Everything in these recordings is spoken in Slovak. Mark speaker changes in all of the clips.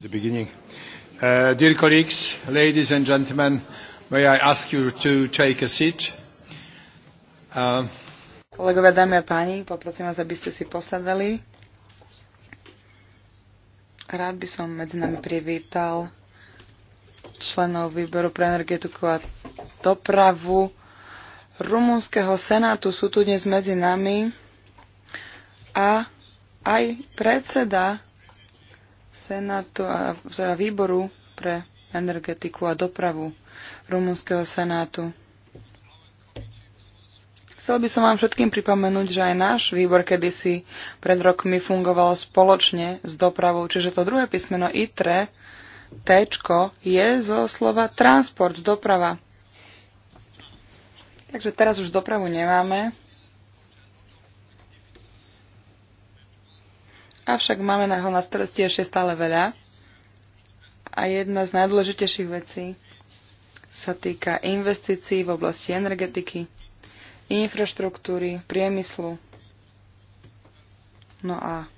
Speaker 1: The beginning. Uh, dear colleagues, ladies and gentlemen, may I ask you to take a seat? Um,
Speaker 2: Kolegovia, dámy a páni, poprosím vás, aby ste si posadali. Rád by som medzi nami privítal členov výboru pre energetiku a dopravu Rumunského senátu. Sú tu dnes medzi nami a aj predseda Senátu a teda výboru pre energetiku a dopravu Rumunského senátu. Chcel by som vám všetkým pripomenúť, že aj náš výbor kedysi pred rokmi fungoval spoločne s dopravou, čiže to druhé písmeno ITRE, T, e, je zo slova transport, doprava. Takže teraz už dopravu nemáme. Avšak máme na ho na starosti ešte stále veľa. A jedna z najdôležitejších vecí sa týka investícií v oblasti energetiky, infraštruktúry, priemyslu. No a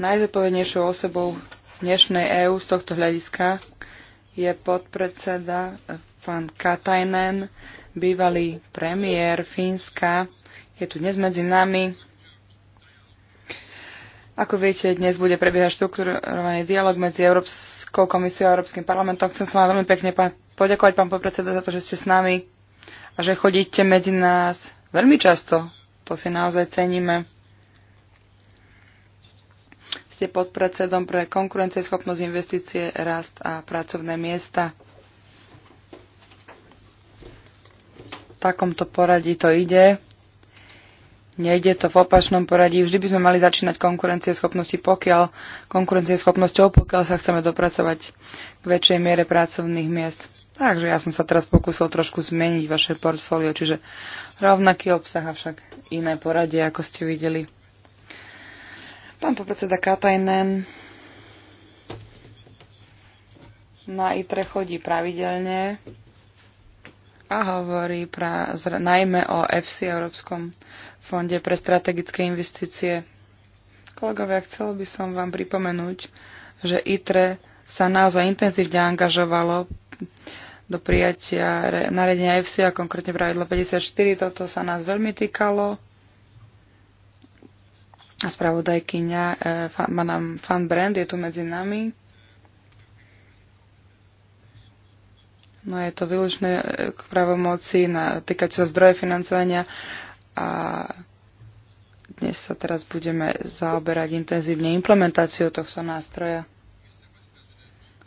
Speaker 2: najzodpovednejšou osobou dnešnej EÚ z tohto hľadiska je podpredseda pán Katajnen, bývalý premiér Fínska. Je tu dnes medzi nami. Ako viete, dnes bude prebiehať štrukturovaný dialog medzi Európskou komisiou a Európskym parlamentom. Chcem sa vám veľmi pekne poďakovať, pán podpredseda, za to, že ste s nami a že chodíte medzi nás veľmi často. To si naozaj ceníme. Ste podpredsedom pre konkurencieschopnosť investície, rast a pracovné miesta. V takomto poradí to ide. Nejde to v opačnom poradí. Vždy by sme mali začínať konkurencieschopnosti, pokiaľ konkurencieschopnosťou, pokiaľ sa chceme dopracovať k väčšej miere pracovných miest. Takže ja som sa teraz pokúsil trošku zmeniť vaše portfólio, čiže rovnaký obsah, avšak iné poradie, ako ste videli. Pán popredseda Katajnen na ITRE chodí pravidelne a hovorí pra, najmä o EFSI, Európskom Fonde pre strategické investície. Kolegovia, chcel by som vám pripomenúť, že ITRE sa naozaj intenzívne angažovalo do prijatia nariadenia FC a konkrétne pravidlo 54. Toto sa nás veľmi týkalo. A spravodajkyňa má eh, madame Fan Brand je tu medzi nami. No je to výlučné eh, k pravomoci na týkať sa zdroje financovania a dnes sa teraz budeme zaoberať intenzívne implementáciou tohto nástroja.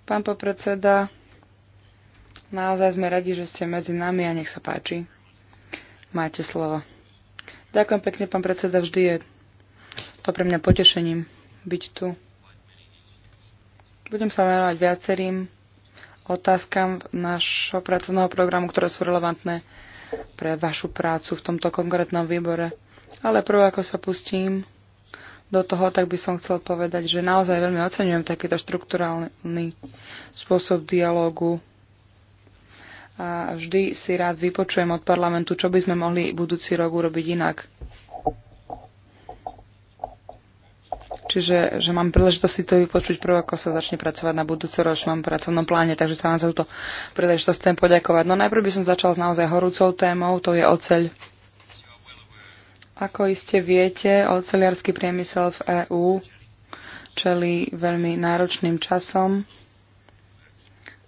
Speaker 2: Pán popredseda, naozaj sme radi, že ste medzi nami a nech sa páči. Máte slovo. Ďakujem pekne, pán predseda, vždy je to pre mňa potešením byť tu. Budem sa venovať viacerým otázkam našho pracovného programu, ktoré sú relevantné pre vašu prácu v tomto konkrétnom výbore. Ale prvé, ako sa pustím do toho, tak by som chcel povedať, že naozaj veľmi oceňujem takýto štruktúrálny spôsob dialógu. A vždy si rád vypočujem od parlamentu, čo by sme mohli budúci rok urobiť inak. Čiže že mám príležitosť si to vypočuť prvé, ako sa začne pracovať na budúcoročnom pracovnom pláne, takže sa vám za túto príležitosť chcem poďakovať. No najprv by som začal s naozaj horúcou témou, to je oceľ. Ako iste viete, oceliarský priemysel v EÚ čeli veľmi náročným časom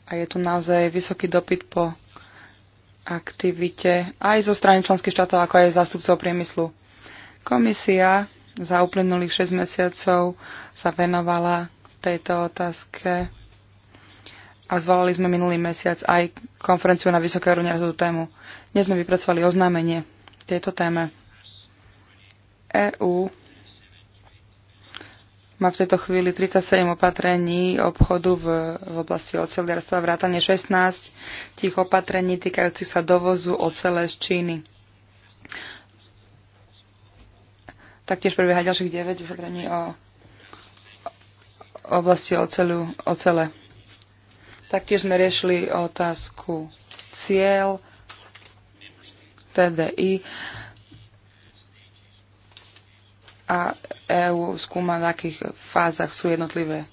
Speaker 2: a je tu naozaj vysoký dopyt po aktivite aj zo strany členských štátov, ako aj zástupcov priemyslu. Komisia za uplynulých 6 mesiacov sa venovala tejto otázke a zvolali sme minulý mesiac aj konferenciu na vysokej úrovni na túto tému. Dnes sme vypracovali oznámenie tejto téme. EÚ má v tejto chvíli 37 opatrení obchodu v, v oblasti oceliarstva, vrátane 16 tých opatrení týkajúcich sa dovozu ocele z Číny. Taktiež prebieha ďalších 9 vyšetrení o oblasti oceľu, ocele. Taktiež sme riešili otázku cieľ, TDI a EU skúma, v akých fázach sú jednotlivé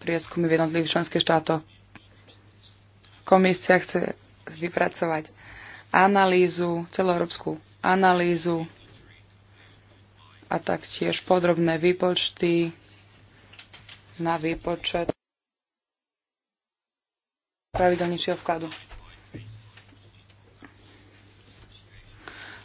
Speaker 2: prieskumy v jednotlivých členských štátoch. Komisia chce vypracovať analýzu, celoeurópsku analýzu a taktiež podrobné výpočty na výpočet pravidelnejšieho vkladu.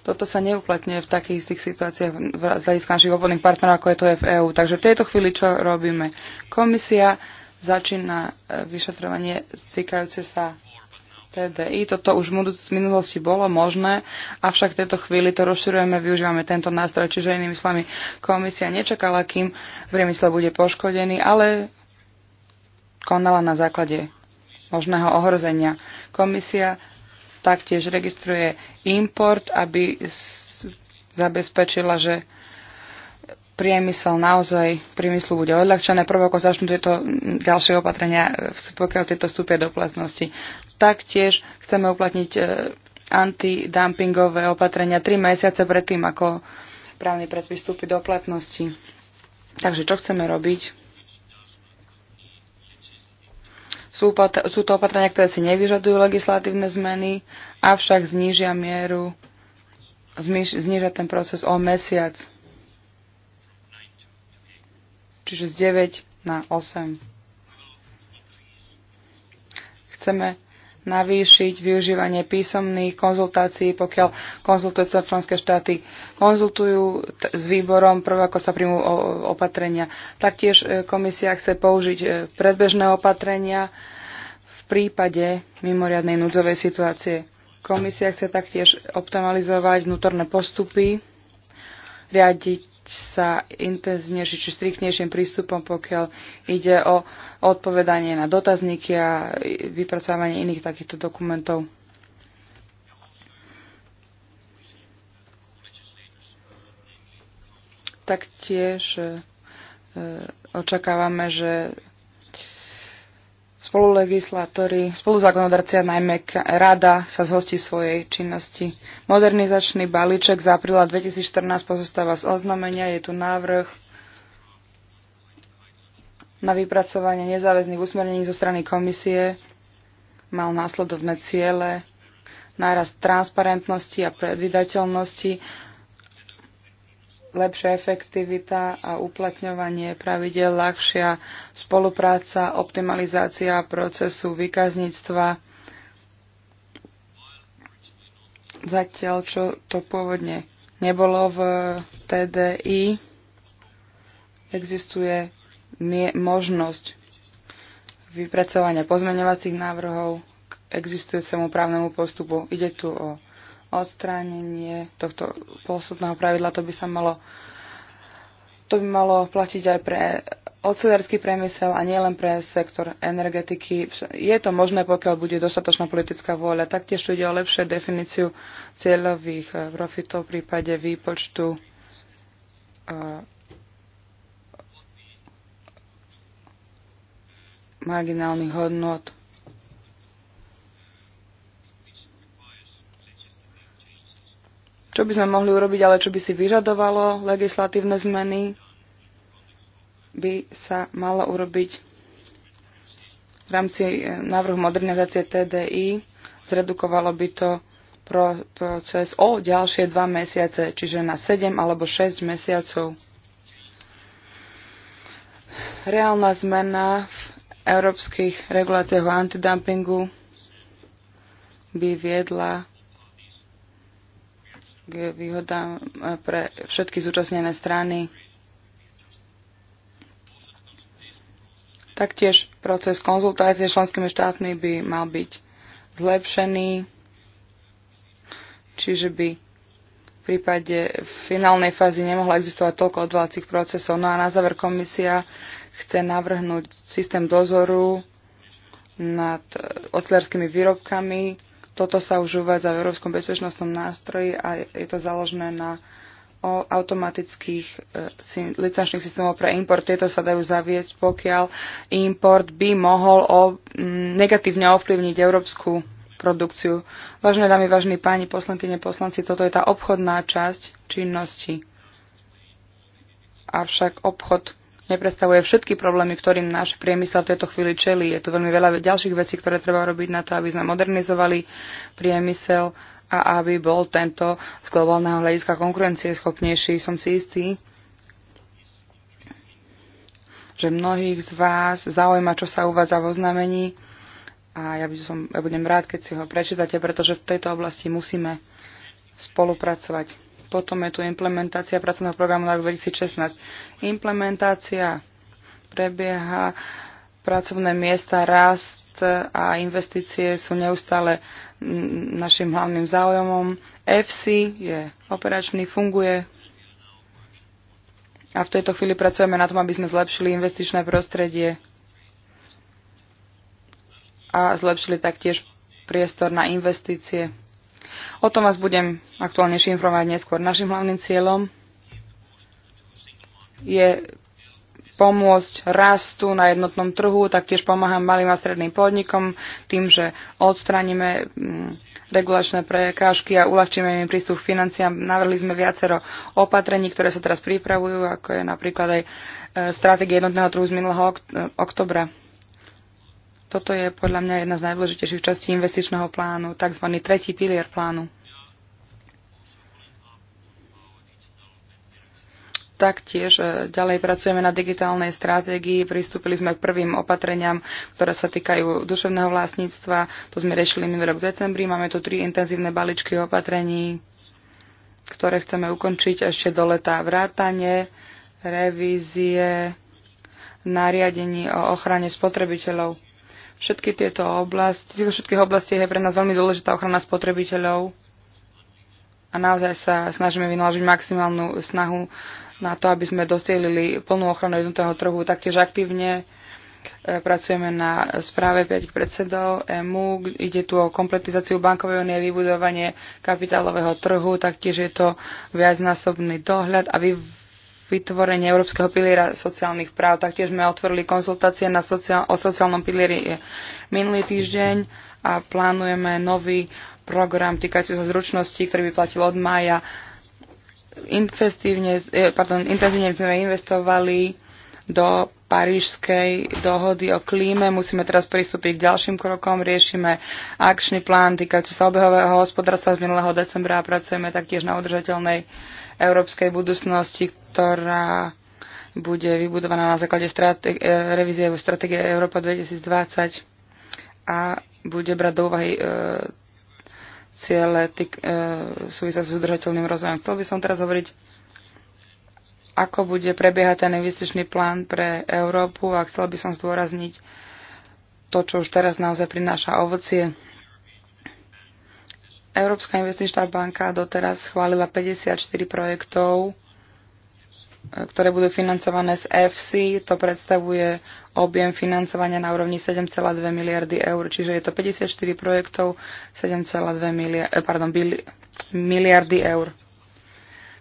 Speaker 2: Toto sa neuplatňuje v takých istých situáciách z hľadiska našich obvodných partnerov, ako je to v EÚ. Takže v tejto chvíli čo robíme? Komisia začína e, vyšetrovanie týkajúce sa TDI. Toto už v minulosti bolo možné, avšak v tejto chvíli to rozširujeme, využívame tento nástroj, čiže inými slovami komisia nečakala, kým priemysel bude poškodený, ale konala na základe možného ohrozenia. Komisia taktiež registruje import, aby zabezpečila, že priemysel naozaj priemyslu bude odľahčené, prvé ako začnú tieto ďalšie opatrenia, e, pokiaľ tieto vstúpia do platnosti. Taktiež chceme uplatniť e, antidumpingové opatrenia tri mesiace predtým, ako právny predpis vstúpi do platnosti. Takže čo chceme robiť? Sú, to opatrenia, ktoré si nevyžadujú legislatívne zmeny, avšak znížia mieru, znižia ten proces o mesiac čiže z 9 na 8. Chceme navýšiť využívanie písomných konzultácií, pokiaľ konzultujúce členské štáty konzultujú s výborom prvé, ako sa príjmú opatrenia. Taktiež e, komisia chce použiť e, predbežné opatrenia v prípade mimoriadnej núdzovej situácie. Komisia chce taktiež optimalizovať vnútorné postupy, riadiť sa intenzívnejším či striktnejším prístupom, pokiaľ ide o odpovedanie na dotazníky a vypracovanie iných takýchto dokumentov. Taktiež e, očakávame, že Spolulegislátori, spoluzákonodarcia, najmä rada, sa zhostí svojej činnosti. Modernizačný balíček z apríla 2014 pozostáva z oznamenia. Je tu návrh na vypracovanie nezáväzných usmernení zo strany komisie. Mal následovné ciele, nárast transparentnosti a predvydateľnosti, lepšia efektivita a uplatňovanie pravidel, ľahšia spolupráca, optimalizácia procesu vykazníctva, zatiaľ čo to pôvodne nebolo v TDI, existuje možnosť vypracovania pozmeňovacích návrhov k existujúcemu právnemu postupu. Ide tu o odstránenie tohto posudného pravidla, to by sa malo to by malo platiť aj pre ocelársky priemysel a nielen pre sektor energetiky. Je to možné, pokiaľ bude dostatočná politická vôľa. Taktiež ide o lepšiu definíciu cieľových eh, profitov v prípade výpočtu eh, marginálnych hodnot čo by sme mohli urobiť, ale čo by si vyžadovalo legislatívne zmeny, by sa malo urobiť v rámci eh, návrhu modernizácie TDI. Zredukovalo by to proces o ďalšie dva mesiace, čiže na 7 alebo 6 mesiacov. Reálna zmena v európskych reguláciách o antidumpingu by viedla k výhodám eh, pre všetky zúčastnené strany. Taktiež proces konzultácie s členskými štátmi by mal byť zlepšený, čiže by v prípade finálnej fázy nemohlo existovať toľko odvolacích procesov. No a na záver komisia chce navrhnúť systém dozoru nad eh, ocelárskymi výrobkami, toto sa už uvádza v Európskom bezpečnostnom nástroji a je to založené na o automatických e, licenčných systémov pre import. Tieto sa dajú zaviesť, pokiaľ import by mohol o, m, mm, negatívne ovplyvniť európsku produkciu. Vážne dámy, vážni páni, poslankyne, poslanci, toto je tá obchodná časť činnosti. Avšak obchod nepredstavuje všetky problémy, ktorým náš priemysel v tejto chvíli čelí. Je tu veľmi veľa ďalších vecí, ktoré treba robiť na to, aby sme modernizovali priemysel a aby bol tento z globálneho hľadiska konkurencie schopnejší. Som si istý, že mnohých z vás zaujíma, čo sa uvádza vo znamení a ja, by som, ja budem rád, keď si ho prečítate, pretože v tejto oblasti musíme spolupracovať. Potom je tu implementácia pracovného programu na rok 2016. Implementácia prebieha, pracovné miesta, rast a investície sú neustále mm, našim hlavným záujomom. FC je operačný, funguje, a v tejto chvíli pracujeme na tom, aby sme zlepšili investičné prostredie a zlepšili taktiež priestor na investície. O tom vás budem aktuálnejšie informovať neskôr. Našim hlavným cieľom je pomôcť rastu na jednotnom trhu, taktiež pomáham malým a stredným podnikom tým, že odstraníme mm, regulačné prekážky a uľahčíme im prístup k financiám. Navrhli sme viacero opatrení, ktoré sa teraz pripravujú, ako je napríklad aj e, stratégia jednotného trhu z minulého oktobra. Toto je podľa mňa jedna z najdôležitejších častí investičného plánu, tzv. tretí pilier plánu. Taktiež e, ďalej pracujeme na digitálnej stratégii. Pristúpili sme k prvým opatreniam, ktoré sa týkajú duševného vlastníctva. To sme riešili minulý rok v decembri. Máme tu tri intenzívne baličky opatrení, ktoré chceme ukončiť ešte do leta. Vrátanie, revízie, nariadení o ochrane spotrebiteľov. Všetky tieto oblasti, z všetkých oblastí je pre nás veľmi dôležitá ochrana spotrebiteľov a naozaj sa snažíme vynaložiť maximálnu snahu na to, aby sme dosielili plnú ochranu jednotného trhu. Taktiež aktívne e, pracujeme na správe 5 predsedov EMU. Ide tu o kompletizáciu bankovej únie, vybudovanie kapitálového trhu, taktiež je to viacnásobný dohľad a vy vytvorenie Európskeho piliera sociálnych práv. Taktiež sme otvorili konzultácie na sociál- o sociálnom pilieri minulý týždeň a plánujeme nový program týkajúci sa zručností, ktorý by platil od mája. Infestívne, e, pardon, intenzívne sme investovali do parížskej dohody o klíme. Musíme teraz pristúpiť k ďalším krokom. Riešime akčný plán týkajúci sa obehového hospodárstva z minulého decembra a pracujeme taktiež na udržateľnej európskej budúcnosti, ktorá bude vybudovaná na základe strate- e, revízie stratégie Európa 2020 a bude brať do úvahy e, ciele e, súvisia s udržateľným rozvojom. Chcel by som teraz hovoriť, ako bude prebiehať ten investičný plán pre Európu a chcel by som zdôrazniť to, čo už teraz naozaj prináša ovocie Európska investičná banka doteraz schválila 54 projektov, e, ktoré budú financované z EFSI. To predstavuje objem financovania na úrovni 7,2 miliardy eur, čiže je to 54 projektov, 7,2 miliardy, e, pardon, miliardy eur.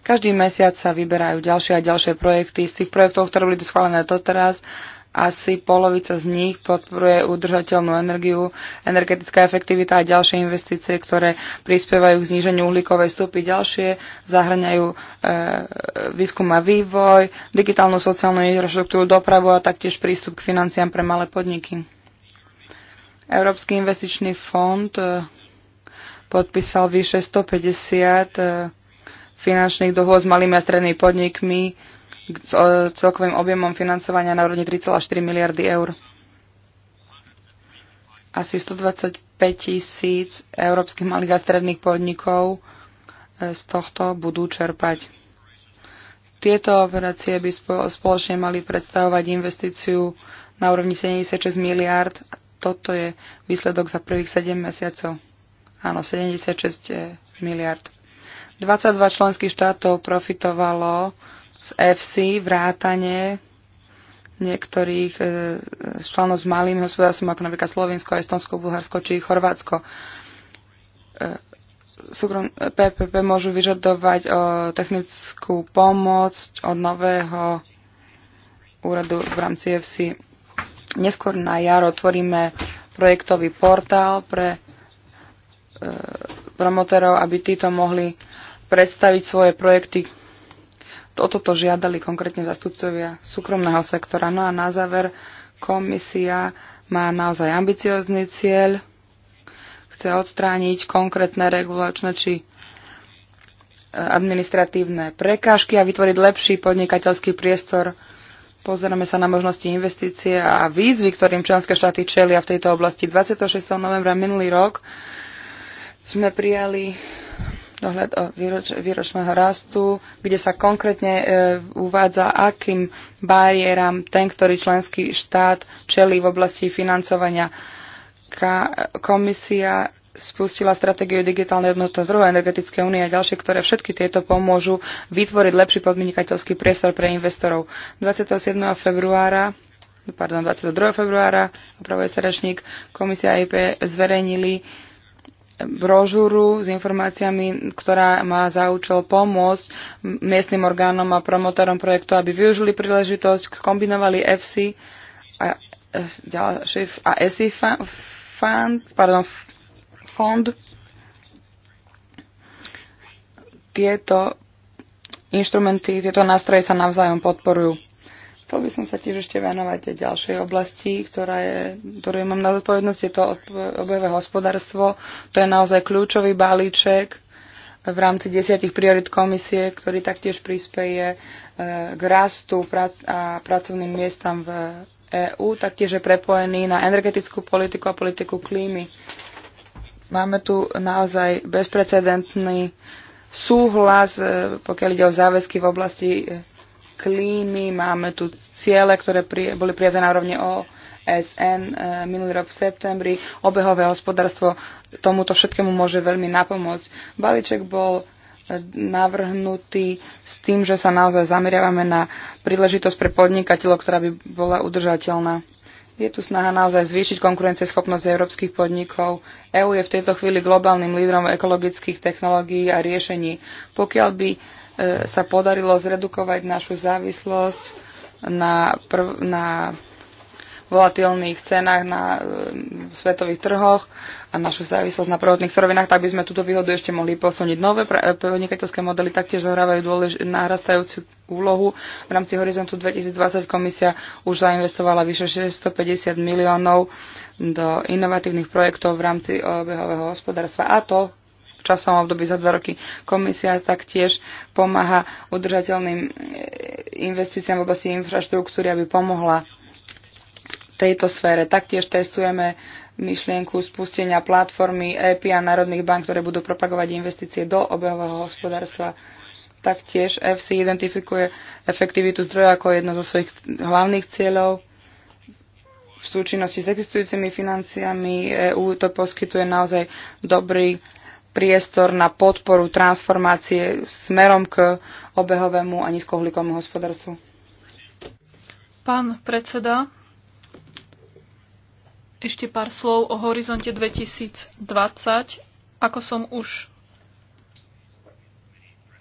Speaker 2: Každý mesiac sa vyberajú ďalšie a ďalšie projekty. Z tých projektov, ktoré boli schválené doteraz, asi polovica z nich podporuje udržateľnú energiu, energetická efektivita a ďalšie investície, ktoré prispievajú k zníženiu uhlíkovej stopy. Ďalšie zahrňajú e, výskum a vývoj, digitálnu sociálnu infraštruktúru, dopravu a taktiež prístup k financiám pre malé podniky. Európsky investičný fond e, podpísal vyše 150 e, finančných dohôd s malými a strednými podnikmi s celkovým objemom financovania na úrovni 3,4 miliardy eur. Asi 125 tisíc európskych malých a stredných podnikov e, z tohto budú čerpať. Tieto operácie by spoločne mali predstavovať investíciu na úrovni 76 miliard. Toto je výsledok za prvých 7 mesiacov. Áno, 76 miliard. 22 členských štátov profitovalo z FC, vrátane niektorých e, členov s malým hospodárstvom, ako napríklad Slovinsko, Estonsko, Bulharsko či Chorvátsko. E, súkrom, PPP môžu vyžadovať o e, technickú pomoc od nového úradu v rámci FC. Neskôr na jar otvoríme projektový portál pre e, promotérov, aby títo mohli predstaviť svoje projekty toto toto žiadali konkrétne zastupcovia súkromného sektora. No a na záver komisia má naozaj ambiciózny cieľ, chce odstrániť konkrétne regulačné či e, administratívne prekážky a vytvoriť lepší podnikateľský priestor. Pozeráme sa na možnosti investície a výzvy, ktorým členské štáty čelia v tejto oblasti. 26. novembra minulý rok sme prijali dohľad o výroč, výročného rastu, kde sa konkrétne e, uvádza, akým bariéram ten, ktorý členský štát čelí v oblasti financovania. Ka, komisia spustila stratégiu digitálnej jednotného trhu energetické únie a ďalšie, ktoré všetky tieto pomôžu vytvoriť lepší podnikateľský priestor pre investorov. 27. februára pardon, 22. februára, opravuje sa rečník, komisia IP zverejnili brožúru s informáciami, ktorá má za účel pomôcť miestnym orgánom a promotorom projektu, aby využili príležitosť, skombinovali FC a, e, a ESI fund, pardon, fond. Tieto inštrumenty, tieto nástroje sa navzájom podporujú. Chcel by som sa tiež ešte venovať aj ďalšej oblasti, ktorá je, ktorú mám na zodpovednosť, je to obojové hospodárstvo. To je naozaj kľúčový balíček v rámci desiatich priorit komisie, ktorý taktiež prispeje e, k rastu a pracovným miestam v EÚ, taktiež je prepojený na energetickú politiku a politiku klímy. Máme tu naozaj bezprecedentný súhlas, e, pokiaľ ide o záväzky v oblasti e, klímy, máme tu ciele, ktoré pri, boli prijaté na úrovni OSN eh, minulý rok v septembri, obehové hospodárstvo tomuto všetkému môže veľmi napomôcť. Balíček bol eh, navrhnutý s tým, že sa naozaj zameriavame na príležitosť pre podnikateľov, ktorá by bola udržateľná. Je tu snaha naozaj zvýšiť konkurencieschopnosť európskych podnikov. EÚ EU je v tejto chvíli globálnym lídrom ekologických technológií a riešení. Pokiaľ by E, sa podarilo zredukovať našu závislosť na, prv, na volatilných cenách na e, svetových trhoch a našu závislosť na prvotných surovinách, tak by sme túto výhodu ešte mohli posuniť. Nové e, podnikateľské modely taktiež zohrávajú dôlež- úlohu. V rámci Horizontu 2020 komisia už zainvestovala vyše 650 miliónov do inovatívnych projektov v rámci obehového hospodárstva a to časovom období za dva roky. Komisia taktiež pomáha udržateľným e, investíciám v oblasti infraštruktúry, aby pomohla tejto sfére. Taktiež testujeme myšlienku spustenia platformy EPI a Národných bank, ktoré budú propagovať investície do obehového hospodárstva. Taktiež FC identifikuje efektivitu zdroja ako jedno zo svojich hlavných cieľov. V súčinnosti s existujúcimi financiami EU to poskytuje naozaj dobrý priestor na podporu transformácie smerom k obehovému a nízkohlikovému hospodárstvu.
Speaker 3: Pán predseda, ešte pár slov o horizonte 2020. Ako som už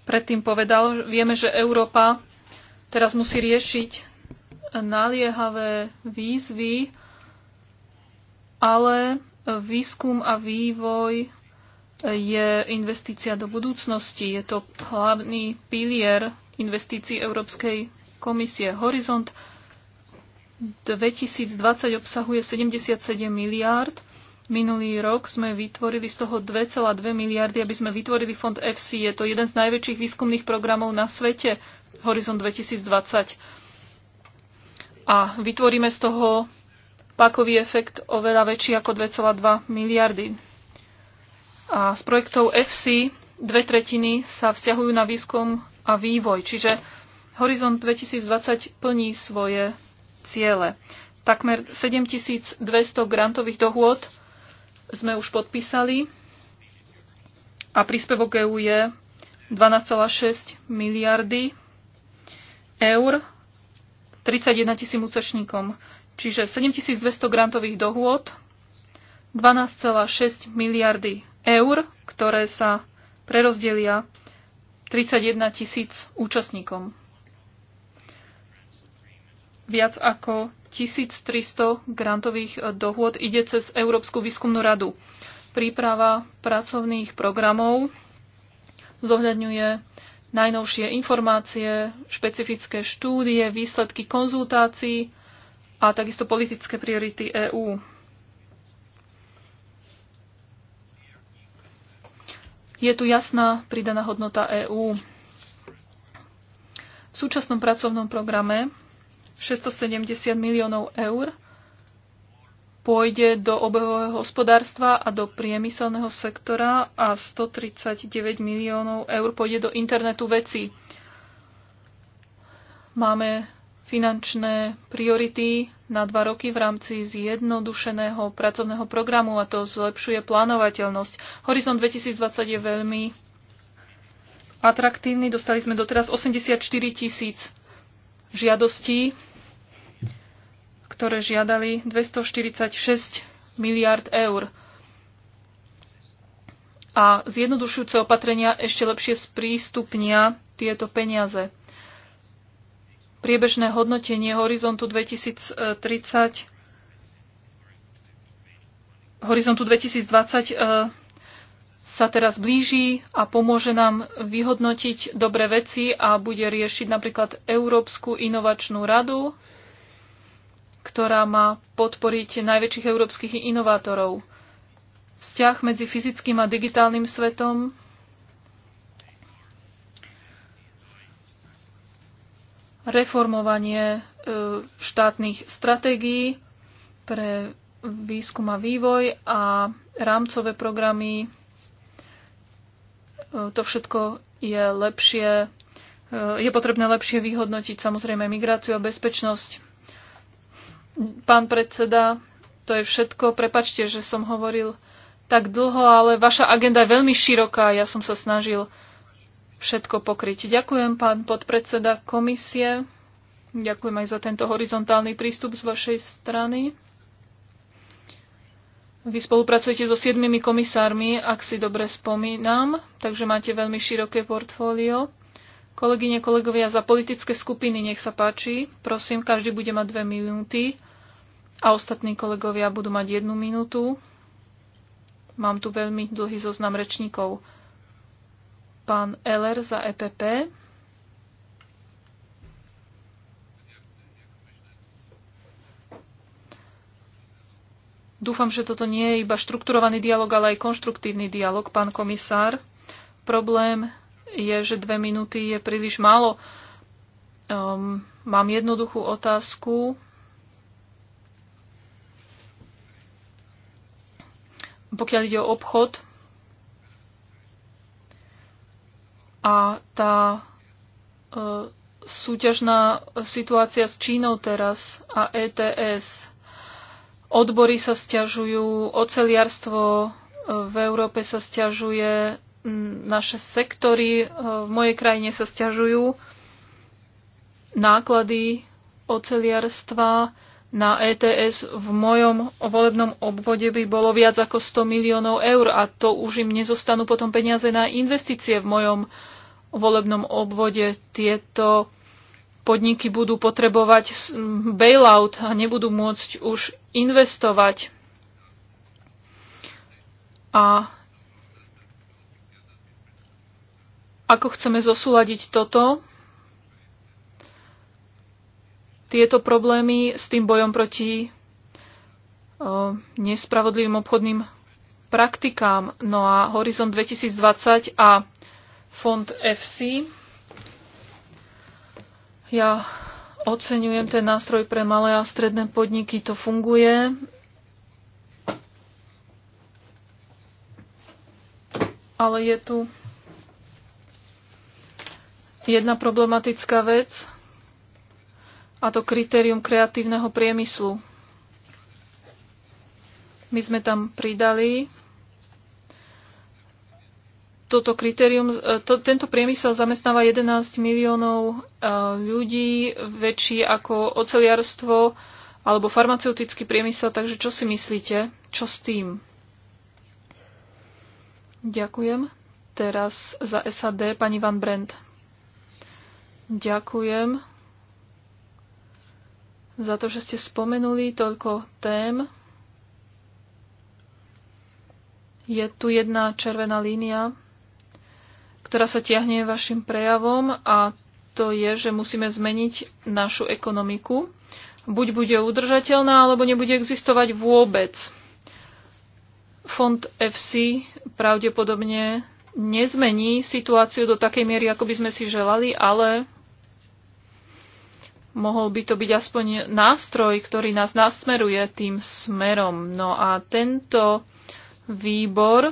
Speaker 3: predtým povedal, vieme, že Európa teraz musí riešiť naliehavé výzvy, ale výskum a vývoj je investícia do budúcnosti. Je to hlavný pilier investícií Európskej komisie. Horizont 2020 obsahuje 77 miliárd. Minulý rok sme vytvorili z toho 2,2 miliardy, aby sme vytvorili fond FC. Je to jeden z najväčších výskumných programov na svete, Horizont 2020. A vytvoríme z toho pakový efekt oveľa väčší ako 2,2 miliardy. A z projektov FC dve tretiny sa vzťahujú na výskum a vývoj, čiže Horizont 2020 plní svoje ciele. Takmer 7200 grantových dohôd sme už podpísali a príspevok EU je 12,6 miliardy eur 31 tisím účastníkom. Čiže 7200 grantových dohôd, 12,6 miliardy eur, ktoré sa prerozdelia 31 tisíc účastníkom. Viac ako 1300 grantových eh, dohôd ide cez Európsku výskumnú radu. Príprava pracovných programov zohľadňuje najnovšie informácie, špecifické štúdie, výsledky konzultácií a takisto politické priority EÚ. Je tu jasná pridaná hodnota EÚ. V súčasnom pracovnom programe 670 miliónov eur pôjde do obehového hospodárstva a do priemyselného sektora a 139 miliónov eur pôjde do internetu vecí. Máme finančné priority na dva roky v rámci zjednodušeného pracovného programu a to zlepšuje plánovateľnosť. Horizont 2020 je veľmi atraktívny. Dostali sme doteraz 84 tisíc žiadostí, ktoré žiadali 246 miliard eur. A zjednodušujúce opatrenia ešte lepšie sprístupnia tieto peniaze priebežné hodnotenie horizontu 2030 horizontu 2020 e, sa teraz blíži a pomôže nám vyhodnotiť dobré veci a bude riešiť napríklad Európsku inovačnú radu, ktorá má podporiť najväčších európskych inovátorov. Vzťah medzi fyzickým a digitálnym svetom reformovanie e, štátnych stratégií pre výskum a vývoj a rámcové programy. E, to všetko je lepšie, e, je potrebné lepšie vyhodnotiť samozrejme migráciu a bezpečnosť. Pán predseda, to je všetko. Prepačte, že som hovoril tak dlho, ale vaša agenda je veľmi široká. Ja som sa snažil všetko pokryť. Ďakujem, pán podpredseda komisie. Ďakujem aj za tento horizontálny prístup z vašej strany. Vy spolupracujete so siedmimi komisármi, ak si dobre spomínam, takže máte veľmi široké portfólio. Kolegyne, kolegovia, za politické skupiny nech sa páči. Prosím, každý bude mať dve minúty a ostatní kolegovia budú mať jednu minútu. Mám tu veľmi dlhý zoznam rečníkov. Pán Eller za EPP. Dúfam, že toto nie je iba štrukturovaný dialog, ale aj konštruktívny dialog, pán komisár. Problém je, že dve minúty je príliš málo. Um, mám jednoduchú otázku. Pokiaľ ide o obchod, A tá e, súťažná situácia s Čínou teraz a ETS. Odbory sa stiažujú, oceliarstvo e, v Európe sa stiažuje, naše sektory e, v mojej krajine sa stiažujú, náklady oceliarstva na ETS v mojom volebnom obvode by bolo viac ako 100 miliónov eur a to už im nezostanú potom peniaze na investície v mojom uh, volebnom obvode tieto podniky budú potrebovať bailout a nebudú môcť už investovať. A ako chceme zosúľadiť toto, tieto problémy s tým bojom proti o, nespravodlivým obchodným praktikám. No a Horizon 2020 a fond FC. Ja oceňujem ten nástroj pre malé a stredné podniky, to funguje. Ale je tu jedna problematická vec a to kritérium kreatívneho priemyslu. My sme tam pridali toto kritérium, e, to, tento priemysel zamestnáva 11 miliónov e, ľudí, väčší ako oceliarstvo alebo farmaceutický priemysel, takže čo si myslíte? Čo s tým? Ďakujem. Teraz za SAD pani Van Brent. Ďakujem za to, že ste spomenuli toľko tém. Je tu jedna červená línia, ktorá sa tiahne vašim prejavom a to je, že musíme zmeniť našu ekonomiku. Buď bude udržateľná, alebo nebude existovať vôbec. Fond FC pravdepodobne nezmení situáciu do takej miery, ako by sme si želali, ale mohol by to byť aspoň nástroj, ktorý nás nasmeruje tým smerom. No a tento výbor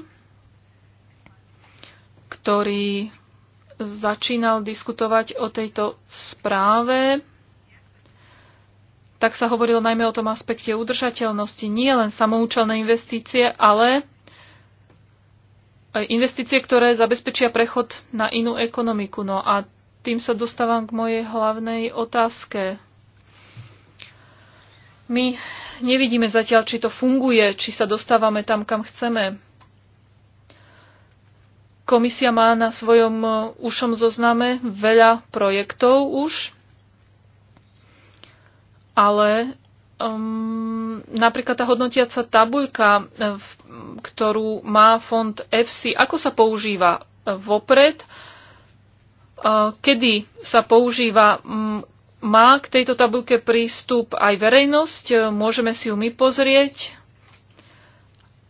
Speaker 3: ktorý začínal diskutovať o tejto správe, tak sa hovorilo najmä o tom aspekte udržateľnosti. Nie len samoučelné investície, ale investície, ktoré zabezpečia prechod na inú ekonomiku. No a tým sa dostávam k mojej hlavnej otázke. My nevidíme zatiaľ, či to funguje, či sa dostávame tam, kam chceme. Komisia má na svojom e, ušom zozname veľa projektov už, ale um, napríklad tá hodnotiaca tabuľka, e, ktorú má fond FC, ako sa používa e, vopred, kedy sa používa, má k tejto tabuľke prístup aj verejnosť, môžeme si ju my pozrieť,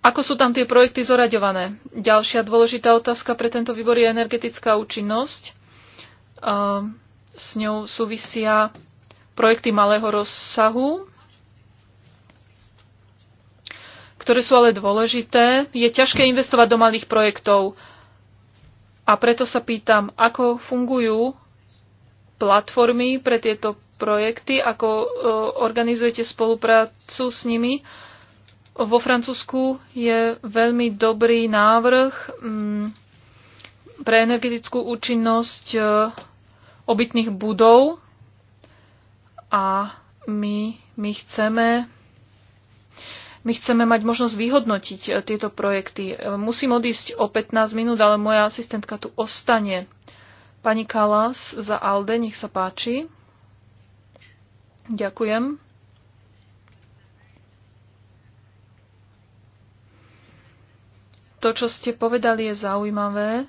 Speaker 3: ako sú tam tie projekty zoraďované? Ďalšia dôležitá otázka pre tento výbor je energetická účinnosť. Ehm, s ňou súvisia projekty malého rozsahu, ktoré sú ale dôležité. Je ťažké investovať do malých projektov. A preto sa pýtam, ako fungujú platformy pre tieto projekty, ako e, organizujete spoluprácu s nimi vo Francúzsku je veľmi dobrý návrh mm, pre energetickú účinnosť e, obytných budov a my, my chceme my chceme mať možnosť vyhodnotiť e, tieto projekty. E, musím odísť o 15 minút, ale moja asistentka tu ostane. Pani Kalas za Alde, nech sa páči. Ďakujem. To, čo ste povedali, je zaujímavé.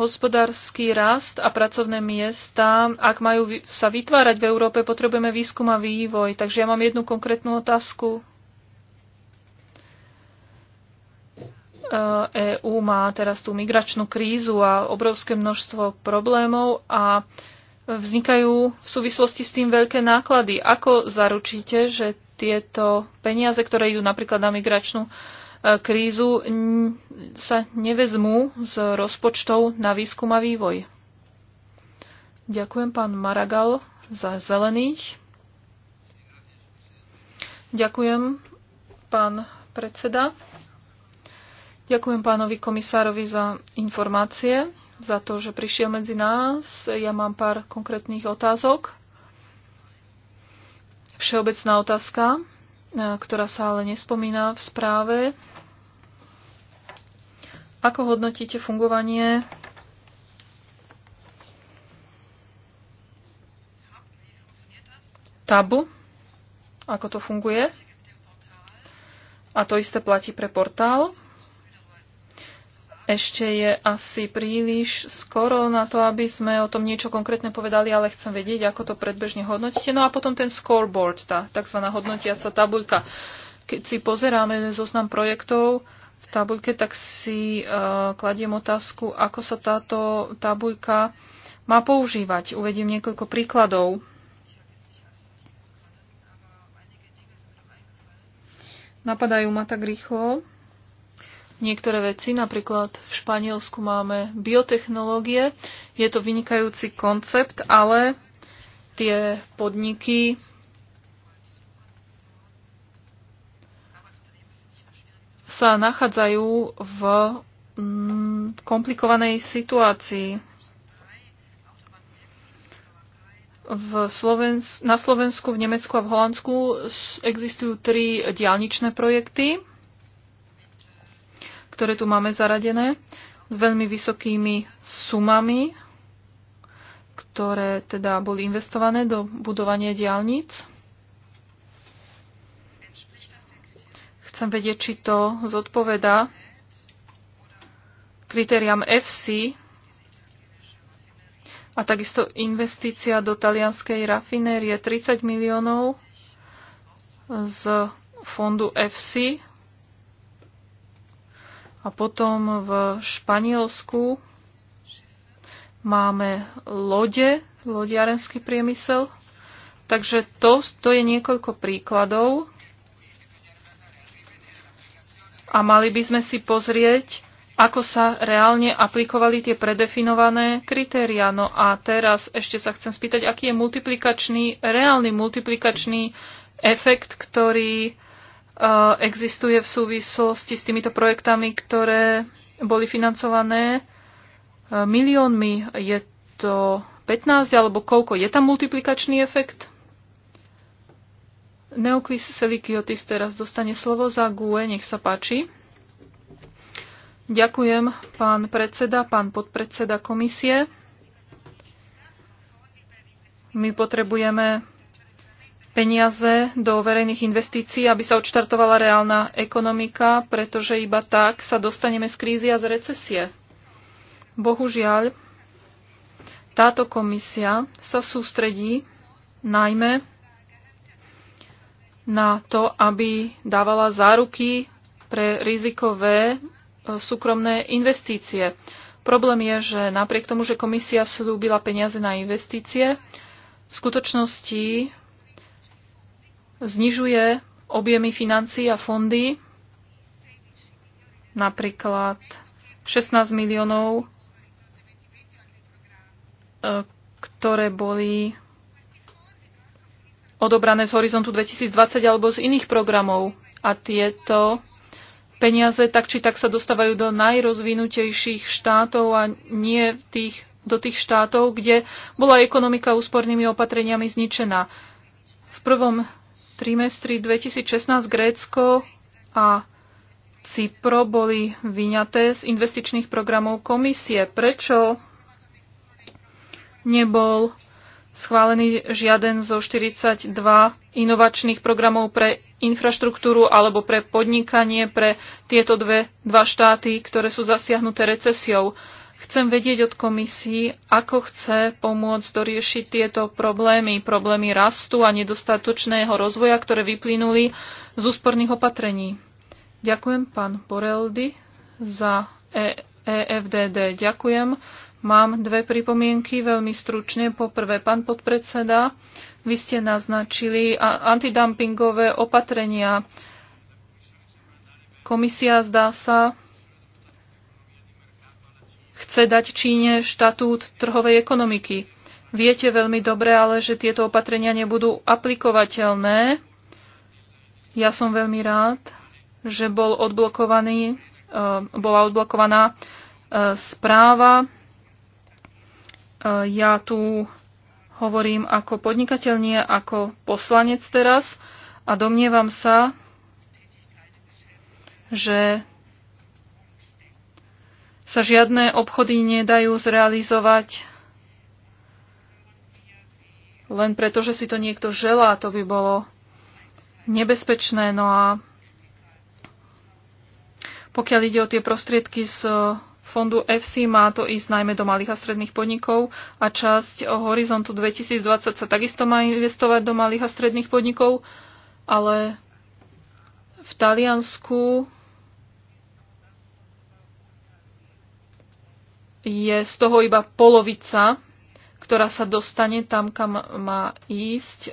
Speaker 3: Hospodársky rast a pracovné miesta, ak majú sa vytvárať v Európe, potrebujeme výskum a vývoj. Takže ja mám jednu konkrétnu otázku. EÚ e má teraz tú migračnú krízu a obrovské množstvo problémov a vznikajú v súvislosti s tým veľké náklady. Ako zaručíte, že tieto peniaze, ktoré idú napríklad na migračnú E, krízu, sa nevezmú z rozpočtov na výskum a vývoj. Ďakujem pán Maragal za zelených. Ďakujem pán predseda. Ďakujem pánovi komisárovi za informácie, za to, že prišiel medzi nás. Ja mám pár konkrétnych otázok. Všeobecná otázka, e, ktorá sa ale nespomína v správe, ako hodnotíte fungovanie tabu? Ako to funguje? A to isté platí pre portál. Ešte je asi príliš skoro na to, aby sme o tom niečo konkrétne povedali, ale chcem vedieť, ako to predbežne hodnotíte. No a potom ten scoreboard, tá tzv. hodnotiaca tabuľka. Keď si pozeráme zoznam projektov, v tabuľke, tak si uh, kladiem otázku, ako sa táto tabuľka má používať. Uvediem niekoľko príkladov. Napadajú ma tak rýchlo. Niektoré veci, napríklad v Španielsku máme biotechnológie. Je to vynikajúci koncept, ale tie podniky sa nachádzajú v mm, komplikovanej situácii. V Slovens- na Slovensku, v Nemecku a v Holandsku existujú tri diálničné projekty, ktoré tu máme zaradené, s veľmi vysokými sumami, ktoré teda boli investované do budovania diálnic. Chcem vedieť, či to zodpoveda kritériám FC a takisto investícia do talianskej rafinérie 30 miliónov z fondu FC a potom v Španielsku máme lode, lodiarenský priemysel. Takže to, to je niekoľko príkladov a mali by sme si pozrieť, ako sa reálne aplikovali tie predefinované kritériá. No a teraz ešte sa chcem spýtať, aký je multiplikačný, reálny multiplikačný efekt, ktorý uh, existuje v súvislosti s týmito projektami, ktoré boli financované uh, miliónmi. Je to 15 alebo koľko? Je tam multiplikačný efekt? Neokvis Selikiotis teraz dostane slovo za GUE, nech sa páči. Ďakujem, pán predseda, pán podpredseda komisie. My potrebujeme peniaze do verejných investícií, aby sa odštartovala reálna ekonomika, pretože iba tak sa dostaneme z krízy a z recesie. Bohužiaľ, táto komisia sa sústredí najmä na to, aby dávala záruky pre rizikové e, súkromné investície. Problém je, že napriek tomu, že komisia slúbila peniaze na investície, v skutočnosti znižuje objemy financií a fondy, napríklad 16 miliónov, e, ktoré boli odobrané z Horizontu 2020 alebo z iných programov. A tieto peniaze tak či tak sa dostávajú do najrozvinutejších štátov a nie tých, do tých štátov, kde bola ekonomika úspornými opatreniami zničená. V prvom trimestri 2016 Grécko a Cypro boli vyňaté z investičných programov komisie. Prečo nebol schválený žiaden zo 42 inovačných programov pre infraštruktúru alebo pre podnikanie pre tieto dve, dva štáty, ktoré sú zasiahnuté recesiou. Chcem vedieť od komisii, ako chce pomôcť doriešiť tieto problémy, problémy rastu a nedostatočného rozvoja, ktoré vyplynuli z úsporných opatrení. Ďakujem pán Boreldi za EFDD. E Ďakujem. Mám dve pripomienky, veľmi stručne. Poprvé, pán podpredseda, vy ste naznačili antidumpingové opatrenia. Komisia, zdá sa, chce dať Číne štatút trhovej ekonomiky. Viete veľmi dobre ale, že tieto opatrenia nebudú aplikovateľné. Ja som veľmi rád, že bol odblokovaný, e, bola odblokovaná e, správa ja tu hovorím ako podnikateľ, nie ako poslanec teraz a domnievam sa, že sa žiadne obchody nedajú zrealizovať len preto, že si to niekto želá, to by bolo nebezpečné. No a pokiaľ ide o tie prostriedky z fondu FC má to ísť najmä do malých a stredných podnikov a časť Horizontu 2020 sa takisto má investovať do malých a stredných podnikov, ale v Taliansku je z toho iba polovica, ktorá sa dostane tam, kam má ísť. E,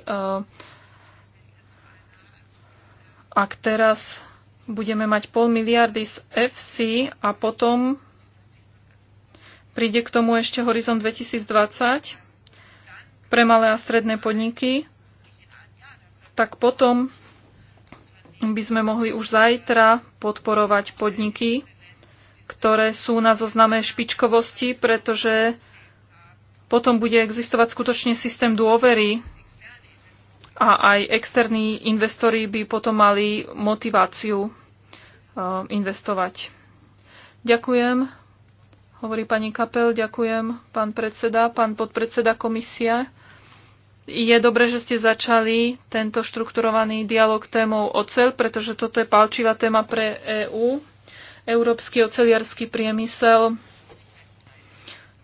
Speaker 3: ak teraz budeme mať pol miliardy z FC a potom Príde k tomu ešte Horizont 2020 pre malé a stredné podniky, tak potom by sme mohli už zajtra podporovať podniky, ktoré sú na zozname špičkovosti, pretože potom bude existovať skutočne systém dôvery a aj externí investori by potom mali motiváciu eh, investovať. Ďakujem. Hovorí pani Kapel, ďakujem, pán predseda, pán podpredseda komisia. Je dobre, že ste začali tento štrukturovaný dialog témou ocel, pretože toto je palčivá téma pre EÚ. Európsky oceliarský priemysel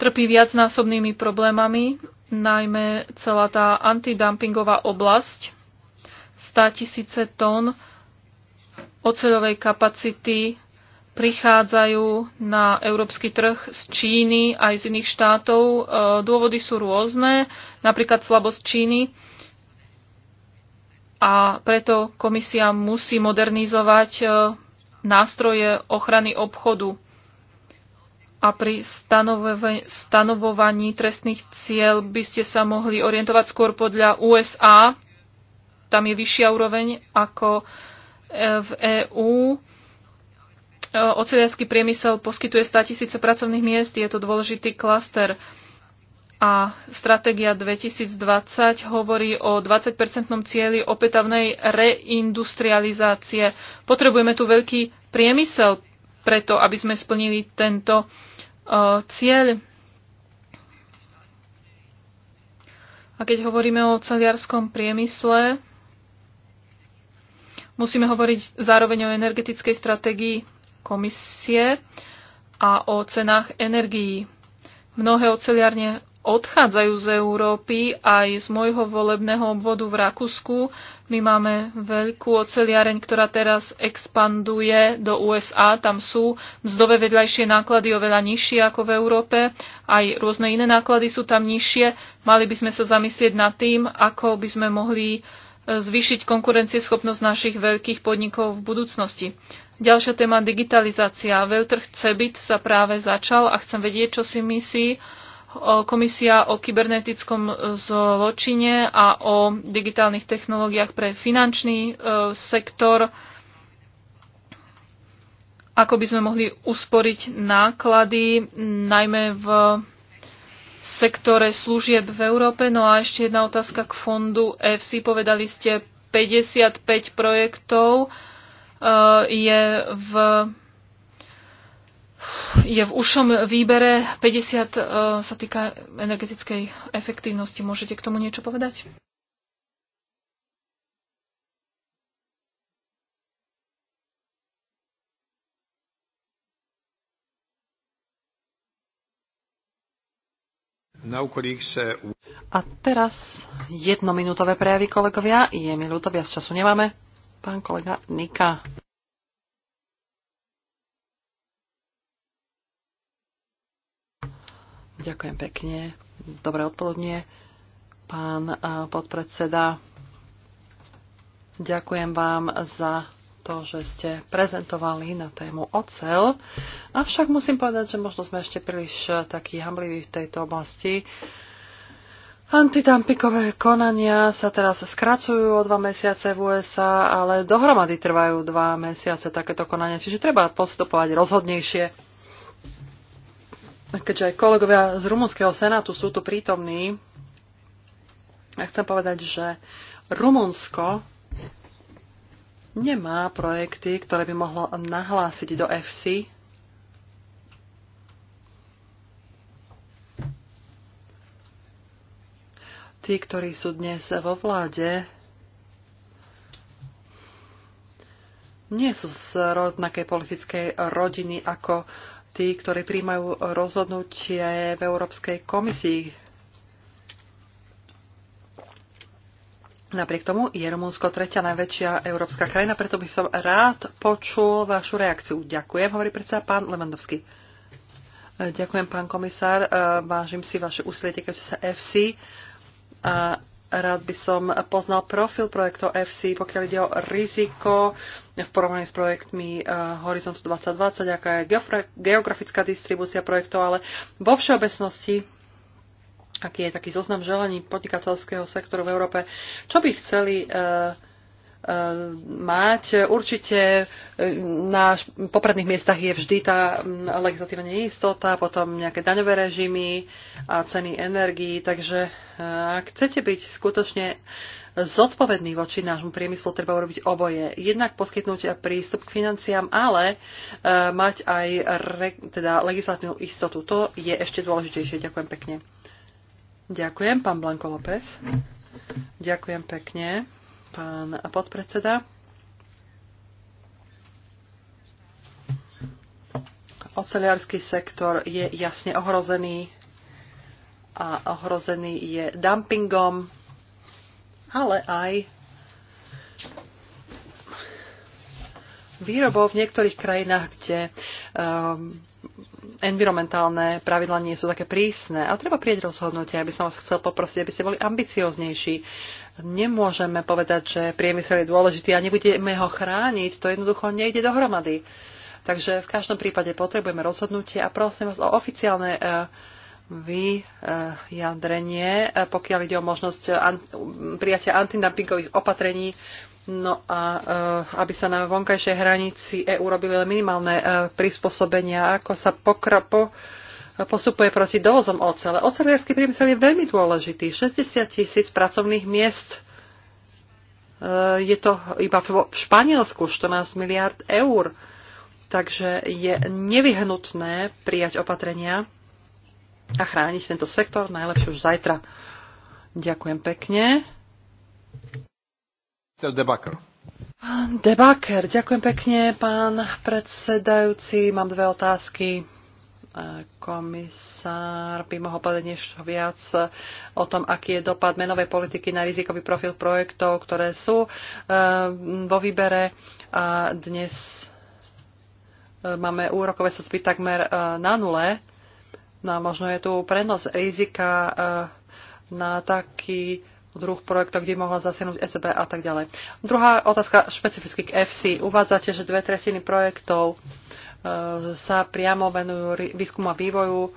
Speaker 3: trpí viacnásobnými problémami, najmä celá tá antidumpingová oblasť. 100 tisíce tón oceľovej kapacity prichádzajú na európsky trh z Číny aj z iných štátov. E, dôvody sú rôzne, napríklad slabosť Číny. A preto komisia musí modernizovať e, nástroje ochrany obchodu a pri stanovovaní trestných cieľ by ste sa mohli orientovať skôr podľa USA, tam je vyššia úroveň ako e, v EÚ E, oceliarský priemysel poskytuje 100 tisíce pracovných miest, je to dôležitý klaster. A stratégia 2020 hovorí o 20-percentnom cieli opätavnej reindustrializácie. Potrebujeme tu veľký priemysel preto, aby sme splnili tento uh, cieľ. A keď hovoríme o celiarskom priemysle, musíme hovoriť zároveň o energetickej stratégii komisie a o cenách energií. Mnohé oceliarne odchádzajú z Európy aj z môjho volebného obvodu v Rakúsku. My máme veľkú oceliareň, ktorá teraz expanduje do USA. Tam sú mzdové vedľajšie náklady oveľa nižšie ako v Európe. Aj rôzne iné náklady sú tam nižšie. Mali by sme sa zamyslieť nad tým, ako by sme mohli e, zvýšiť konkurencieschopnosť našich veľkých podnikov v budúcnosti. Ďalšia téma digitalizácia. Veľtrh CEBIT sa práve začal a chcem vedieť, čo si myslí komisia o kybernetickom zločine a o digitálnych technológiách pre finančný e, sektor ako by sme mohli usporiť náklady, najmä v sektore služieb v Európe. No a ešte jedna otázka k fondu EFSI. Povedali ste 55 projektov Eh, je v je v ušom výbere 50 eh, sa týka energetickej efektívnosti. Môžete k tomu niečo povedať?
Speaker 1: Eh, A
Speaker 4: teraz jednominútové prejavy kolegovia. Je mi ľúto, viac času nemáme. Pán kolega Nika. Ďakujem pekne. Dobré odpoludnie, pán eh, podpredseda. Ďakujem vám za to, že ste prezentovali na tému ocel. Avšak musím povedať, že možno sme ešte príliš eh, takí hamliví v tejto oblasti. Uh, Antidumpingové konania sa teraz skracujú o dva mesiace v USA, ale dohromady trvajú dva mesiace takéto konania, čiže treba postupovať rozhodnejšie. Keďže aj kolegovia z rumunského senátu sú tu prítomní, ja chcem povedať, že Rumunsko nemá projekty, ktoré by mohlo nahlásiť do FC tí, ktorí sú dnes vo vláde, nie sú z rovnakej politickej rodiny ako tí, ktorí príjmajú rozhodnutie v Európskej komisii. Napriek tomu je Rumunsko tretia najväčšia európska krajina, preto by som rád počul vašu reakciu. Ďakujem, hovorí predsa pán Levandovský. Ďakujem, pán komisár. Vážim si vaše úsilie keďže sa FC. A rád by som poznal profil projektov FC, pokiaľ ide o riziko v porovnaní s projektmi eh, Horizontu 2020, aká je geografická distribúcia projektov, ale vo všeobecnosti aký je taký zoznam želaní podnikateľského sektoru v Európe, čo by chceli uh, mať. Určite e, na popredných miestach je vždy tá legislatívna neistota, potom nejaké daňové režimy a ceny energii. Takže e, ak chcete byť skutočne zodpovedný voči nášmu priemyslu, treba urobiť oboje. Jednak poskytnúť prístup k financiám, ale e, mať aj re, teda legislatívnu istotu. To je ešte dôležitejšie. Ďakujem pekne. Ďakujem, pán Blanko López. Ďakujem pekne pán podpredseda. Oceliarský sektor je jasne ohrozený a ohrozený je dumpingom, ale aj výrobou v niektorých krajinách, kde um, environmentálne pravidla nie sú také prísne a treba prieť rozhodnutie. aby som vás chcel poprosiť, aby ste boli ambicioznejší. Nemôžeme povedať, že priemysel je dôležitý a nebudeme ho chrániť. To jednoducho nejde dohromady. Takže v každom prípade potrebujeme rozhodnutie a prosím vás o oficiálne e, vyjadrenie, e, pokiaľ ide o možnosť prijatia antidumpingových opatrení No a eh, aby sa na vonkajšej hranici EÚ robili len minimálne eh, prispôsobenia, ako sa pokrapo postupuje proti dovozom ocele. Oceliarský priemysel je veľmi dôležitý. 60 tisíc pracovných miest eh, je to iba v Španielsku 14 miliard eur. Takže je nevyhnutné prijať opatrenia a chrániť tento sektor najlepšie už zajtra. Ďakujem pekne. Debaker. Debaker, ďakujem pekne, pán predsedajúci. Mám dve otázky e, komisár by mohol povedať niečo viac o tom, aký je dopad menovej politiky na rizikový profil projektov, ktoré sú e, vo výbere. A dnes e, máme úrokové sadzby takmer na nule. No a možno je tu prenos rizika na taký druh projektov, kde mohla zasiahnuť ECB a tak ďalej. Druhá otázka špecificky k FC. Uvádzate, že dve tretiny projektov e, sa priamo venujú výskumu a vývoju,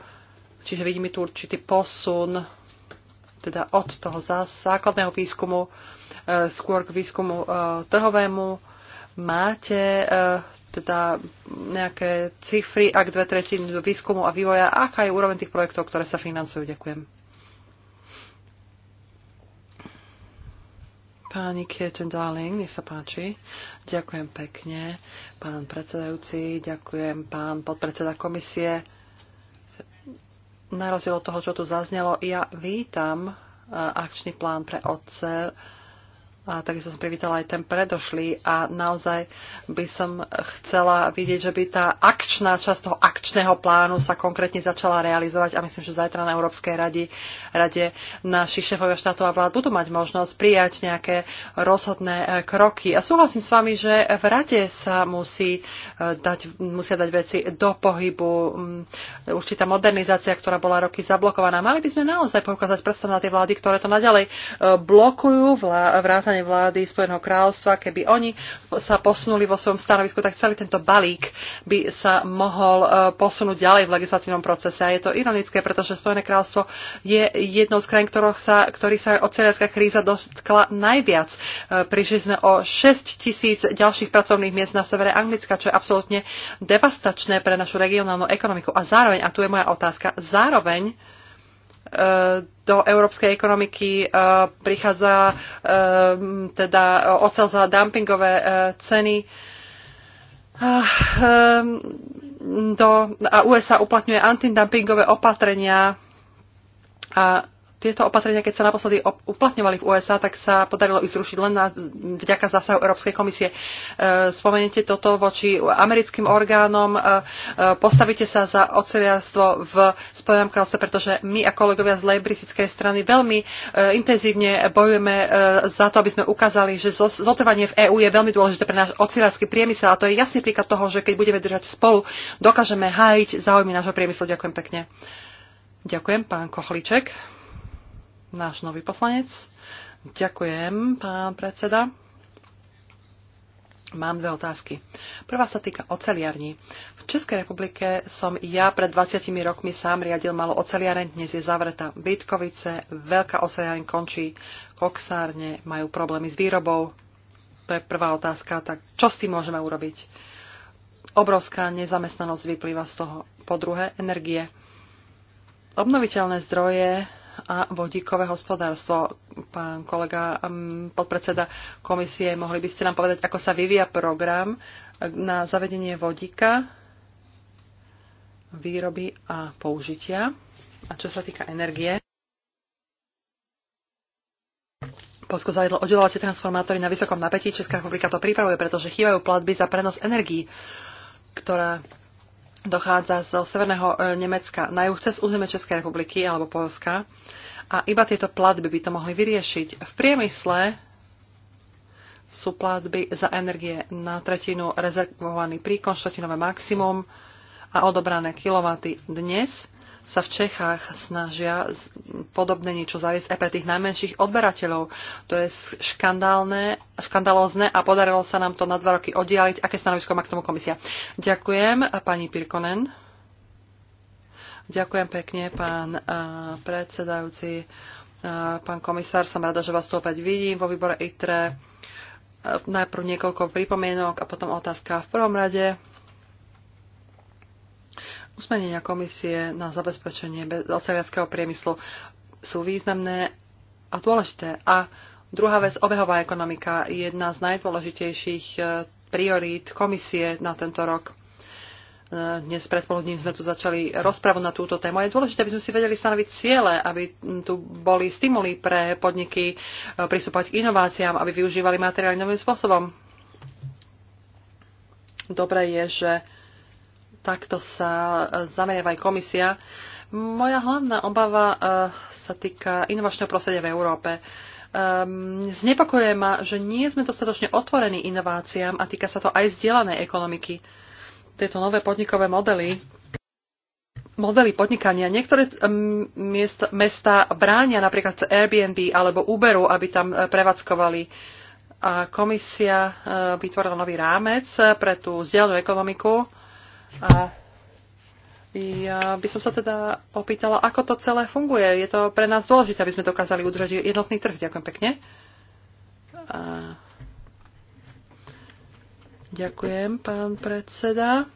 Speaker 4: čiže vidíme tu určitý posun teda od toho základného výskumu e, skôr k výskumu e, trhovému. Máte teda nejaké cifry, ak dve tretiny do výskumu a vývoja, aká je úroveň tých projektov, ktoré sa financujú? Ďakujem. Páni Kirten Darling, nech sa páči. Ďakujem pekne, pán predsedajúci, ďakujem pán podpredseda komisie. Na rozdiel od toho, čo tu zaznelo, ja vítam eh, akčný plán pre ocel a takisto som privítala aj ten predošlý a naozaj by som chcela vidieť, že by tá akčná časť toho akčného plánu sa konkrétne začala realizovať a myslím, že zajtra na Európskej rade, rade naši šéfovia štátov a vlád budú mať možnosť prijať nejaké rozhodné e, kroky. A súhlasím s vami, že v rade sa musí e, dať, musia dať veci do pohybu, mm, určitá modernizácia, ktorá bola roky zablokovaná. Mali by sme naozaj poukázať prstom na tie vlády, ktoré to naďalej e, blokujú, vrátane strane vlády Spojeného kráľovstva, keby oni sa posunuli vo svojom stanovisku, tak celý tento balík by sa mohol e, posunúť ďalej v legislatívnom procese. A je to ironické, pretože Spojené kráľovstvo je jednou z krajín, ktorých sa, ktorých sa oceliacká kríza dostkla najviac. E, prišli sme o 6 tisíc ďalších pracovných miest na severe Anglicka, čo je absolútne devastačné pre našu regionálnu ekonomiku. A zároveň, a tu je moja otázka, zároveň E, do európskej ekonomiky e, prichádza e, teda ocel za dumpingové ceny do, a USA uplatňuje antidumpingové opatrenia a tieto opatrenia, keď sa naposledy uplatňovali v USA, tak sa podarilo ich zrušiť len na, vďaka zásahu Európskej komisie. E, spomeniete toto voči americkým orgánom, e, e, postavíte sa za oceliarstvo v Spojenom kráľovstve, pretože my a kolegovia z lejbristickej strany veľmi e, intenzívne bojujeme e, za to, aby sme ukázali, že zotrvanie v EÚ je veľmi dôležité pre náš oceliarský priemysel a to je jasný príklad toho, že keď budeme držať spolu, dokážeme hájiť záujmy nášho priemyslu. Ďakujem pekne. Ďakujem, pán Kochliček náš nový poslanec. Ďakujem, pán predseda. Mám dve otázky. Prvá sa týka oceliarní. V Českej republike som ja pred 20 rokmi sám riadil malo oceliareň, dnes je zavretá Bytkovice, veľká oceliareň končí, koksárne majú problémy s výrobou. To je prvá otázka, tak čo s tým môžeme urobiť? Obrovská nezamestnanosť vyplýva z toho. Po druhé, energie. Obnoviteľné zdroje a vodíkové hospodárstvo. Pán kolega, podpredseda komisie, mohli by ste nám povedať, ako sa vyvíja program na zavedenie vodíka, výroby a použitia. A čo sa týka energie, Polsko zavedlo oddelovacie transformátory na vysokom napätí. Česká republika to pripravuje, pretože chýbajú platby za prenos energií, ktorá dochádza zo severného e, Nemecka na juh cez územie Českej republiky alebo Polska a iba tieto platby by to mohli vyriešiť. V priemysle sú platby za energie na tretinu rezervovaný pri konštatínové maximum a odobrané kilovaty dnes sa v Čechách snažia podobne niečo zaviesť aj pre tých najmenších odberateľov. To je škandálne, škandalózne a podarilo sa nám to na dva roky oddialiť. Aké stanovisko má k tomu komisia? Ďakujem, pani Pirkonen. Ďakujem pekne, pán predsedajúci. Pán komisár, som rada, že vás tu opäť vidím vo výbore ITRE. Najprv niekoľko pripomienok a potom otázka v prvom rade. Usmenenia komisie na zabezpečenie oceliackého priemyslu sú významné a dôležité. A druhá vec, obehová ekonomika, je jedna z najdôležitejších e, priorít komisie na tento rok. E, dnes predpoludním sme tu začali rozpravu na túto tému. Je dôležité, aby sme si vedeli stanoviť ciele, aby tu boli stimuly pre podniky e, pristúpať k inováciám, aby využívali materiály novým spôsobom. Dobré je, že takto sa zameriava aj komisia. Moja hlavná obava eh, sa týka inovačného prostredia v Európe. Ehm, Znepokojuje ma, že nie sme dostatočne otvorení inováciám a týka sa to aj vzdielanej ekonomiky. Tieto nové podnikové modely, modely podnikania. Niektoré ehm, miest, mesta bránia napríklad Airbnb alebo Uberu, aby tam eh, prevádzkovali a komisia eh, vytvorila nový rámec pre tú vzdialenú ekonomiku a ja by som sa teda opýtala, ako to celé funguje. Je to pre nás dôležité, aby sme dokázali udržať jednotný trh. Ďakujem pekne. A... Ďakujem, pán predseda.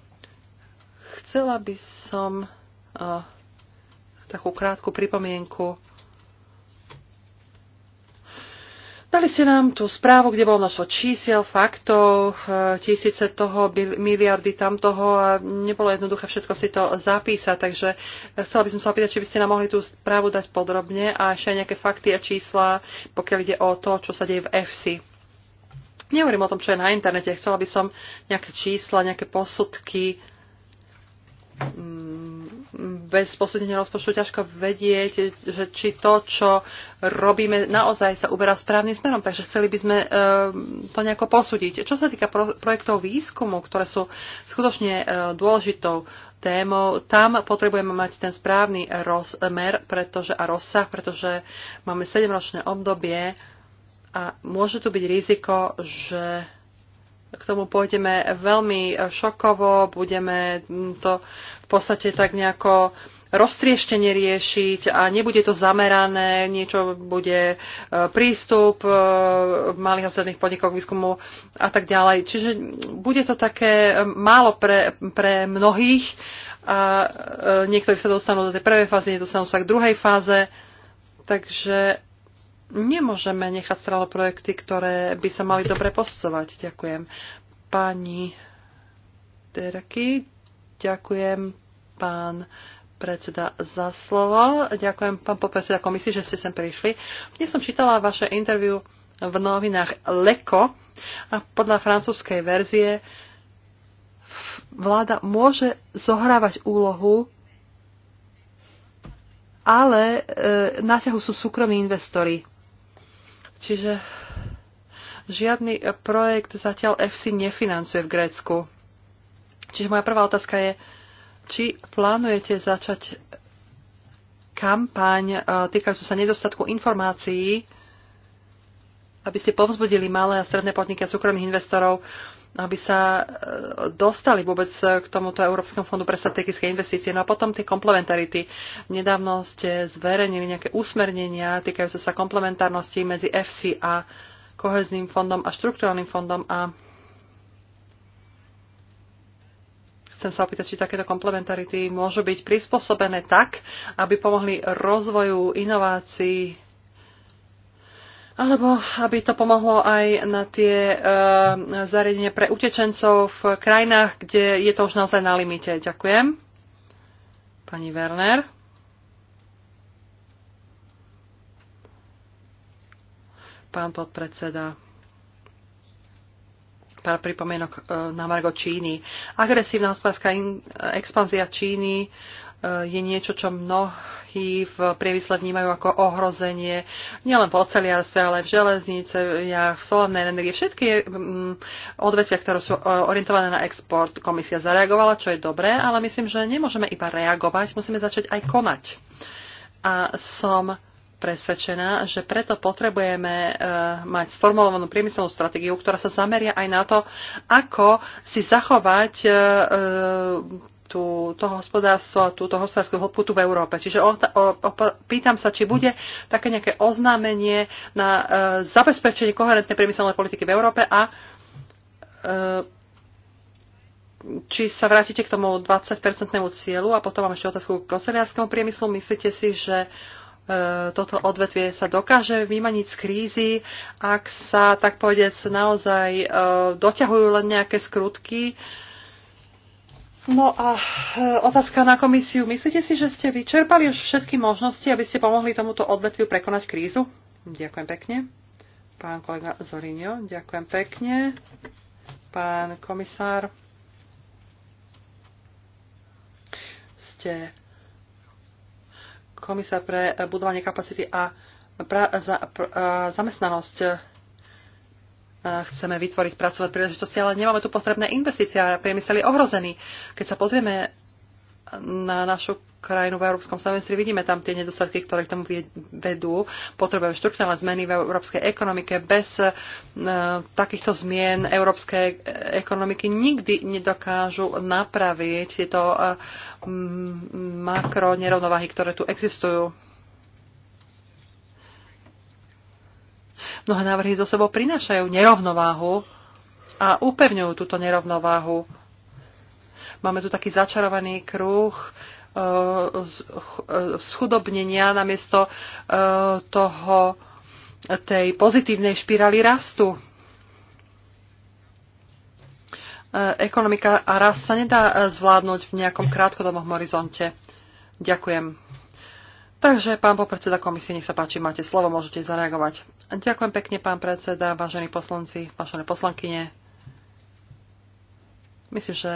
Speaker 4: Chcela by som uh, takú krátku pripomienku Dali ste nám tú správu, kde bolo množstvo čísiel, faktov, e, tisíce toho, miliardy tam toho a nebolo jednoduché všetko si to zapísať, takže e, chcela by som sa opýtať, či by ste nám mohli tú správu dať podrobne a ešte aj nejaké fakty a čísla, pokiaľ ide o to, čo sa deje v EFSI. Nehovorím o tom, čo je na internete, chcela by som nejaké čísla, nejaké posudky, Mm, bez posúdenia rozpočtu ťažko vedieť, že či to, čo robíme, naozaj sa uberá správnym smerom. Takže chceli by sme eh, to nejako posúdiť. Čo sa týka projektov výskumu, ktoré sú skutočne eh, dôležitou témou, tam potrebujeme mať ten správny rozmer pretože, a rozsah, pretože máme 7-ročné obdobie a môže tu byť riziko, že k tomu pôjdeme veľmi šokovo, budeme to v podstate tak nejako roztrieštenie riešiť a nebude to zamerané, niečo bude e, prístup e, malých a stredných podnikoch výskumu a tak ďalej. Čiže bude to také e, málo pre, pre mnohých a niektorí sa dostanú do tej prvej fázy, nedostanú sa k druhej fáze. Takže nemôžeme nechať stralo projekty, ktoré by sa mali dobre posúvať. Ďakujem. Pani Terky, ďakujem pán predseda za slovo. Ďakujem pán podpredseda komisie, že ste sem prišli. Dnes som čítala vaše interviu v novinách Leko a podľa francúzskej verzie vláda môže zohrávať úlohu, ale e, na ťahu sú súkromí investori. Čiže žiadny projekt zatiaľ FC nefinancuje v Grécku. Čiže moja prvá otázka je, či plánujete začať kampaň e, týkajúcu sa nedostatku informácií, aby ste povzbudili malé a stredné podniky a súkromných investorov aby sa e, dostali vôbec k tomuto Európskom fondu pre strategické investície. No a potom tie komplementarity. Nedávno ste zverejnili nejaké usmernenia týkajúce sa komplementárnosti medzi FC a kohezným fondom a štrukturálnym fondom a chcem sa opýtať, či takéto komplementarity môžu byť prispôsobené tak, aby pomohli rozvoju inovácií alebo aby to pomohlo aj na tie e, zariadenia pre utečencov v krajinách, kde je to už naozaj na limite. Ďakujem. Pani Werner. Pán podpredseda. Pár pripomienok e, na Margo Číny. Agresívna hospodárska expanzia Číny e, je niečo, čo mnoho výrobky v priemysle vnímajú ako ohrozenie nielen v oceliarstve, ale aj v železnice, v solárnej energie. Všetky mm, odvetvia, ktoré sú e, orientované na export, komisia zareagovala, čo je dobré, ale myslím, že nemôžeme iba reagovať, musíme začať aj konať. A som presvedčená, že preto potrebujeme e, mať sformulovanú priemyselnú stratégiu, ktorá sa zameria aj na to, ako si zachovať e, e to hospodárstvo, túto hospodárskú hĺbku v Európe. Čiže o, o, o, pýtam sa, či bude také nejaké oznámenie na e, zabezpečenie koherentnej priemyselnej politiky v Európe a e, či sa vrátite k tomu 20-percentnému cieľu a potom mám ešte otázku k oceliarskému priemyslu. Myslíte si, že e, toto odvetvie sa dokáže vymaniť z krízy, ak sa, tak povedec naozaj e, doťahujú len nejaké skrutky No a e, otázka na komisiu. Myslíte si, že ste vyčerpali už všetky možnosti, aby ste pomohli tomuto odvetviu prekonať krízu? Ďakujem pekne. Pán kolega Zorinio, ďakujem pekne. Pán komisár, ste komisár pre budovanie kapacity a pra, za, pra, e, zamestnanosť chceme vytvoriť pracovné príležitosti, ale nemáme tu potrebné investície a priemysel je ohrozený. Keď sa pozrieme na našu krajinu v Európskom semestri, vidíme tam tie nedostatky, ktoré k tomu vedú. Potrebujeme štruktúrne zmeny v európskej ekonomike. Bez e, takýchto zmien európskej ekonomiky nikdy nedokážu napraviť tieto e, makro nerovnováhy, ktoré tu existujú. Mnohé návrhy zo sebou prinášajú nerovnováhu a upevňujú túto nerovnováhu. Máme tu taký začarovaný kruh eh, eh, schudobnenia namiesto eh, toho, tej pozitívnej špirály rastu ekonomika a rast sa nedá zvládnuť v nejakom krátkodobom horizonte. Ďakujem. Takže, pán popredseda komisie, nech sa páči, máte slovo, môžete zareagovať. Ďakujem pekne, pán predseda, vážení poslanci, vážené poslankyne. Myslím, že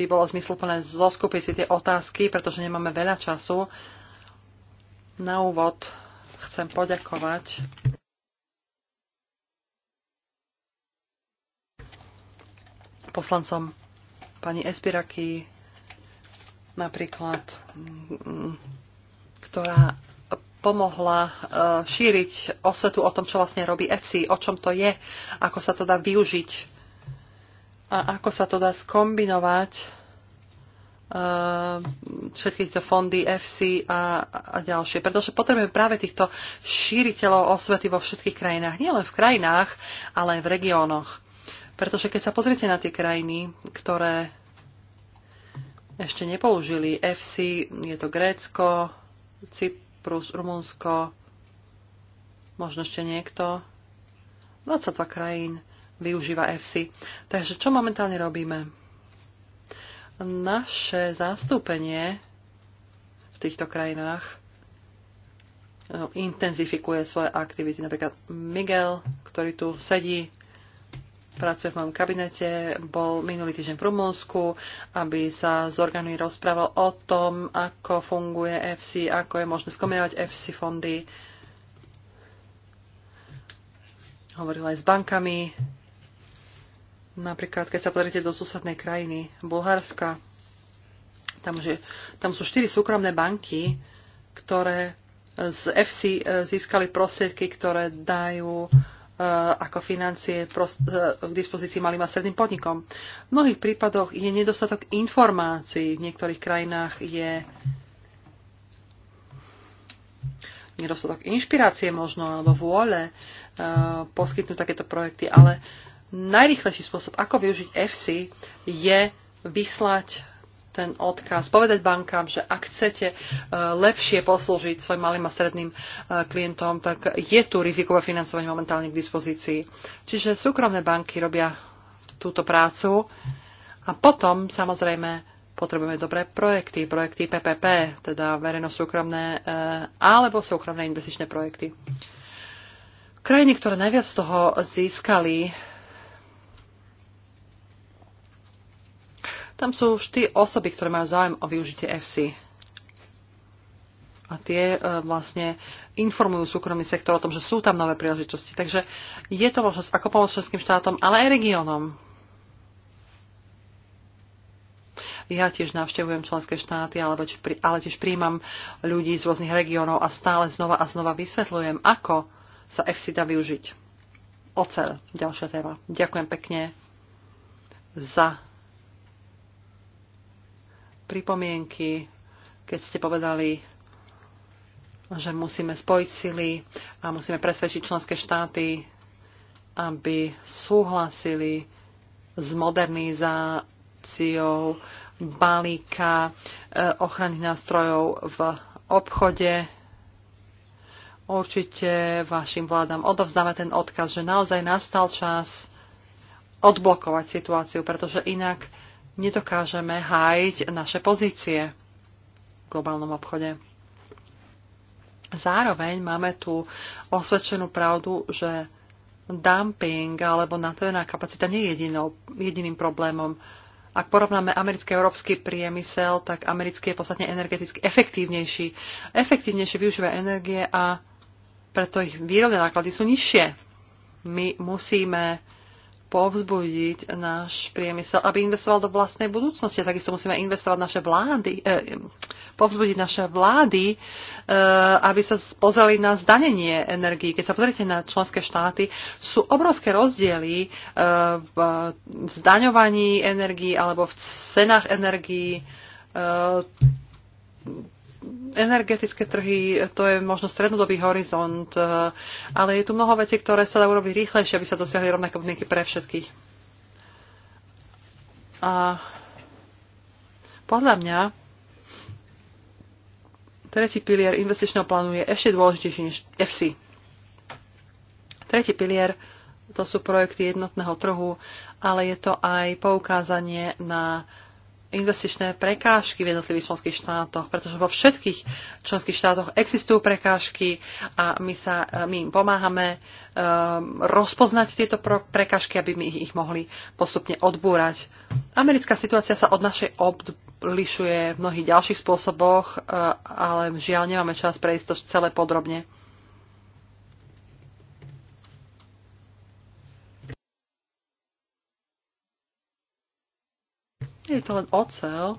Speaker 4: by bolo zmysluplné zoskupiť si tie otázky, pretože nemáme veľa času. Na úvod chcem poďakovať poslancom pani Espiraky, napríklad mm, ktorá pomohla e, šíriť osvetu o tom, čo vlastne robí EFSI, o čom to je, ako sa to dá využiť a ako sa to dá skombinovať e, všetky tieto fondy FC a, a ďalšie. Pretože potrebujeme práve týchto šíriteľov osvety vo všetkých krajinách. Nielen v krajinách, ale aj v regiónoch. Pretože keď sa pozriete na tie krajiny, ktoré ešte nepoužili FC, je to Grécko, Cyprus, Rumunsko, možno ešte niekto. 22 krajín využíva FC. Takže čo momentálne robíme? Naše zastúpenie v týchto krajinách no, intenzifikuje svoje aktivity. Napríklad Miguel, ktorý tu sedí, pracuje v mojom kabinete, bol minulý týždeň v Rumunsku, aby sa z zorganuje rozprával o tom, ako funguje FC, ako je možné skominovať FC fondy. Hovoril aj s bankami. Napríklad, keď sa pozriete do susednej krajiny, Bulharska, tam, že, tam sú štyri súkromné banky, ktoré z FC eh, získali prostriedky, ktoré dajú uh, Eh, ako financie eh, k dispozícii malým a stredným podnikom. V mnohých prípadoch je nedostatok informácií, v niektorých krajinách je nedostatok inšpirácie možno alebo vôle eh, poskytnúť takéto projekty, ale najrychlejší spôsob, ako využiť FC, je vyslať ten odkaz, povedať bankám, že ak chcete eh, lepšie poslúžiť svojim malým a stredným eh, klientom, tak je tu rizikové financovanie momentálne k dispozícii. Čiže súkromné banky robia túto prácu a potom samozrejme potrebujeme dobré projekty, projekty PPP, teda verejno-súkromné eh, alebo súkromné investičné projekty. Krajiny, ktoré najviac z toho získali, Tam sú vždy osoby, ktoré majú záujem o využitie FC. A tie e, vlastne informujú súkromný sektor o tom, že sú tam nové príležitosti. Takže je to možnosť ako pomôcť členským štátom, ale aj regiónom. Ja tiež navštevujem členské štáty, ale, ale tiež príjmam ľudí z rôznych regiónov a stále znova a znova vysvetľujem, ako sa FC dá využiť. Ocel, ďalšia téma. Ďakujem pekne za pripomienky, keď ste povedali, že musíme spojiť sily a musíme presvedčiť členské štáty, aby súhlasili s modernizáciou balíka e, ochranných nástrojov v obchode. Určite vašim vládam odovzdáme ten odkaz, že naozaj nastal čas odblokovať situáciu, pretože inak nedokážeme hájiť naše pozície v globálnom obchode. Zároveň máme tu osvedčenú pravdu, že dumping alebo natojená kapacita nie je jedinou, jediným problémom. Ak porovnáme americký a európsky priemysel, tak americký je podstatne energeticky efektívnejší. Efektívnejšie využíva energie a preto ich výrobné náklady sú nižšie. My musíme povzbudiť náš priemysel, aby investoval do vlastnej budúcnosti. takisto musíme investovať naše vlády, eh, povzbudiť naše vlády, eh, aby sa pozreli na zdanenie energii. Keď sa pozrite na členské štáty, sú obrovské rozdiely eh, v, v zdaňovaní energii alebo v cenách energií. Eh, energetické trhy, to je možno strednodobý horizont, eh, ale je tu mnoho vecí, ktoré sa dá urobiť rýchlejšie, aby sa dosiahli rovnaké podmienky pre všetkých. A podľa mňa tretí pilier investičného plánu je ešte dôležitejší než FC. Tretí pilier to sú projekty jednotného trhu, ale je to aj poukázanie na uh, investičné prekážky v jednotlivých členských štátoch, pretože vo všetkých členských štátoch existujú prekážky a my, sa, my im pomáhame um, rozpoznať tieto prekážky, aby my ich, ich mohli postupne odbúrať. Americká situácia sa od našej odlišuje v mnohých ďalších spôsoboch, ehm, ale žiaľ nemáme čas prejsť to celé podrobne. Je to len oceľ.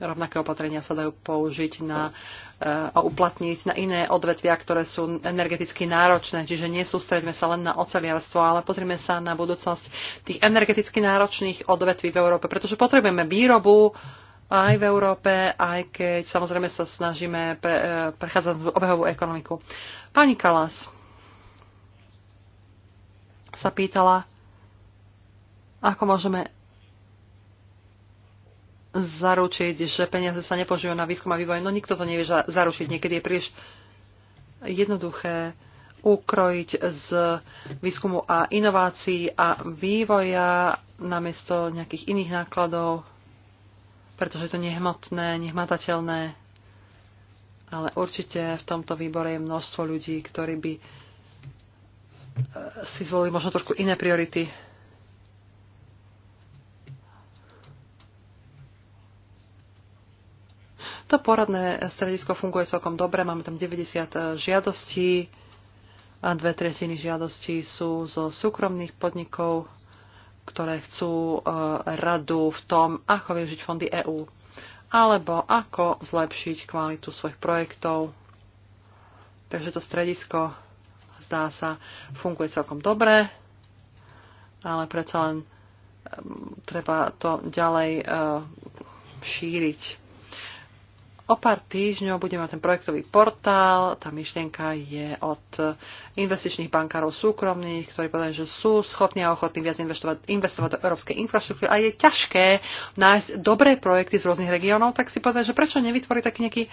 Speaker 4: Rovnaké opatrenia sa dajú použiť na, eh, a uplatniť na iné odvetvia, ktoré sú energeticky náročné. Čiže nesústreďme sa len na oceliarstvo, ale pozrieme sa na budúcnosť tých energeticky náročných odvetví v Európe, pretože potrebujeme výrobu, aj v Európe, aj keď samozrejme sa snažíme pre, eh, prechádzať obehovú ekonomiku. Pani Kalas sa pýtala, ako môžeme zaručiť, že peniaze sa nepožijú na výskum a vývoj. No nikto to nevie zaručiť. Niekedy je príliš jednoduché ukrojiť z výskumu a inovácií a vývoja namiesto nejakých iných nákladov, pretože je to nehmotné, nehmatateľné. Ale určite v tomto výbore je množstvo ľudí, ktorí by eh, si zvolili možno trošku iné priority. To poradné stredisko funguje celkom dobre, máme tam 90 e, žiadostí a dve tretiny žiadostí sú zo súkromných podnikov, ktoré chcú e, radu v tom, ako využiť fondy EÚ alebo ako zlepšiť kvalitu svojich projektov. Takže to stredisko, zdá sa, funguje celkom dobre, ale predsa len e, treba to ďalej šíriť. O pár týždňov budeme mať ten projektový portál. Tá myšlienka je od investičných bankárov súkromných, ktorí povedali, že sú schopní a ochotní viac investovať, investovať do európskej infraštruktúry a je ťažké nájsť dobré projekty z rôznych regiónov, tak si povedali, že prečo nevytvoriť taký nejaký, e,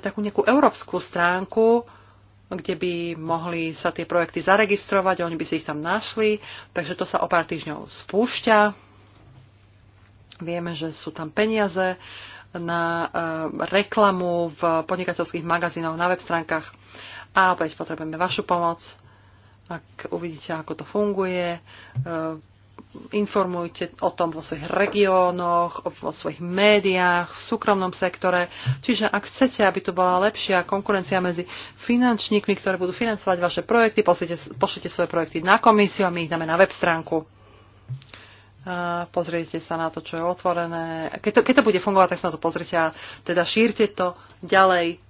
Speaker 4: takú nejakú európsku stránku, kde by mohli sa tie projekty zaregistrovať, oni by si ich tam našli, takže to sa o pár týždňov spúšťa. Vieme, že sú tam peniaze, na eh, reklamu v podnikateľských magazínoch, na web stránkach. A opäť potrebujeme vašu pomoc. Ak uvidíte, ako to funguje, eh, informujte o tom vo svojich regiónoch, vo svojich médiách, v súkromnom sektore. Čiže ak chcete, aby tu bola lepšia konkurencia medzi finančníkmi, ktoré budú financovať vaše projekty, pošlite, pošlite svoje projekty na komisiu a my ich dáme na web stránku pozrite sa na to, čo je otvorené. Keď to, keď to bude fungovať, tak sa na to pozrite a teda šírte to ďalej.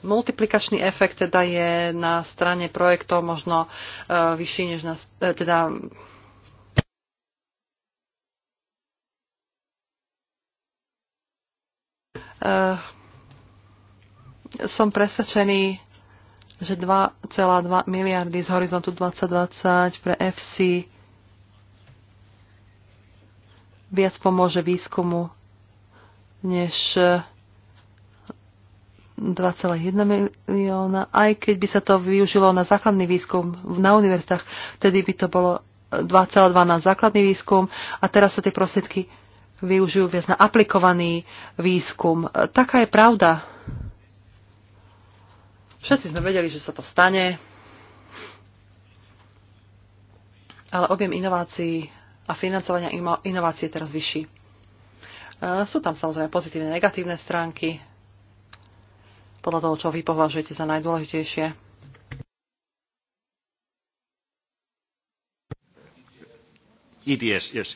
Speaker 4: Multiplikačný efekt teda je na strane projektov možno uh, vyšší než na, uh, teda uh, som presvedčený, že 2,2 miliardy z horizontu 2020 pre FC viac pomôže výskumu než 2,1 milióna, aj keď by sa to využilo na základný výskum na univerzitách, vtedy by to bolo 2,2 na základný výskum a teraz sa tie prostriedky využijú viac na aplikovaný výskum. Taká je pravda. Všetci sme vedeli, že sa to stane, ale objem inovácií a financovania inovácií je teraz vyšší. E, sú tam samozrejme pozitívne a negatívne stránky, podľa toho, čo vy považujete za najdôležitejšie.
Speaker 1: ETS, yes.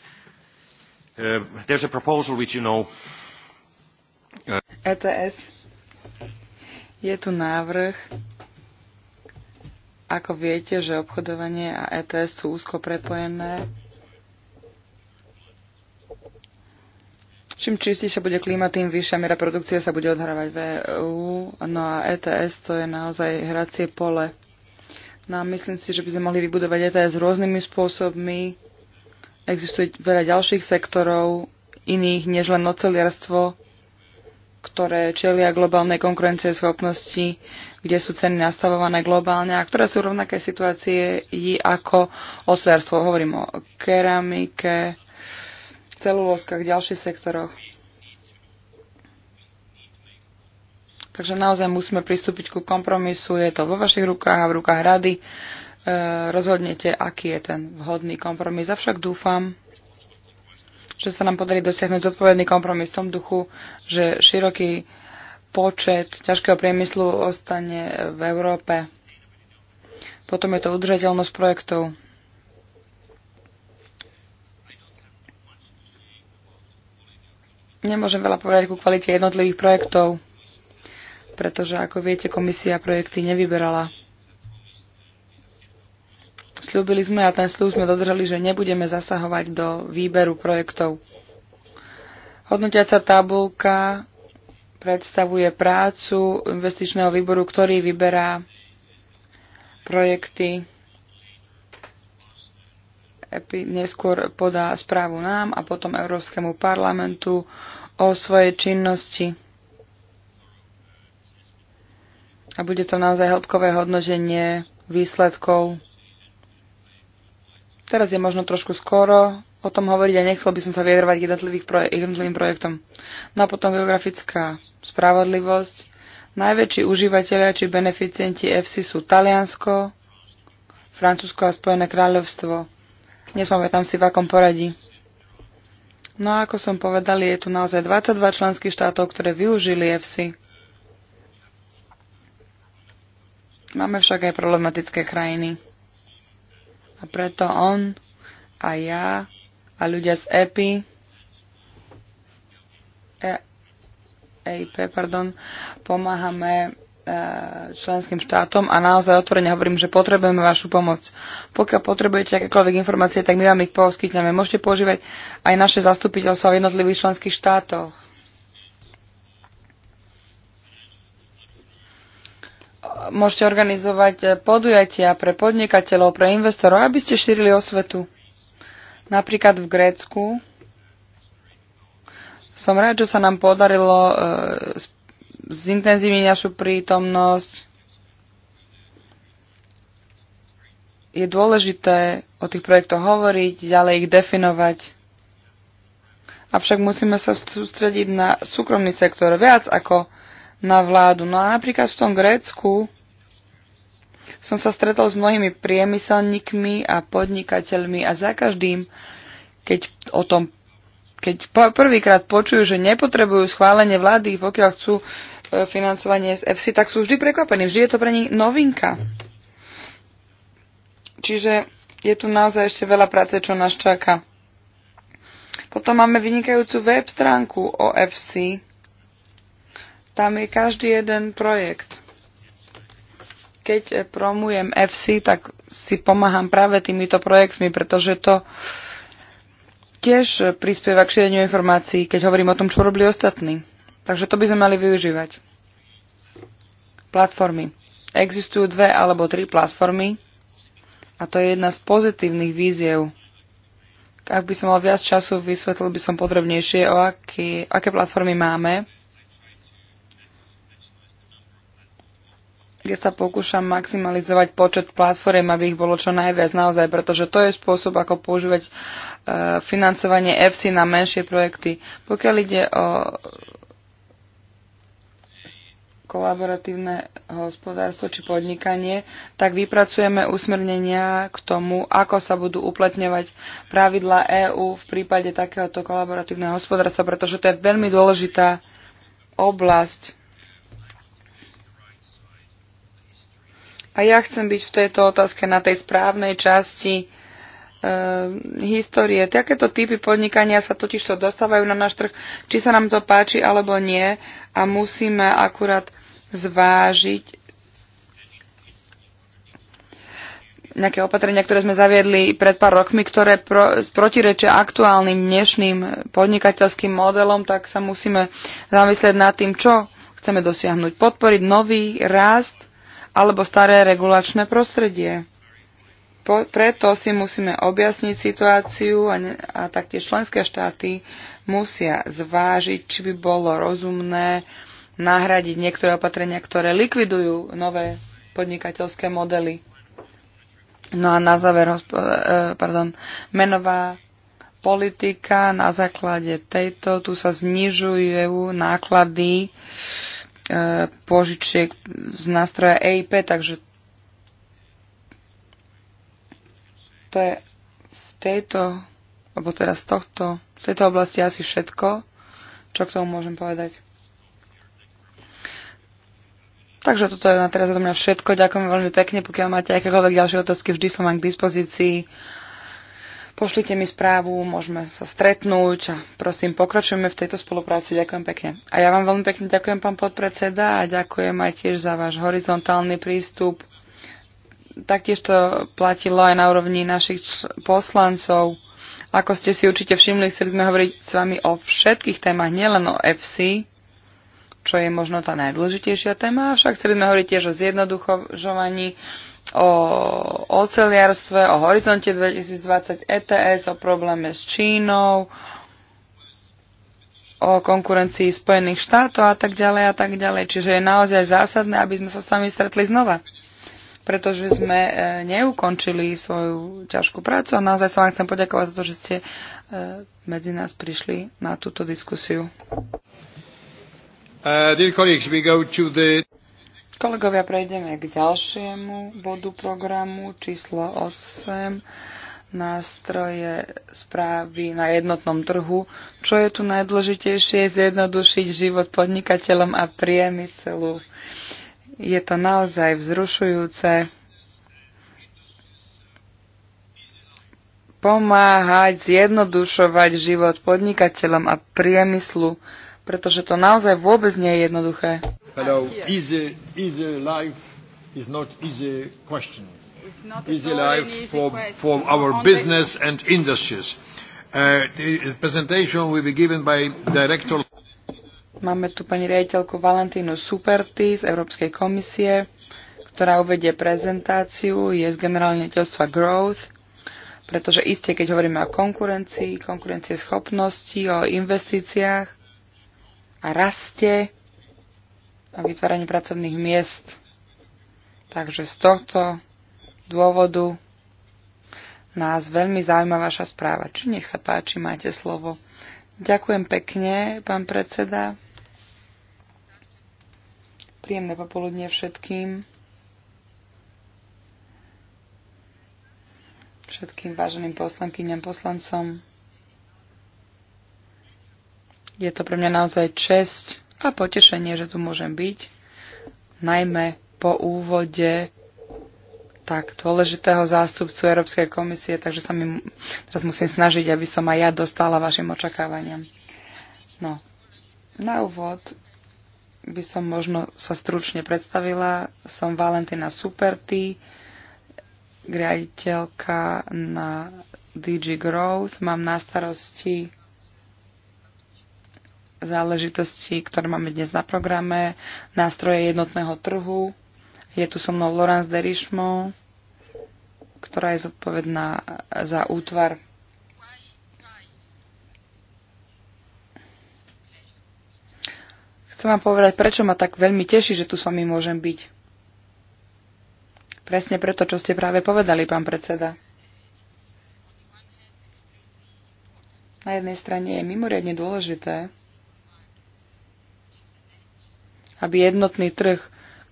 Speaker 1: Uh, there's a proposal which you know. Uh,
Speaker 2: e ETS je tu návrh, ako viete, že obchodovanie a ETS sú úzko prepojené. Čím čistejšia bude klíma, tým vyššia miera produkcie sa bude odhrávať v EU. No a ETS to je naozaj hracie pole. No a myslím si, že by sme mohli vybudovať ETS rôznymi spôsobmi. Existuje veľa ďalších sektorov, iných než len noceliarstvo ktoré čelia globálnej konkurencie schopnosti, kde sú ceny nastavované globálne a ktoré sú rovnaké situácie ako oslárstvo. Hovorím o keramike, celulózkach, ďalších sektoroch. Takže naozaj musíme pristúpiť ku kompromisu. Je to vo vašich rukách a v rukách rady. E, rozhodnete, aký je ten vhodný kompromis. Avšak dúfam, že sa nám podarí dosiahnuť zodpovedný kompromis v tom duchu, že široký počet ťažkého priemyslu ostane v Európe. Potom je to udržateľnosť projektov. Nemôžem veľa povedať ku kvalite jednotlivých projektov, pretože, ako viete, komisia projekty nevyberala. Sľúbili sme a ten sľub sme dodržali, že nebudeme zasahovať do výberu projektov. Hodnotiaca tabulka predstavuje prácu investičného výboru, ktorý vyberá projekty e neskôr podá správu nám a potom Európskemu parlamentu o svojej činnosti. A bude to naozaj hĺbkové hodnotenie výsledkov Teraz je možno trošku skoro o tom hovoriť a nechcel by som sa vyjadrovať k proje- jednotlivým projektom. No a potom geografická spravodlivosť. Najväčší užívateľia či beneficienti EFSI sú Taliansko, Francúzsko a Spojené kráľovstvo. Nespamätám si, v akom poradí. No a ako som povedal, je tu naozaj 22 členských štátov, ktoré využili EFSI. Máme však aj problematické krajiny. A preto on a ja a ľudia z EPI e, EIP, e, e pardon, pomáhame e, členským štátom a naozaj otvorene hovorím, že potrebujeme vašu pomoc. Pokiaľ potrebujete akékoľvek informácie, tak my vám ich poskytneme. Môžete používať aj naše zastupiteľstvo v jednotlivých členských štátoch. môžete organizovať eh, podujatia pre podnikateľov, pre investorov, aby ste šírili osvetu. Napríklad v Grécku som rád, že sa nám podarilo eh, zintenzívniť našu prítomnosť. Je dôležité o tých projektoch hovoriť, ďalej ich definovať. Avšak musíme sa sústrediť na súkromný sektor viac ako na vládu. No a napríklad v tom Grécku som sa stretol s mnohými priemyselníkmi a podnikateľmi a za každým, keď o tom keď prvýkrát počujú, že nepotrebujú schválenie vlády, pokiaľ chcú e, financovanie z FC, tak sú vždy prekvapení. Vždy je to pre nich novinka. Čiže je tu naozaj ešte veľa práce, čo nás čaká. Potom máme vynikajúcu web stránku o FC, tam je každý jeden projekt. Keď promujem FC, tak si pomáham práve týmito projektmi, pretože to tiež prispieva k šíreniu informácií, keď hovorím o tom, čo robili ostatní. Takže to by sme mali využívať. Platformy. Existujú dve alebo tri platformy a to je jedna z pozitívnych víziev. Ak by som mal viac času, vysvetlil by som podrobnejšie, o aký, aké platformy máme kde sa pokúšam maximalizovať počet platform, aby ich bolo čo najviac naozaj, pretože to je spôsob, ako používať e, financovanie FC na menšie projekty. Pokiaľ ide o kolaboratívne hospodárstvo či podnikanie, tak vypracujeme usmernenia k tomu, ako sa budú uplatňovať pravidla EÚ v prípade takéhoto kolaboratívneho hospodárstva, pretože to je veľmi dôležitá oblasť A ja chcem byť v tejto otázke na tej správnej časti e, histórie. Takéto typy podnikania sa totižto dostávajú na náš trh, či sa nám to páči alebo nie a musíme akurát zvážiť nejaké opatrenia, ktoré sme zaviedli pred pár rokmi, ktoré pro, protirečia aktuálnym dnešným podnikateľským modelom, tak sa musíme zamyslieť nad tým, čo chceme dosiahnuť. Podporiť nový rast alebo staré regulačné prostredie. Po, preto si musíme objasniť situáciu a, ne, a taktiež členské štáty musia zvážiť, či by bolo rozumné nahradiť niektoré opatrenia, ktoré likvidujú nové podnikateľské modely. No a na záver, e, pardon, menová politika na základe tejto, tu sa znižujú náklady požičiek z nástroja EIP, takže to je v tejto, alebo teraz z tohto, v tejto oblasti asi všetko, čo k tomu môžem povedať. Takže toto je na teraz odo mňa všetko. Ďakujem veľmi pekne. Pokiaľ máte akékoľvek ďalšie otázky, vždy som vám k dispozícii. Pošlite mi správu, môžeme sa stretnúť a prosím, pokračujeme v tejto spolupráci. Ďakujem pekne. A ja vám veľmi pekne ďakujem, pán podpredseda, a ďakujem aj tiež za váš horizontálny prístup. Taktiež to platilo aj na úrovni našich poslancov. Ako ste si určite všimli, chceli sme hovoriť s vami o všetkých témach, nielen o FC, čo je možno tá najdôležitejšia téma, avšak chceli sme hovoriť tiež o zjednoduchovaní, o oceliarstve, o horizonte 2020 ETS, o probléme s Čínou, o konkurencii Spojených štátov a tak ďalej a tak ďalej. Čiže je naozaj zásadné, aby sme sa s vami stretli znova, pretože sme e, neukončili svoju ťažkú prácu a naozaj sa vám chcem poďakovať za to, že ste e, medzi nás prišli na túto
Speaker 1: diskusiu. Uh, dear colleagues, we go to the...
Speaker 2: Kolegovia, prejdeme k ďalšiemu bodu programu číslo 8 nástroje správy na jednotnom trhu. Čo je tu najdôležitejšie? Zjednodušiť život podnikateľom a priemyselu. Je to naozaj vzrušujúce pomáhať zjednodušovať život podnikateľom a priemyslu pretože to naozaj vôbec nie je jednoduché.
Speaker 1: Hello, easy, easy life is not easy question. Easy life for, for our business and industries. Uh, the presentation will be given by director
Speaker 2: Máme tu pani riaditeľku Valentínu Superty z Európskej komisie, ktorá uvedie prezentáciu, je z generálne ťostva Growth, pretože iste, keď hovoríme o konkurencii, konkurencie schopnosti, o investíciách, a raste a vytváraniu pracovných miest. Takže z tohto dôvodu nás veľmi zaujíma vaša správa. Či nech sa páči, máte slovo. Ďakujem pekne, pán predseda. Príjemné popoludne všetkým. Všetkým váženým poslankyňam, poslancom. Je to pre mňa naozaj česť a potešenie, že tu môžem byť, najmä po úvode tak dôležitého zástupcu Európskej komisie, takže sa mi teraz musím snažiť, aby som aj ja dostala vašim očakávaniam. No, na úvod by som možno sa stručne predstavila. Som Valentina Superty, riaditeľka na DG Growth. Mám na starosti záležitosti, ktoré máme dnes na programe, nástroje jednotného trhu. Je tu so mnou Laurence Richemont, ktorá je zodpovedná za útvar chcem vám povedať, prečo ma tak veľmi teší, že tu s vami môžem byť. Presne preto, čo ste práve povedali, pán predseda. Na jednej strane je mimoriadne dôležité, aby jednotný trh,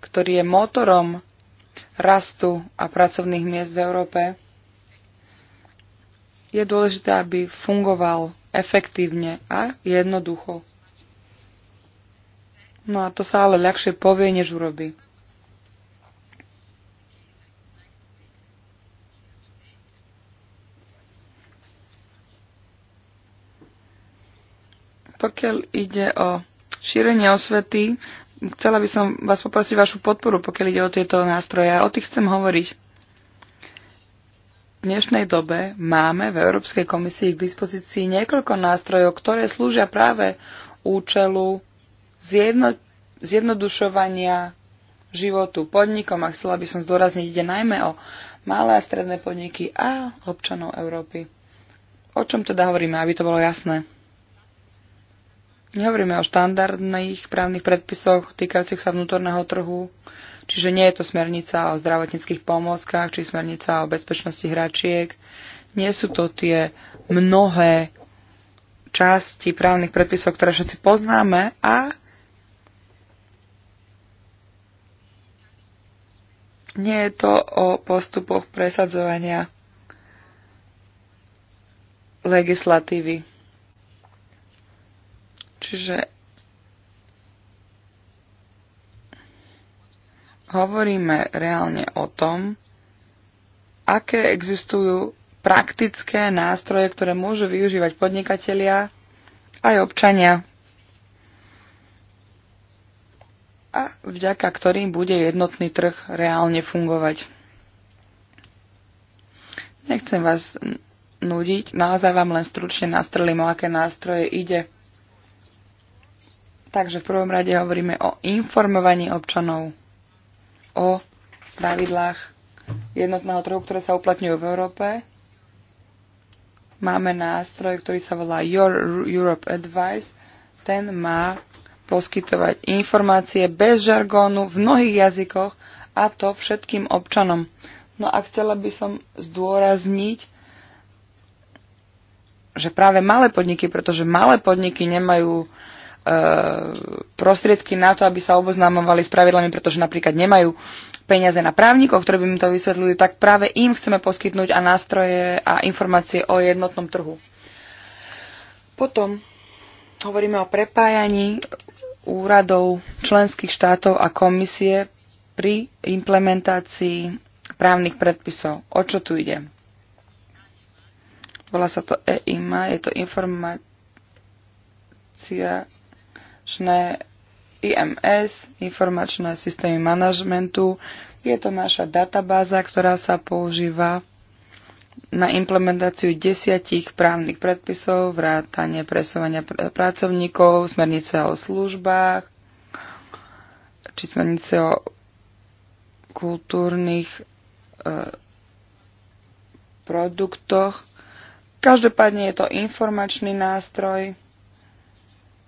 Speaker 2: ktorý je motorom rastu a pracovných miest v Európe, je dôležité, aby fungoval efektívne a jednoducho. No a to sa ale ľahšie povie, než urobi. Pokiaľ ide o šírenie osvety, Chcela by som vás poprosiť vašu podporu, pokiaľ ide o tieto nástroje. A o tých chcem hovoriť. V dnešnej dobe máme v Európskej komisii k dispozícii niekoľko nástrojov, ktoré slúžia práve účelu zjedno, zjednodušovania životu podnikom a chcela by som zdôrazniť, ide najmä o malé a stredné podniky a občanov Európy. O čom teda hovoríme, aby to bolo jasné? Nehovoríme o štandardných právnych predpisoch týkajúcich sa vnútorného trhu, čiže nie je to smernica o zdravotníckých pomôckach či smernica o bezpečnosti hračiek. Nie sú to tie mnohé časti právnych predpisov, ktoré všetci poznáme a nie je to o postupoch presadzovania legislatívy. Čiže hovoríme reálne o tom, aké existujú praktické nástroje, ktoré môžu využívať podnikatelia aj občania a vďaka ktorým bude jednotný trh reálne fungovať. Nechcem vás nudiť, naozaj vám len stručne nastrelím, o aké nástroje ide. Takže v prvom rade hovoríme o informovaní občanov o pravidlách jednotného trhu, ktoré sa uplatňujú v Európe. Máme nástroj, ktorý sa volá Your Europe Advice. Ten má poskytovať informácie bez žargónu v mnohých jazykoch a to všetkým občanom. No a chcela by som zdôrazniť, že práve malé podniky, pretože malé podniky nemajú E, prostriedky na to, aby sa oboznámovali s pravidlami, pretože napríklad nemajú peniaze na právnikov, ktorí by im to vysvetlili, tak práve im chceme poskytnúť a nástroje a informácie o jednotnom trhu. Potom hovoríme o prepájaní úradov členských štátov a komisie pri implementácii právnych predpisov. O čo tu ide? Volá sa to EIMA, je to informácia informačné IMS, informačné systémy manažmentu. Je to naša databáza, ktorá sa používa na implementáciu desiatich právnych predpisov, vrátanie presovania pr- pracovníkov, smernice o službách, či smernice o kultúrnych e, produktoch. Každopádne je to informačný nástroj,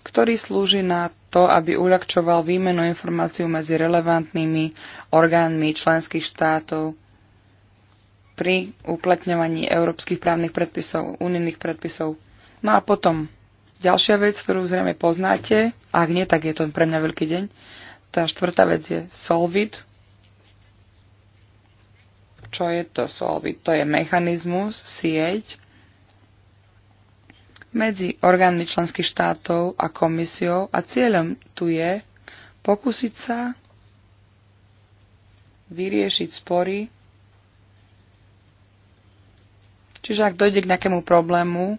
Speaker 2: ktorý slúži na to, aby uľakčoval výmenu informáciu medzi relevantnými orgánmi členských štátov pri uplatňovaní európskych právnych predpisov, unijných predpisov. No a potom ďalšia vec, ktorú zrejme poznáte, ak nie, tak je to pre mňa veľký deň. Tá štvrtá vec je Solvit. Čo je to Solvit? To je mechanizmus, sieť, medzi orgánmi členských štátov a komisiou a cieľom tu je pokúsiť sa vyriešiť spory. Čiže ak dojde k nejakému problému, e,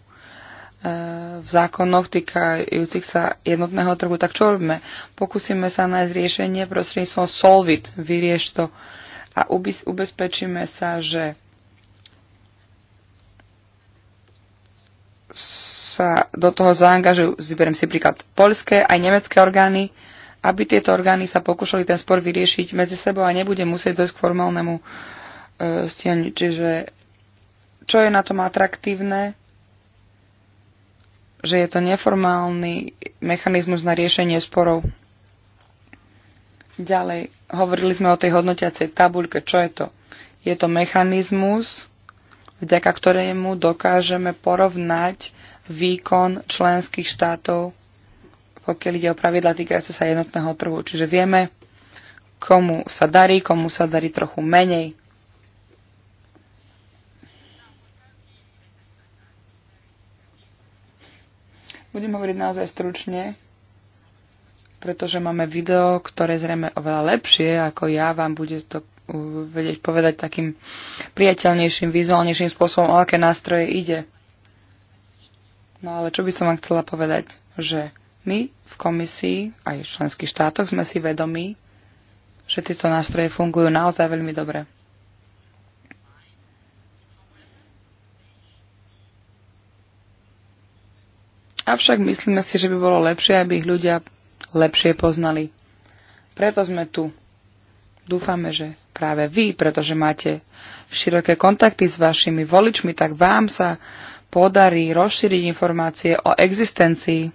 Speaker 2: v zákonoch týkajúcich sa jednotného trhu, tak čo robíme? Pokúsime sa nájsť riešenie prostredníctvom Solvit, vyrieš to a ubezpečíme sa, že sa do toho zaangažujú, vyberiem si príklad, poľské aj nemecké orgány, aby tieto orgány sa pokúšali ten spor vyriešiť medzi sebou a nebude musieť dojsť k formálnemu e, stianiu. Čiže čo je na tom atraktívne, že je to neformálny mechanizmus na riešenie sporov. Ďalej, hovorili sme o tej hodnotiacej tabuľke. Čo je to? Je to mechanizmus, vďaka ktorému dokážeme porovnať výkon členských štátov, pokiaľ ide o pravidla týkajúce sa jednotného trhu. Čiže vieme, komu sa darí, komu sa darí trochu menej. Budem hovoriť naozaj stručne, pretože máme video, ktoré zrejme oveľa lepšie ako ja vám bude to uh, vedieť povedať takým priateľnejším, vizuálnejším spôsobom, o aké nástroje ide. No ale čo by som vám chcela povedať, že my v komisii aj v členských štátoch sme si vedomi, že tieto nástroje fungujú naozaj veľmi dobre. Avšak myslíme si, že by bolo lepšie, aby ich ľudia lepšie poznali. Preto sme tu. Dúfame, že práve vy, pretože máte široké kontakty s vašimi voličmi, tak vám sa podarí rozšíriť informácie o existencii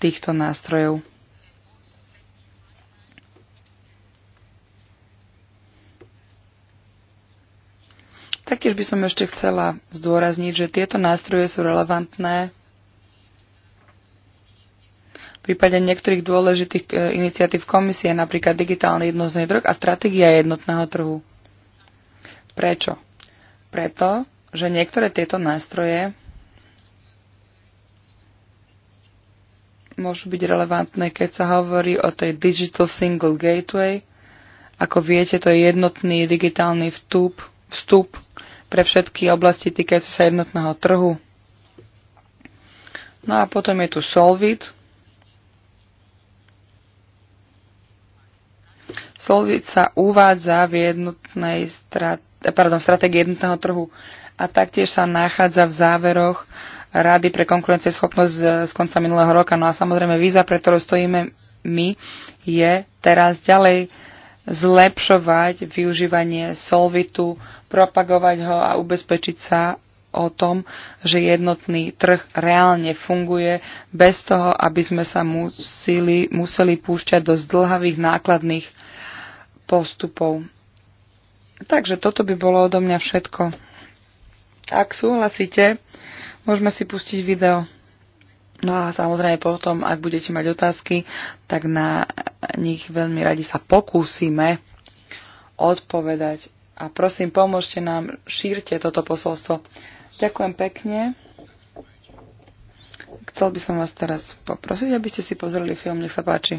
Speaker 2: týchto nástrojov. Taktiež by som ešte chcela zdôrazniť, že tieto nástroje sú relevantné v prípade niektorých dôležitých e, iniciatív komisie, napríklad digitálny jednotný trh a stratégia jednotného trhu. Prečo? Preto, že niektoré tieto nástroje môžu byť relevantné, keď sa hovorí o tej Digital Single Gateway. Ako viete, to je jednotný digitálny vstup, vstup pre všetky oblasti týkajúce sa jednotného trhu. No a potom je tu Solvit. Solvit sa uvádza v jednotnej strat- pardon, stratégii jednotného trhu a taktiež sa nachádza v záveroch Rady pre konkurencieschopnosť z konca minulého roka. No a samozrejme víza, pre ktorú stojíme my, je teraz ďalej zlepšovať využívanie solvitu, propagovať ho a ubezpečiť sa o tom, že jednotný trh reálne funguje bez toho, aby sme sa museli, museli púšťať do zdlhavých nákladných postupov. Takže toto by bolo odo mňa všetko. Ak súhlasíte, môžeme si pustiť video. No a samozrejme potom, ak budete mať otázky, tak na nich veľmi radi sa pokúsime odpovedať. A prosím, pomôžte nám, šírte toto posolstvo. Ďakujem pekne. Chcel by som vás teraz poprosiť, aby ste si pozreli film, nech sa páči.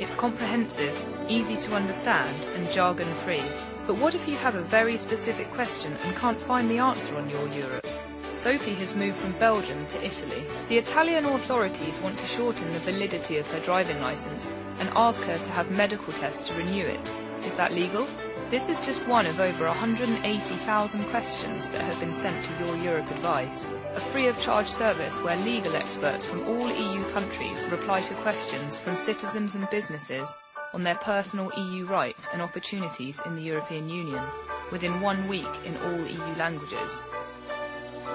Speaker 1: It's comprehensive, easy to understand, and jargon free. But what if you have a very specific question and can't find the answer on your Europe? Sophie has moved from Belgium to Italy. The Italian authorities want to shorten the validity of her driving licence and ask her to have medical tests to renew it. Is that legal? This is just one of over 180,000 questions that have been sent to Your Europe Advice a free of charge service where legal experts from all EU countries reply to questions from citizens and businesses on their personal EU rights and opportunities in the European Union within one week in all EU languages.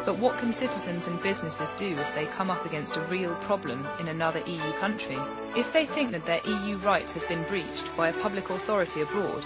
Speaker 1: But what can citizens and businesses do if they come up against a real problem in another EU country? If they think that their EU rights have been breached by a public authority abroad,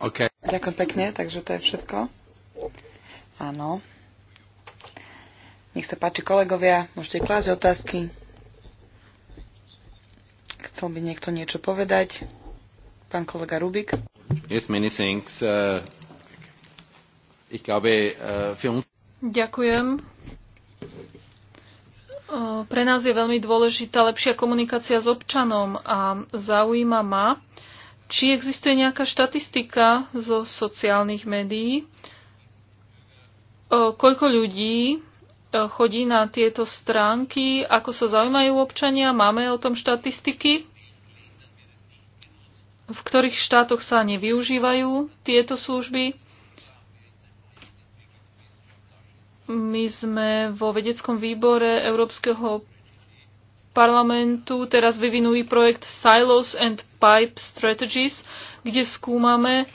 Speaker 1: Okay. Ďakujem pekne, takže
Speaker 2: to je všetko. Áno. Nech sa páči kolegovia, môžete klásť otázky. Chcel by niekto niečo povedať? Pán kolega Rubik.
Speaker 4: Yes, many thanks. Uh, ich glaube, uh,
Speaker 3: Ďakujem. Uh, pre nás je veľmi dôležitá lepšia komunikácia s občanom a zaujíma ma, či existuje nejaká štatistika zo sociálnych médií, koľko ľudí chodí na tieto stránky, ako sa zaujímajú občania, máme o tom štatistiky, v ktorých štátoch sa nevyužívajú tieto služby. My sme vo vedeckom výbore Európskeho parlamentu teraz vyvinulý projekt Silos and Pipe Strategies, kde skúmame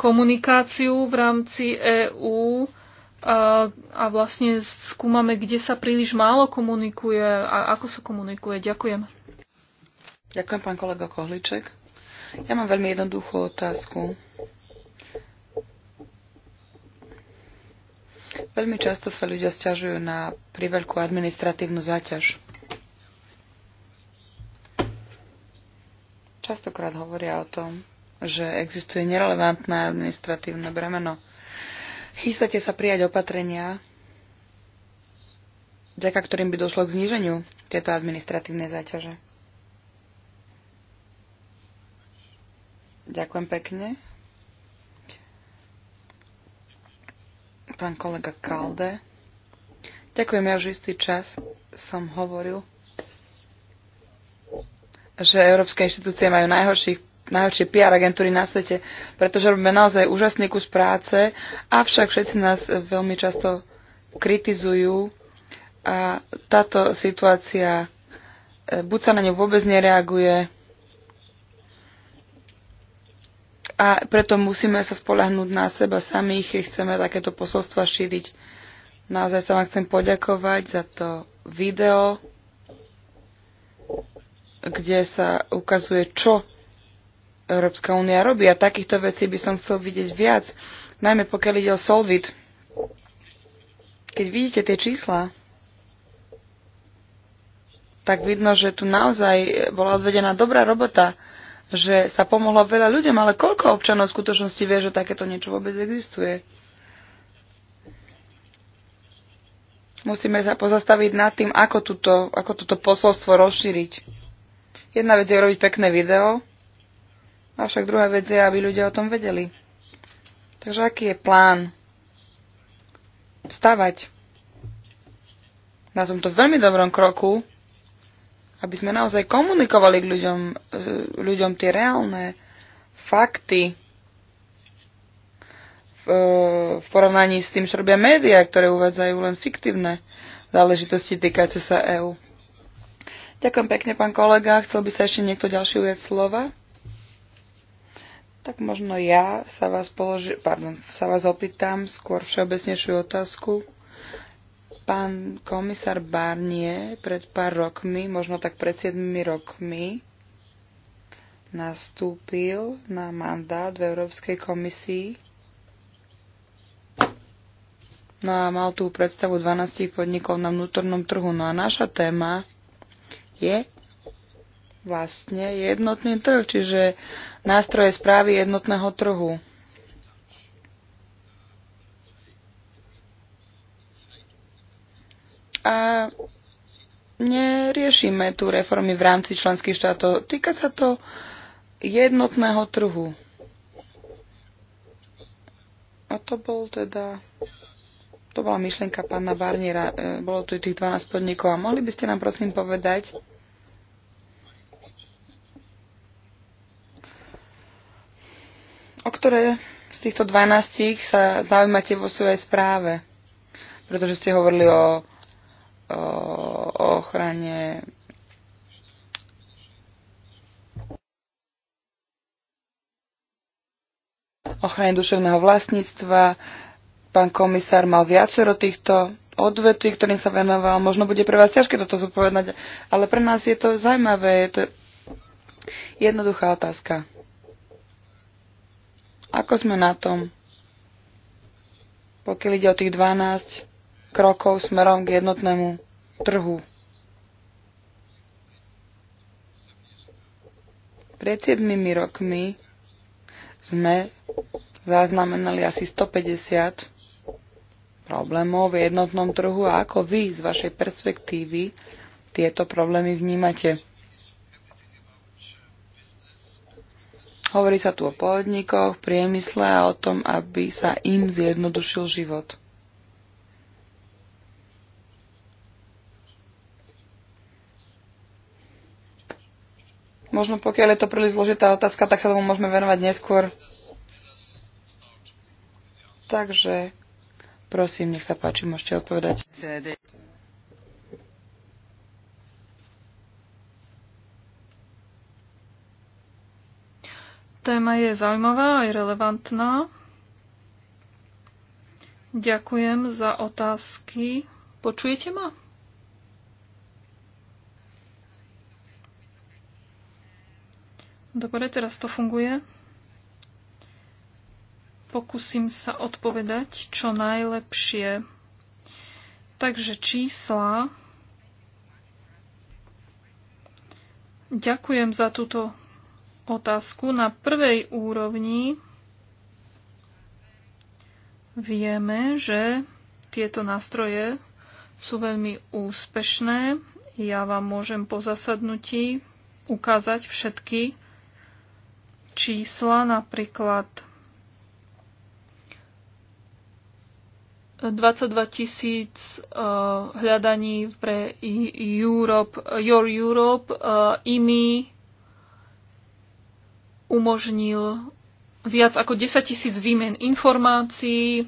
Speaker 3: komunikáciu v rámci EÚ a, a vlastne skúmame, kde sa príliš málo komunikuje a ako sa komunikuje. Ďakujem. Ďakujem, pán kolega
Speaker 2: Kohliček. Ja mám veľmi jednoduchú otázku. Veľmi často sa ľudia stiažujú na priveľkú administratívnu záťaž. častokrát hovoria o tom, že existuje nerelevantné administratívne bremeno. Chystáte sa prijať opatrenia, vďaka ktorým by došlo k zníženiu tieto administratívnej záťaže. Ďakujem pekne. Pán kolega Kalde. Ďakujem, ja už istý čas som hovoril že európske inštitúcie majú najhorších, najhoršie PR agentúry na svete, pretože robíme naozaj úžasný kus práce, avšak všetci nás veľmi často kritizujú a táto situácia, e, buď sa na ňu vôbec nereaguje, a preto musíme sa spolahnúť na seba samých, chceme takéto posolstva šíriť. Naozaj sa vám chcem poďakovať za to video kde sa ukazuje, čo Európska únia robí. A takýchto vecí by som chcel vidieť viac, najmä pokiaľ ide o Solvit. Keď vidíte tie čísla, tak vidno, že tu naozaj bola odvedená dobrá robota, že sa pomohlo veľa ľuďom, ale koľko občanov v skutočnosti vie, že takéto niečo vôbec existuje? Musíme sa pozastaviť nad tým, ako toto ako posolstvo rozšíriť. Jedna vec je robiť pekné video, avšak druhá vec je, aby ľudia o tom vedeli. Takže aký je plán? Vstávať. Na tomto veľmi dobrom kroku, aby sme naozaj komunikovali k ľuďom, e, ľuďom tie reálne fakty e, v porovnaní s tým, čo robia médiá, ktoré uvádzajú len fiktívne záležitosti týkajúce sa EÚ. Ďakujem pekne, pán kolega. Chcel by sa ešte niekto ďalší ujať slova? Tak možno ja sa vás, položi- pardon, sa vás opýtam skôr všeobecnejšiu otázku. Pán komisár Barnier pred pár rokmi, možno tak pred 7 rokmi, nastúpil na mandát v Európskej komisii. No a mal tú predstavu 12 podnikov na vnútornom trhu. No a naša téma je vlastne jednotný trh, čiže nástroje správy jednotného trhu. A neriešime tu reformy v rámci členských štátov. Týka sa to jednotného trhu. A to bol teda... To bola myšlienka pána Barniera. E, bolo tu tých 12 podnikov. A mohli by ste nám prosím povedať, O ktoré z týchto 12 sa zaujímate vo svojej správe? Pretože ste hovorili o, o, o ochrane ochrane duševného vlastníctva. Pán komisár mal viacero týchto odvetví, ktorým sa venoval. Možno bude pre vás ťažké toto zodpovedať, ale pre nás je to zaujímavé. Je to jednoduchá otázka. Ako sme na tom, pokiaľ ide o tých 12 krokov smerom k jednotnému trhu? Pred 7 rokmi sme zaznamenali asi 150 problémov v jednotnom trhu a ako vy z vašej perspektívy tieto problémy vnímate? Hovorí sa tu o podnikoch, priemysle a o tom, aby sa im zjednodušil život. Možno pokiaľ je to príliš zložitá otázka, tak sa tomu môžeme venovať neskôr. Takže, prosím, nech sa páči, môžete odpovedať.
Speaker 3: Téma je zaujímavá aj relevantná. Ďakujem za otázky. Počujete ma? Dobre, teraz to funguje. Pokúsim sa odpovedať čo najlepšie. Takže čísla. Ďakujem za túto otázku. Na prvej úrovni vieme, že tieto nástroje sú veľmi úspešné. Ja vám môžem po zasadnutí ukázať všetky čísla, napríklad 22 tisíc e, hľadaní pre e- Europe, Your Europe, IMI, e, umožnil viac ako 10 tisíc výmen informácií.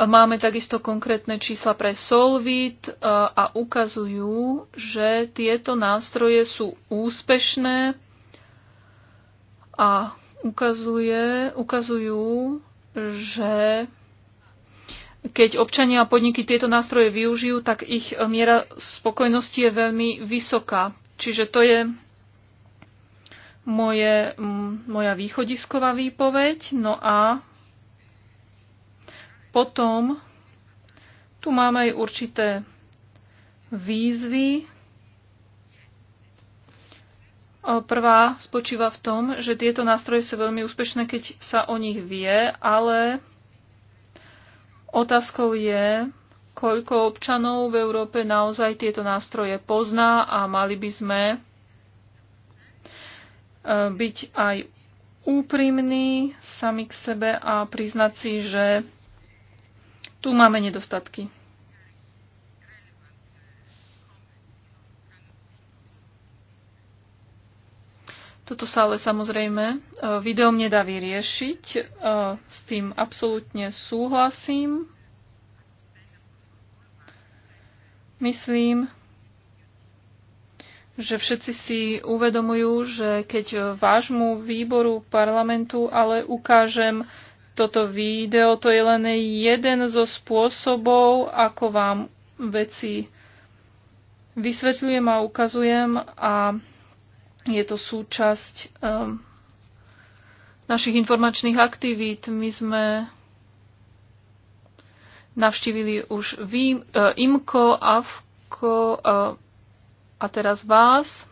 Speaker 3: Máme takisto konkrétne čísla pre Solvit eh, a ukazujú, že tieto nástroje sú úspešné a ukazuje, ukazujú, že keď občania a podniky tieto nástroje využijú, tak ich miera spokojnosti je veľmi vysoká. Čiže to je moje, moja východisková výpoveď. No a potom tu máme aj určité výzvy. Prvá spočíva v tom, že tieto nástroje sú veľmi úspešné, keď sa o nich vie, ale otázkou je, koľko občanov v Európe naozaj tieto nástroje pozná a mali by sme byť aj úprimní sami k sebe a priznať si, že tu máme nedostatky. Toto sa ale samozrejme e, videom nedá vyriešiť. E, s tým absolútne súhlasím. Myslím, že všetci si uvedomujú, že keď vášmu výboru parlamentu ale ukážem toto video, to je len jeden zo spôsobov, ako vám veci vysvetľujem a ukazujem a je to súčasť um, našich informačných aktivít. My sme navštívili už vý, uh, e, IMKO, AVKO, uh, a teraz vás.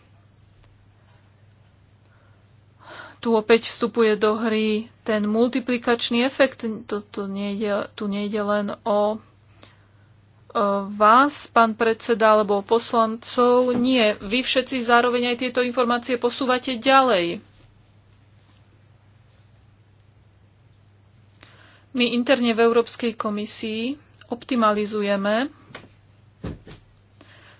Speaker 3: Tu opäť vstupuje do hry ten multiplikačný efekt. Toto nejde, tu nejde len o vás, pán predseda, alebo poslancov. Nie, vy všetci zároveň aj tieto informácie posúvate ďalej. My interne v Európskej komisii optimalizujeme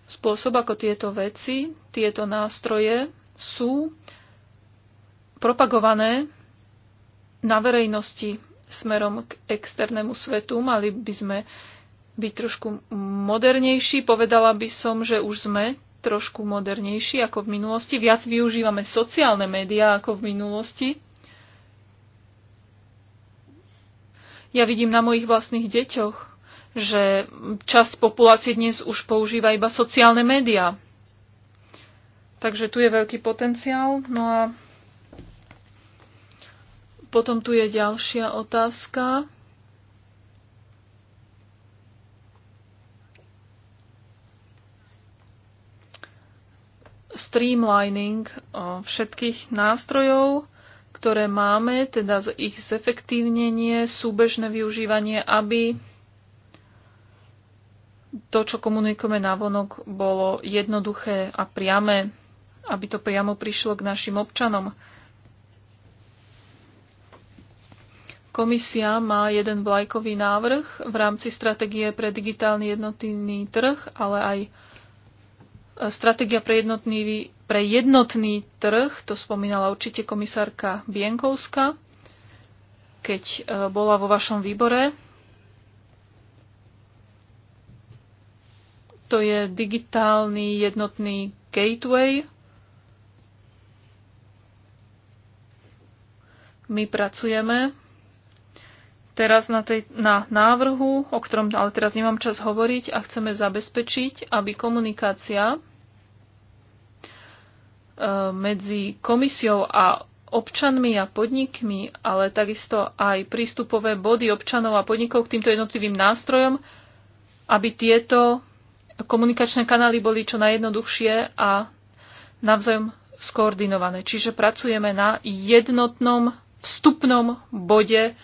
Speaker 3: Spôsob, ako tieto veci, tieto nástroje sú propagované na verejnosti smerom k externému svetu. Mali by sme byť trošku modernejší. Povedala by som, že už sme trošku modernejší ako v minulosti. Viac využívame sociálne médiá ako v minulosti. Ja vidím na mojich vlastných deťoch, že časť populácie dnes už používa iba sociálne médiá. Takže tu je veľký potenciál. No a potom tu je ďalšia otázka. Streamlining všetkých nástrojov, ktoré máme, teda ich zefektívnenie, súbežné využívanie, aby to, čo komunikujeme navonok, bolo jednoduché a priame, aby to priamo prišlo k našim občanom. Komisia má jeden vlajkový návrh v rámci stratégie pre digitálny jednotný trh, ale aj stratégia pre jednotný, pre jednotný trh, to spomínala určite komisárka Bienkovská, keď eh, bola vo vašom výbore To je digitálny jednotný gateway. My pracujeme teraz na, tej, na návrhu, o ktorom ale teraz nemám čas hovoriť a chceme zabezpečiť, aby komunikácia e, medzi komisiou a občanmi a podnikmi, ale takisto aj prístupové body občanov a podnikov k týmto jednotlivým nástrojom, aby tieto komunikačné kanály boli čo najjednoduchšie a navzájom skoordinované. Čiže pracujeme na jednotnom vstupnom bode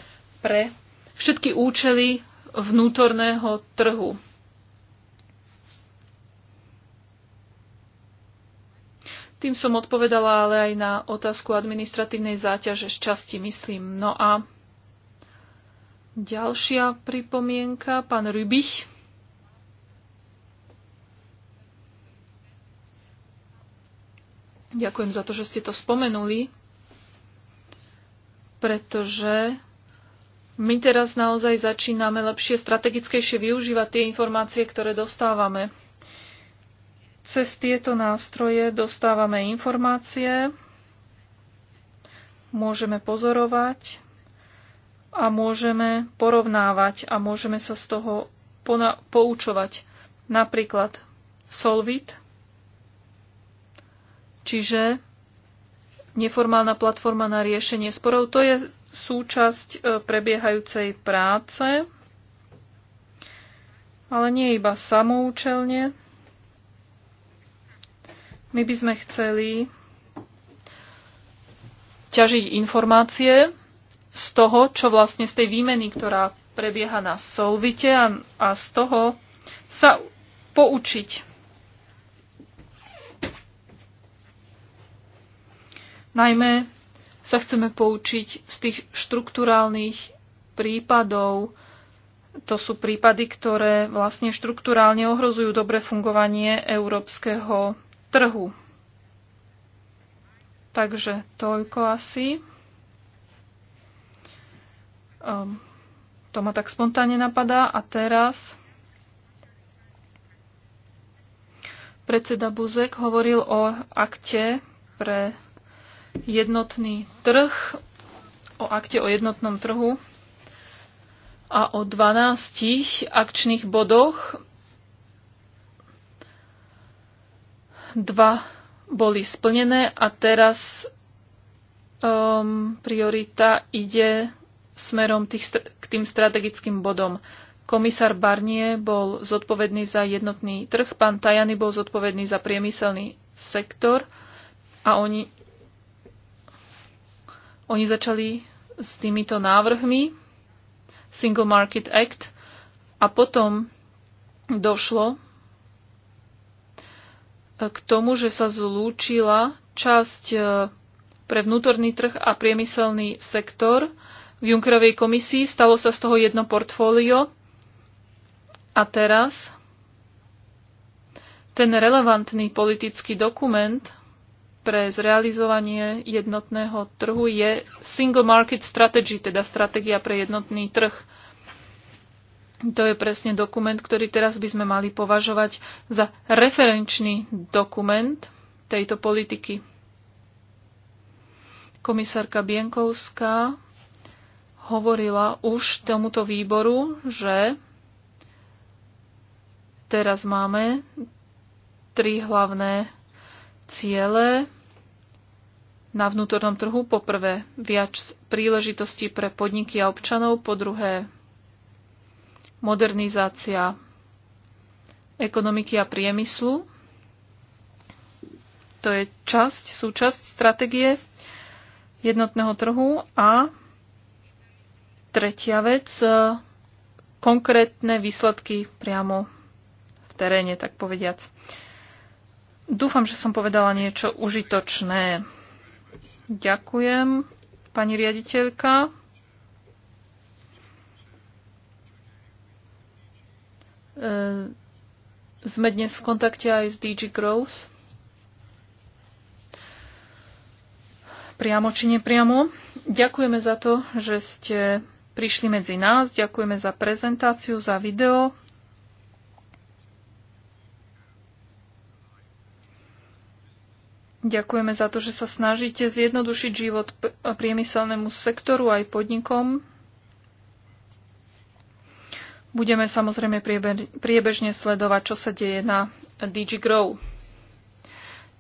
Speaker 3: pre všetky účely vnútorného trhu. Tým som odpovedala ale aj na otázku administratívnej záťaže z časti, myslím. No a ďalšia pripomienka, pán Rybich. Ďakujem za to, že ste to spomenuli, pretože my teraz naozaj začíname lepšie, strategickejšie využívať tie informácie, ktoré dostávame. Cez tieto nástroje dostávame informácie, môžeme pozorovať a môžeme porovnávať a môžeme sa z toho poučovať. Napríklad Solvit Čiže neformálna platforma na riešenie sporov, to je súčasť e, prebiehajúcej práce, ale nie iba samoučelne. My by sme chceli ťažiť informácie z toho, čo vlastne z tej výmeny, ktorá prebieha na Solvite a, a z toho sa poučiť Najmä sa chceme poučiť z tých štruktúrálnych prípadov. To sú prípady, ktoré vlastne štruktúrálne ohrozujú dobre fungovanie európskeho trhu. Takže toľko asi. Um, to ma tak spontánne napadá. A teraz predseda Buzek hovoril o akte pre jednotný trh, o akte o jednotnom trhu a o 12 akčných bodoch. Dva boli splnené a teraz um, priorita ide smerom tých, k tým strategickým bodom. Komisár Barnier bol zodpovedný za jednotný trh, pán Tajany bol zodpovedný za priemyselný sektor a oni oni začali s týmito návrhmi Single Market Act a potom došlo eh, k tomu, že sa zlúčila časť eh, pre vnútorný trh a priemyselný sektor v Junckerovej komisii. Stalo sa z toho jedno portfólio a teraz ten relevantný politický dokument pre zrealizovanie jednotného trhu je Single Market Strategy, teda stratégia pre jednotný trh. To je presne dokument, ktorý teraz by sme mali považovať za referenčný dokument tejto politiky. Komisárka Bienkovská hovorila už tomuto výboru, že teraz máme tri hlavné ciele na vnútornom trhu po prvé viac príležitostí pre podniky a občanov, po druhé modernizácia ekonomiky a priemyslu. To je časť, súčasť stratégie jednotného trhu a tretia vec, konkrétne výsledky priamo v teréne, tak povediac. Dúfam, že som povedala niečo užitočné. Ďakujem, pani riaditeľka. E, sme dnes v kontakte aj s DG Growth. Priamo či nepriamo. Ďakujeme za to, že ste prišli medzi nás. Ďakujeme za prezentáciu, za video. Ďakujeme za to, že sa snažíte zjednodušiť život priemyselnému sektoru aj podnikom. Budeme samozrejme priebežne sledovať, čo sa deje na DigiGrow.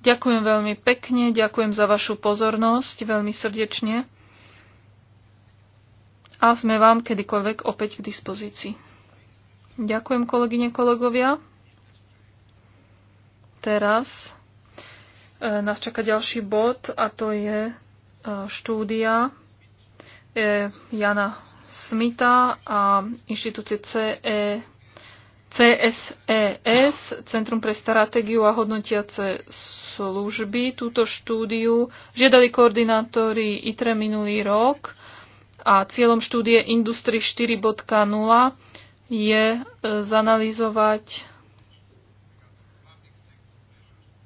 Speaker 3: Ďakujem veľmi pekne, ďakujem za vašu pozornosť veľmi srdečne a sme vám kedykoľvek opäť k dispozícii. Ďakujem kolegyne, kolegovia. Teraz E, nás čaká ďalší bod a to je e, štúdia e, Jana Smita a inštitúcie CE, CSES, Centrum pre stratégiu a hodnotiace služby. Túto štúdiu žiadali koordinátori ITRE minulý rok a cieľom štúdie Industry 4.0 je zanalizovať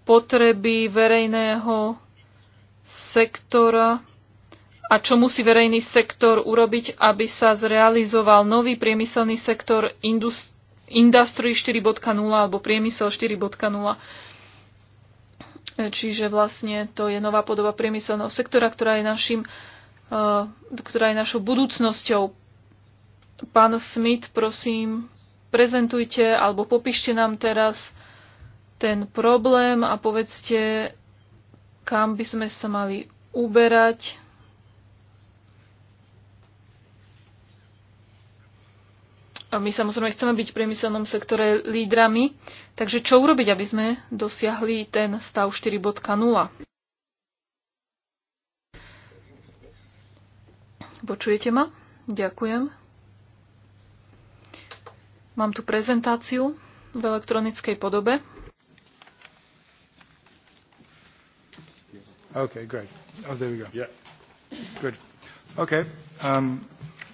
Speaker 3: potreby verejného sektora a čo musí verejný sektor urobiť, aby sa zrealizoval nový priemyselný sektor Industry, 4.0 alebo Priemysel 4.0. Čiže vlastne to je nová podoba priemyselného sektora, ktorá je, našim, eh, ktorá je našou budúcnosťou. Pán Smith, prosím, prezentujte alebo popíšte nám teraz ten problém a povedzte, kam by sme sa mali uberať. A my samozrejme chceme byť v priemyselnom sektore lídrami, takže čo urobiť, aby sme dosiahli ten stav 4.0? Počujete ma? Ďakujem. Mám tu prezentáciu v elektronickej podobe.
Speaker 1: Okay, great. Oh, there we go. Yeah. Good. Okay. Um,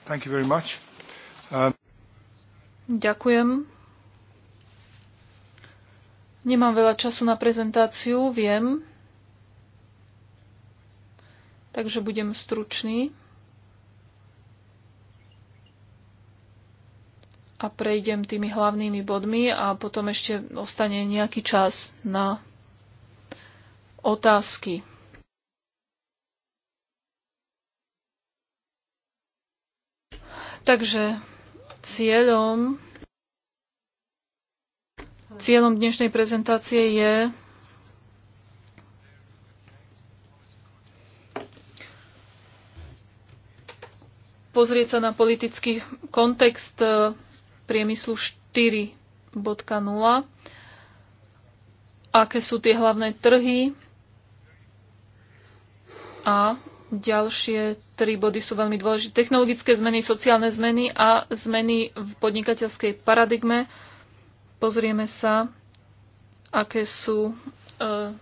Speaker 1: thank you very much. Um...
Speaker 3: Ďakujem. Nemám veľa času na prezentáciu, viem. Takže budem stručný. A prejdem tými hlavnými bodmi a potom ešte ostane nejaký čas na otázky. Takže cieľom Cieľom dnešnej prezentácie je pozrieť sa na politický kontext e, priemyslu 4.0. Aké sú tie hlavné trhy a Ďalšie tri body sú veľmi dôležité. Technologické zmeny, sociálne zmeny a zmeny v podnikateľskej paradigme. Pozrieme sa, aké sú e,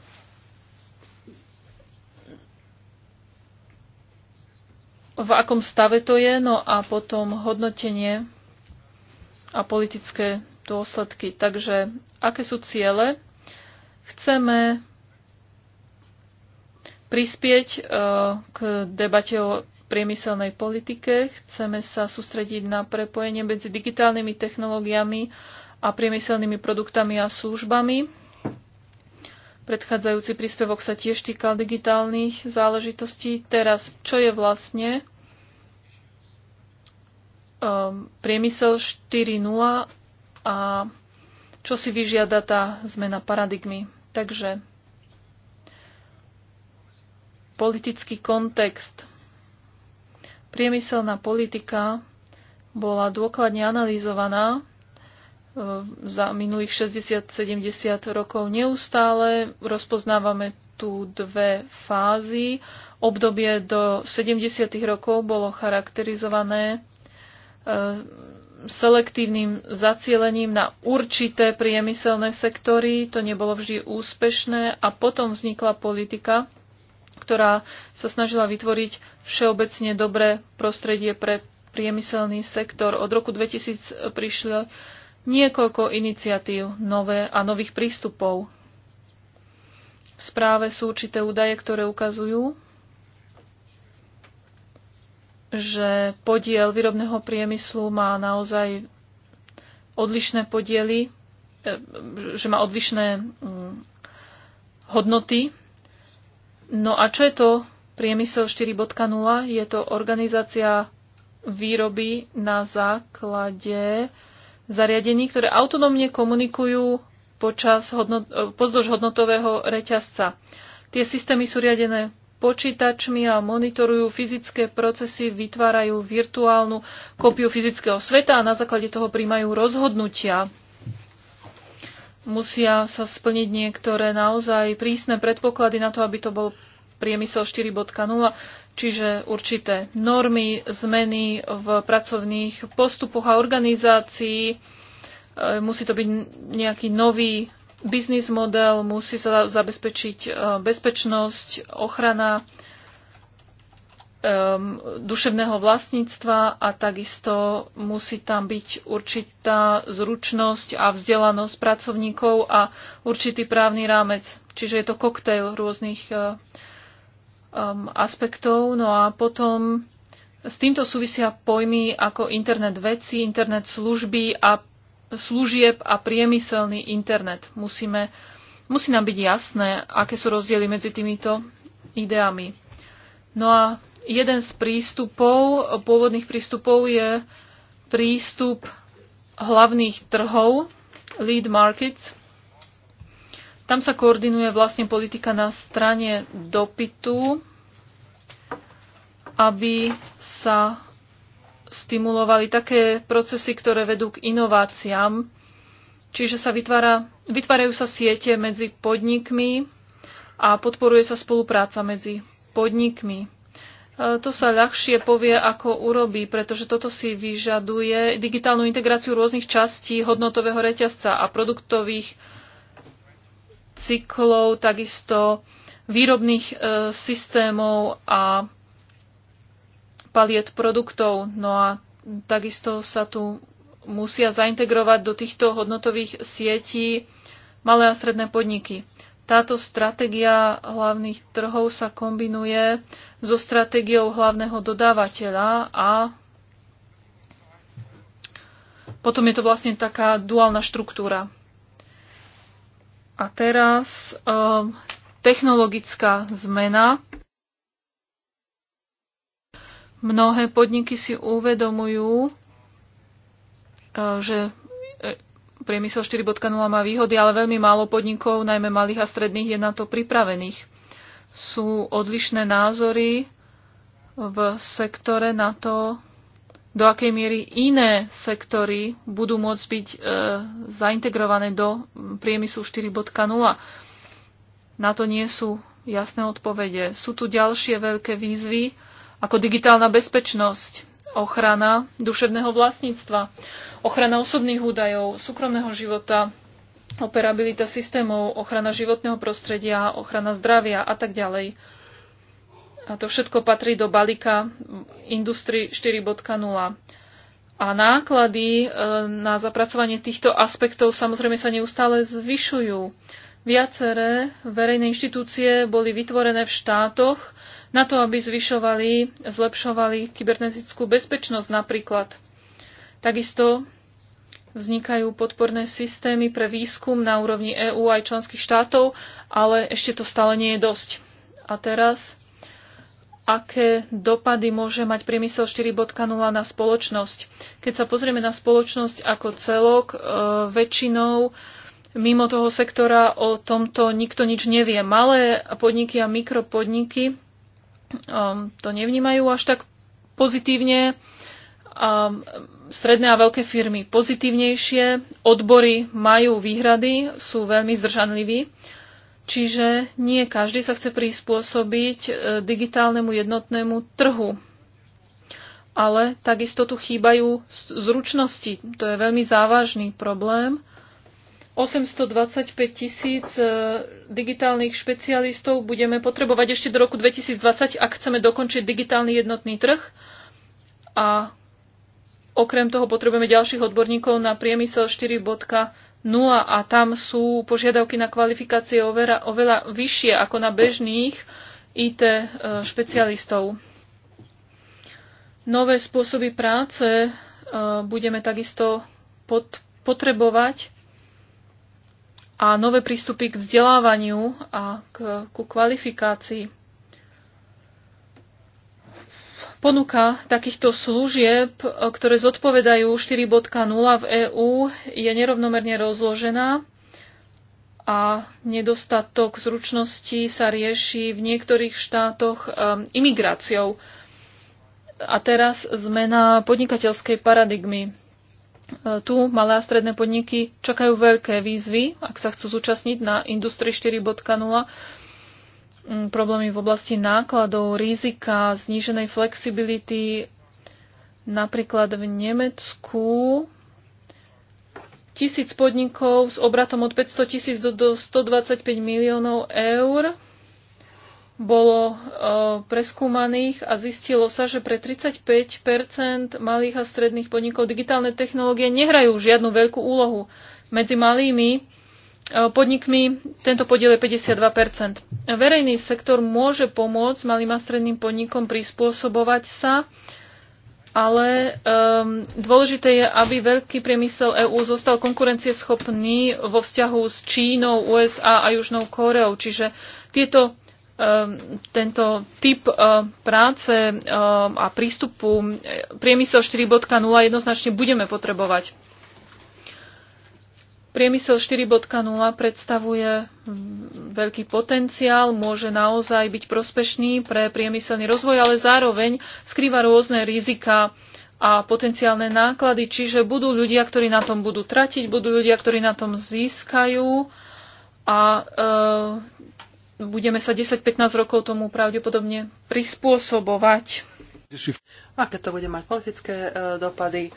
Speaker 3: v akom stave to je, no a potom hodnotenie a politické dôsledky. Takže aké sú ciele? Chceme prispieť e, k debate o priemyselnej politike. Chceme sa sústrediť na prepojenie medzi digitálnymi technológiami a priemyselnými produktami a službami. Predchádzajúci príspevok sa tiež týkal digitálnych záležitostí. Teraz, čo je vlastne um, priemysel 4.0 a čo si vyžiada tá zmena paradigmy. Takže politický kontext. Priemyselná politika bola dôkladne analyzovaná e, za minulých 60-70 rokov neustále. Rozpoznávame tu dve fázy. Obdobie do 70. rokov bolo charakterizované e, selektívnym zacielením na určité priemyselné sektory. To nebolo vždy úspešné a potom vznikla politika, ktorá sa snažila vytvoriť všeobecne dobré prostredie pre priemyselný sektor. Od roku 2000 prišlo niekoľko iniciatív nové a nových prístupov. V správe sú určité údaje, ktoré ukazujú, že podiel výrobného priemyslu má naozaj odlišné podiely, e, že má odlišné mm, hodnoty No a čo je to priemysel 4.0? Je to organizácia výroby na základe zariadení, ktoré autonómne komunikujú počas hodnot, e, pozdĺž hodnotového reťazca. Tie systémy sú riadené počítačmi a monitorujú fyzické procesy, vytvárajú virtuálnu kópiu fyzického sveta a na základe toho príjmajú rozhodnutia Musia sa splniť niektoré naozaj prísne predpoklady na to, aby to bol priemysel 4.0, čiže určité normy, zmeny v pracovných postupoch a organizácií, e, musí to byť nejaký nový biznis model, musí sa zabezpečiť e, bezpečnosť, ochrana um, duševného vlastníctva a takisto musí tam byť určitá zručnosť a vzdelanosť pracovníkov a určitý právny rámec. Čiže je to koktejl rôznych uh, um, aspektov. No a potom s týmto súvisia pojmy ako internet veci, internet služby a služieb a priemyselný internet. Musíme, musí nám byť jasné, aké sú rozdiely medzi týmito ideami. No a Jeden z prístupov, pôvodných prístupov je prístup hlavných trhov, lead markets. Tam sa koordinuje vlastne politika na strane dopytu, aby sa stimulovali také procesy, ktoré vedú k inováciám. Čiže sa vytvára, vytvárajú sa siete medzi podnikmi a podporuje sa spolupráca medzi podnikmi. E, to sa ľahšie povie, ako urobí, pretože toto si vyžaduje digitálnu integráciu rôznych častí hodnotového reťazca a produktových cyklov, takisto výrobných e, systémov a paliet produktov. No a takisto sa tu musia zaintegrovať do týchto hodnotových sietí malé a stredné podniky. Táto stratégia hlavných trhov sa kombinuje so stratégiou hlavného dodávateľa a potom je to vlastne taká duálna štruktúra. A teraz um, technologická zmena. Mnohé podniky si uvedomujú, ehm, že priemysel 4.0 má výhody, ale veľmi málo podnikov, najmä malých a stredných, je na to pripravených. Sú odlišné názory v sektore na to, do akej miery iné sektory budú môcť byť e, zaintegrované do priemyslu 4.0. Na to nie sú jasné odpovede. Sú tu ďalšie veľké výzvy, ako digitálna bezpečnosť, ochrana duševného vlastníctva, ochrana osobných údajov, súkromného života, operabilita systémov, ochrana životného prostredia, ochrana zdravia a tak ďalej. A to všetko patrí do balíka Industry 4.0. A náklady e, na zapracovanie týchto aspektov samozrejme sa neustále zvyšujú. Viaceré verejné inštitúcie boli vytvorené v štátoch, na to, aby zvyšovali, zlepšovali kybernetickú bezpečnosť napríklad. Takisto vznikajú podporné systémy pre výskum na úrovni EÚ aj členských štátov, ale ešte to stále nie je dosť. A teraz, aké dopady môže mať priemysel 4.0 na spoločnosť? Keď sa pozrieme na spoločnosť ako celok, e, väčšinou mimo toho sektora o tomto nikto nič nevie. Malé podniky a mikropodniky um, to nevnímajú až tak pozitívne. Um, stredné a veľké firmy pozitívnejšie, odbory majú výhrady, sú veľmi zdržanliví. Čiže nie každý sa chce prispôsobiť e, digitálnemu jednotnému trhu. Ale takisto tu chýbajú zručnosti. To je veľmi závažný problém 825 tisíc e, digitálnych špecialistov budeme potrebovať ešte do roku 2020, ak chceme dokončiť digitálny jednotný trh. A okrem toho potrebujeme ďalších odborníkov na priemysel 4.0 a tam sú požiadavky na kvalifikácie oveľa, oveľa vyššie ako na bežných IT e, špecialistov. Nové spôsoby práce e, budeme takisto potrebovať a nové prístupy k vzdelávaniu a k, ku kvalifikácii. Ponuka takýchto služieb, ktoré zodpovedajú 4.0 v EÚ, je nerovnomerne rozložená a nedostatok zručností sa rieši v niektorých štátoch um, imigráciou. A teraz zmena podnikateľskej paradigmy. Tu malé a stredné podniky čakajú veľké výzvy, ak sa chcú zúčastniť na Industrie 4.0, mm, problémy v oblasti nákladov, rizika, zníženej flexibility. Napríklad v Nemecku tisíc podnikov s obratom od 500 tisíc do, do 125 miliónov eur bolo e, preskúmaných a zistilo sa, že pre 35 malých a stredných podnikov digitálne technológie nehrajú žiadnu veľkú úlohu. Medzi malými e, podnikmi tento podiel je 52 Verejný sektor môže pomôcť malým a stredným podnikom prispôsobovať sa, ale um, dôležité je, aby veľký priemysel EÚ zostal konkurencieschopný vo vzťahu s Čínou, USA a Južnou Kóreou. Čiže tieto Ehm, tento typ ehm, práce ehm, a prístupu e, priemysel 4.0 jednoznačne budeme potrebovať. Priemysel 4.0 predstavuje veľký potenciál, môže naozaj byť prospešný pre priemyselný rozvoj, ale zároveň skrýva rôzne rizika a potenciálne náklady, čiže budú ľudia, ktorí na tom budú tratiť, budú ľudia, ktorí na tom získajú a e, budeme sa 10-15 rokov tomu pravdepodobne prispôsobovať. Aké to bude mať politické e, dopady? E,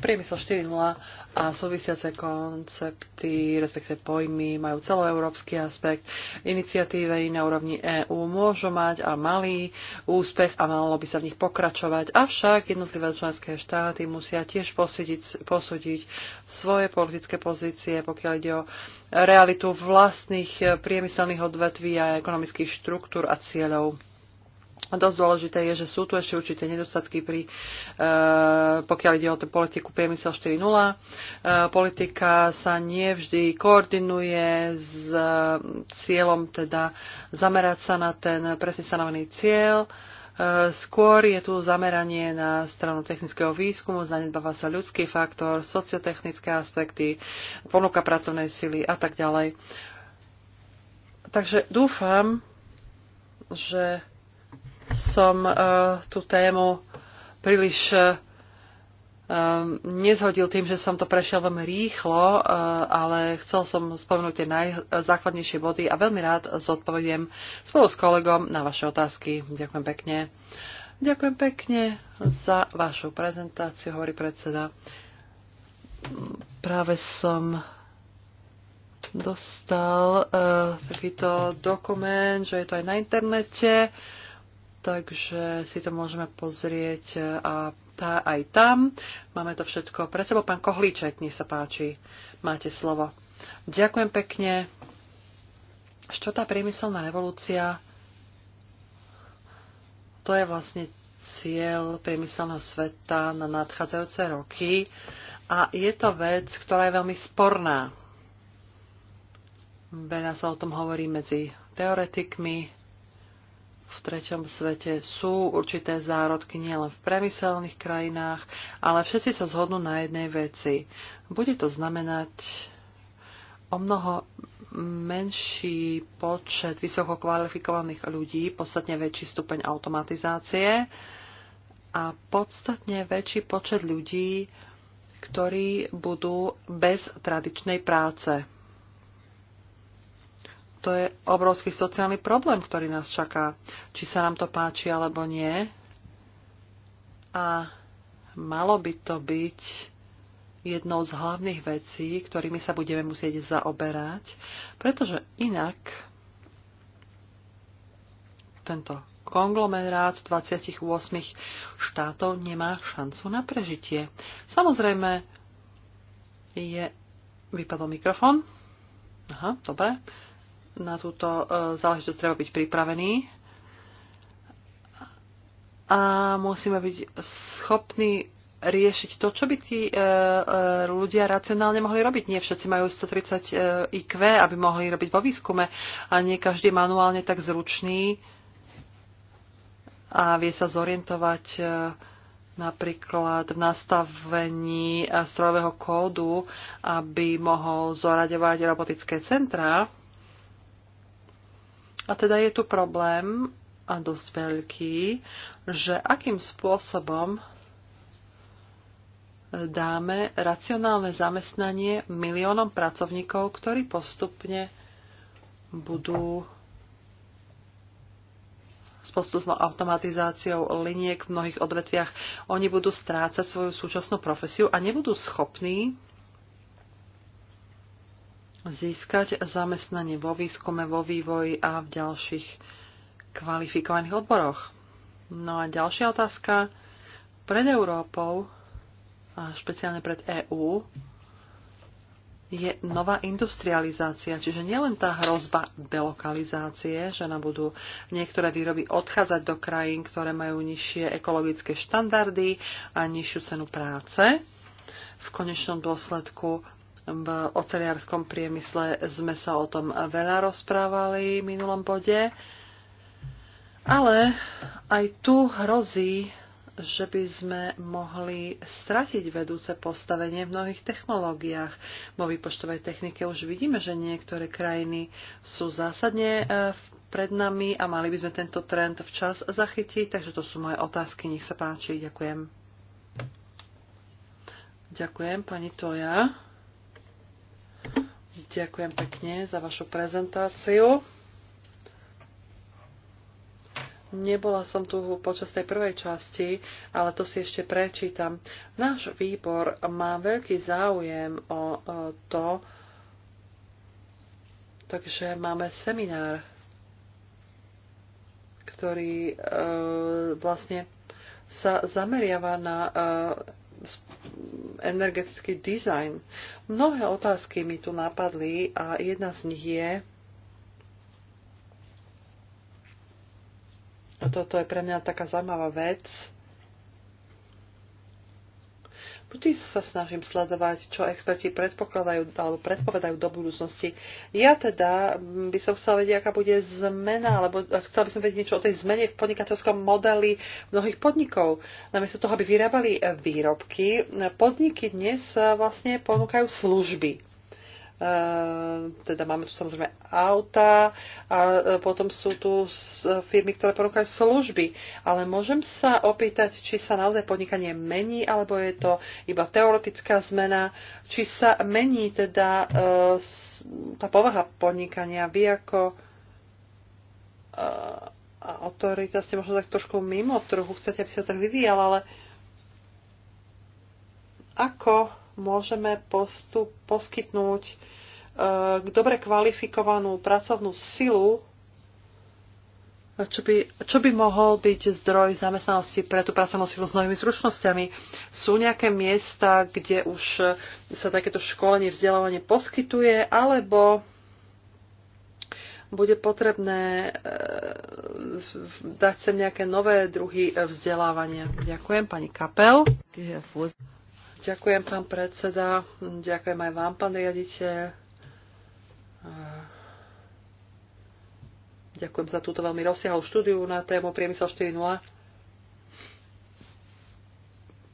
Speaker 4: priemysel 4.0 a súvisiace koncepty, respektive pojmy, majú celoeurópsky aspekt. iniciatíve na úrovni EÚ môžu mať a malý úspech a malo by sa v nich pokračovať. Avšak jednotlivé členské štáty musia tiež posúdiť, posúdiť svoje politické pozície, pokiaľ ide o realitu vlastných priemyselných odvetví a ekonomických štruktúr a cieľov Dosť dôležité je, že sú tu ešte určité nedostatky pri, e, pokiaľ ide o tú politiku priemysel 4.0. E, politika sa nevždy koordinuje s e, cieľom teda zamerať sa na ten presne stanovený cieľ. E, Skôr je tu zameranie na stranu technického výskumu, zanedbáva sa ľudský faktor, sociotechnické aspekty, ponuka pracovnej sily a tak ďalej. Takže dúfam, že som e, tú tému príliš e, nezhodil tým, že som to prešiel veľmi rýchlo, e, ale chcel som spomenúť tie najzákladnejšie body a veľmi rád zodpovediem spolu s kolegom na vaše otázky. Ďakujem pekne. Ďakujem pekne za vašu prezentáciu, hovorí predseda. Práve som dostal uh, takýto dokument, že je to aj na internete. Uh, takže si to môžeme pozrieť e, a tá, aj tam. Máme to všetko pre sebou. Pán Kohlíček, nech sa páči, máte slovo. Ďakujem pekne. Štvrtá priemyselná revolúcia to je vlastne cieľ priemyselného sveta na nadchádzajúce roky a je to vec, ktorá je veľmi sporná. Veľa sa o tom hovorí medzi teoretikmi, v treťom svete sú určité zárodky nielen v premyselných krajinách, ale všetci sa zhodnú na jednej veci. Bude to znamenať o mnoho menší počet vysoko kvalifikovaných ľudí, podstatne väčší stupeň automatizácie a podstatne väčší počet ľudí, ktorí budú bez tradičnej práce to je obrovský sociálny problém, ktorý nás čaká. Či sa nám to páči alebo nie. A malo by to byť jednou z hlavných vecí, ktorými sa budeme musieť zaoberať, pretože inak tento konglomerát 28 štátov nemá šancu na prežitie. Samozrejme je... Vypadol mikrofón. Aha, dobre na túto e, záležitosť treba byť pripravený a musíme byť schopní riešiť to, čo by tí e, e, ľudia racionálne mohli robiť. Nie všetci majú 130 e, IQ, aby mohli robiť vo výskume a nie každý je manuálne tak zručný a vie sa zorientovať e, napríklad v nastavení e, strojového kódu, aby mohol zoraďovať robotické centra. A teda je tu problém, a dosť veľký, že akým spôsobom dáme racionálne zamestnanie miliónom pracovníkov, ktorí postupne budú s postupnou automatizáciou liniek v mnohých odvetviach, oni budú strácať svoju súčasnú profesiu a nebudú schopní získať zamestnanie vo výskume, vo vývoji a v ďalších kvalifikovaných odboroch. No a ďalšia otázka. Pred Európou a špeciálne pred EÚ je nová industrializácia, čiže nielen tá hrozba delokalizácie, že nám budú niektoré výroby odchádzať do krajín, ktoré majú nižšie ekologické štandardy a nižšiu cenu práce. V konečnom dôsledku v oceliarskom priemysle sme sa o tom veľa rozprávali v minulom bode, ale aj tu hrozí, že by sme mohli stratiť vedúce postavenie v mnohých technológiách. Vo výpočtovej technike už vidíme, že niektoré krajiny sú zásadne e, v pred nami a mali by sme tento trend včas zachytiť, takže to sú moje otázky, nech sa páči, ďakujem. Ďakujem, pani Toja. Ďakujem pekne za vašu prezentáciu. Nebola som tu počas tej prvej časti, ale to si ešte prečítam. Náš výbor má veľký záujem o to, takže máme seminár, ktorý e, vlastne sa zameriava na e, energetický dizajn. Mnohé otázky mi tu napadli a jedna z nich je, a toto je pre mňa taká zaujímavá vec, Vždy sa snažím sledovať, čo experti predpokladajú alebo predpovedajú do budúcnosti. Ja teda mm, by som chcela vedieť, aká bude zmena, alebo chcela by som vedieť niečo o tej zmene v podnikateľskom modeli mnohých podnikov. Namiesto toho, aby vyrábali výrobky, podniky dnes e, vlastne ponúkajú služby. Ehm, teda máme tu samozrejme auta a e, potom sú tu e, firmy, ktoré ponúkajú služby. Ale môžem sa opýtať, či sa naozaj podnikanie mení, alebo je to iba teoretická zmena, či sa mení teda e, tá povaha podnikania. Vy ako autorita ste možno tak trošku mimo trhu, chcete, aby sa trh vyvíjal, ale ako môžeme postup, poskytnúť e, dobre kvalifikovanú pracovnú silu, čo by, čo by mohol byť zdroj zamestnanosti pre tú pracovnú silu s novými zručnosťami. Sú nejaké miesta, kde už sa takéto školenie, vzdelávanie poskytuje, alebo bude potrebné e, dať sem nejaké nové druhy e, vzdelávania. Ďakujem, pani Kapel. Ďakujem, pán predseda. Ďakujem aj vám, pán riaditeľ. Ďakujem za túto veľmi rozsiahlu štúdiu na tému Priemysel 4.0.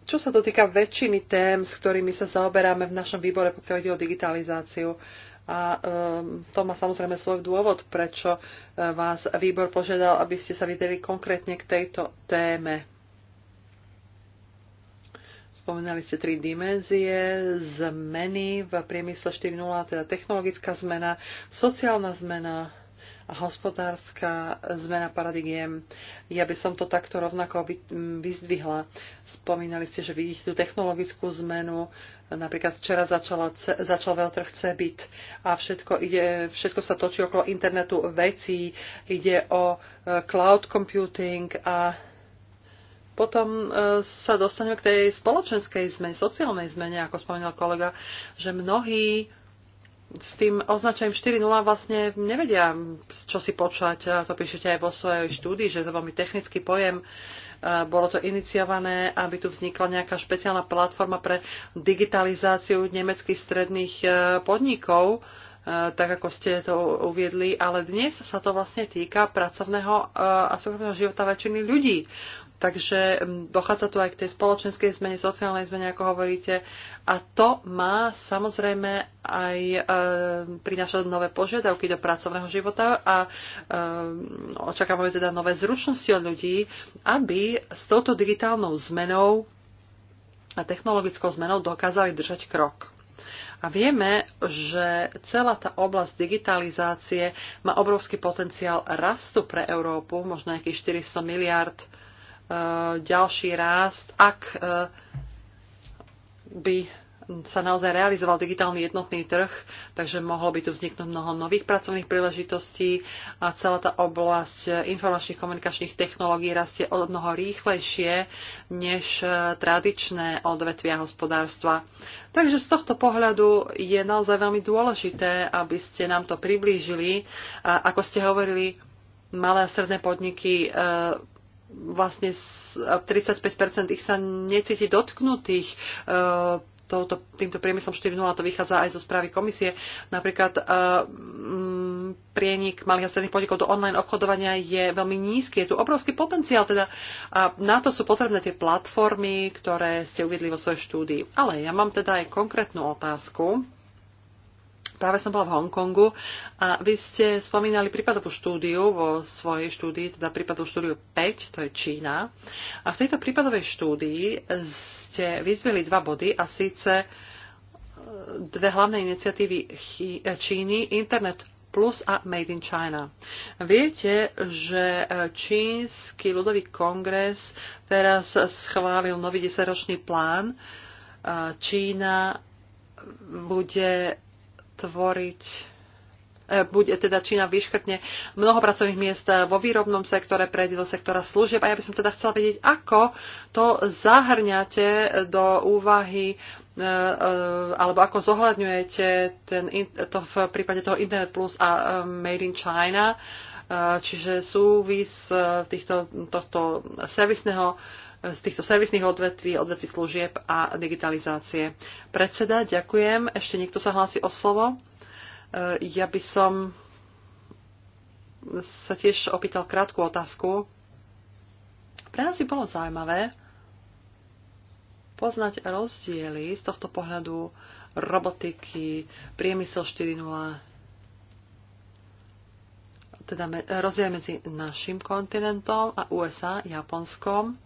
Speaker 4: Čo sa to týka väčšiny tém, s ktorými sa zaoberáme v našom výbore, pokiaľ ide o digitalizáciu, a um, to má samozrejme svoj dôvod, prečo e, vás výbor požiadal, aby ste sa videli konkrétne k tejto téme. Spomenali ste tri dimenzie, zmeny v priemysle 4.0, teda technologická zmena, sociálna zmena a hospodárska zmena paradigiem. Ja by som to takto rovnako mm, vyzdvihla. Spomínali ste, že vidíte tú technologickú zmenu. Napríklad včera začala, začal veľtrh CeBIT a všetko, ide, všetko sa točí okolo internetu vecí, ide o e, cloud computing a potom e, sa dostaneme k tej spoločenskej zmene, sociálnej zmene, ako spomínal kolega, že mnohí s tým označením 4.0 vlastne nevedia, čo si počať. A to píšete aj vo svojej štúdii, že to veľmi technický pojem. E, bolo to iniciované, aby tu vznikla nejaká špeciálna platforma pre digitalizáciu nemeckých stredných e, podnikov, tak ako ste to uviedli, ale dnes sa to vlastne týka pracovného a súkromného života väčšiny ľudí. Takže mm, dochádza tu aj k tej spoločenskej zmene, sociálnej zmene, ako hovoríte. A to má samozrejme aj e, prinášať nové požiadavky do pracovného života a e, očakávame teda nové zručnosti od ľudí, aby s touto digitálnou zmenou a technologickou zmenou dokázali držať krok. A vieme, že celá tá oblasť digitalizácie má obrovský potenciál rastu pre Európu, možno nejakých 400 miliard Eh, ďalší rást, ak eh, by sa naozaj realizoval digitálny jednotný trh, takže mohlo by tu vzniknúť mnoho nových pracovných príležitostí a celá tá oblasť eh, informačných komunikačných technológií rastie o mnoho rýchlejšie než tradičné odvetvia hospodárstva. Takže z tohto pohľadu je naozaj veľmi dôležité, aby ste nám to priblížili. A ako ste hovorili, malé a stredné podniky vlastne 35% ich sa necíti dotknutých e, touto, týmto priemyslom 4.0, to vychádza aj zo správy komisie. Napríklad e, prienik malých a stredných podnikov do online obchodovania je veľmi nízky, je tu obrovský potenciál, teda a na to sú potrebné tie platformy, ktoré ste uviedli vo svojej štúdii. Ale ja mám teda aj konkrétnu otázku práve som bola v Hongkongu a vy ste spomínali prípadovú štúdiu vo svojej štúdii, teda prípadovú štúdiu 5, to je Čína. A v tejto prípadovej štúdii ste vyzveli dva body a síce e, dve hlavné iniciatívy e, Číny, Internet Plus a Made in China. Viete, že e, Čínsky ľudový kongres teraz schválil nový 10-ročný plán. Čína bude tvoriť e, bude teda Čína vyškrtne mnoho pracovných miest vo výrobnom sektore, prejde do sektora služieb. A ja by som teda chcela vedieť, ako to zahrňate do úvahy e, e, alebo ako zohľadňujete ten, to v prípade toho Internet Plus a Made in China, čiže súvis týchto, tohto servisného z týchto servisných odvetví, odvetví služieb a digitalizácie. Predseda, ďakujem. Ešte niekto sa hlási o slovo? E, ja by som sa tiež opýtal krátku otázku. Pre nás by bolo zaujímavé poznať rozdiely z tohto pohľadu robotiky, priemysel 4.0, teda rozdiel medzi našim kontinentom a USA, Japonskom.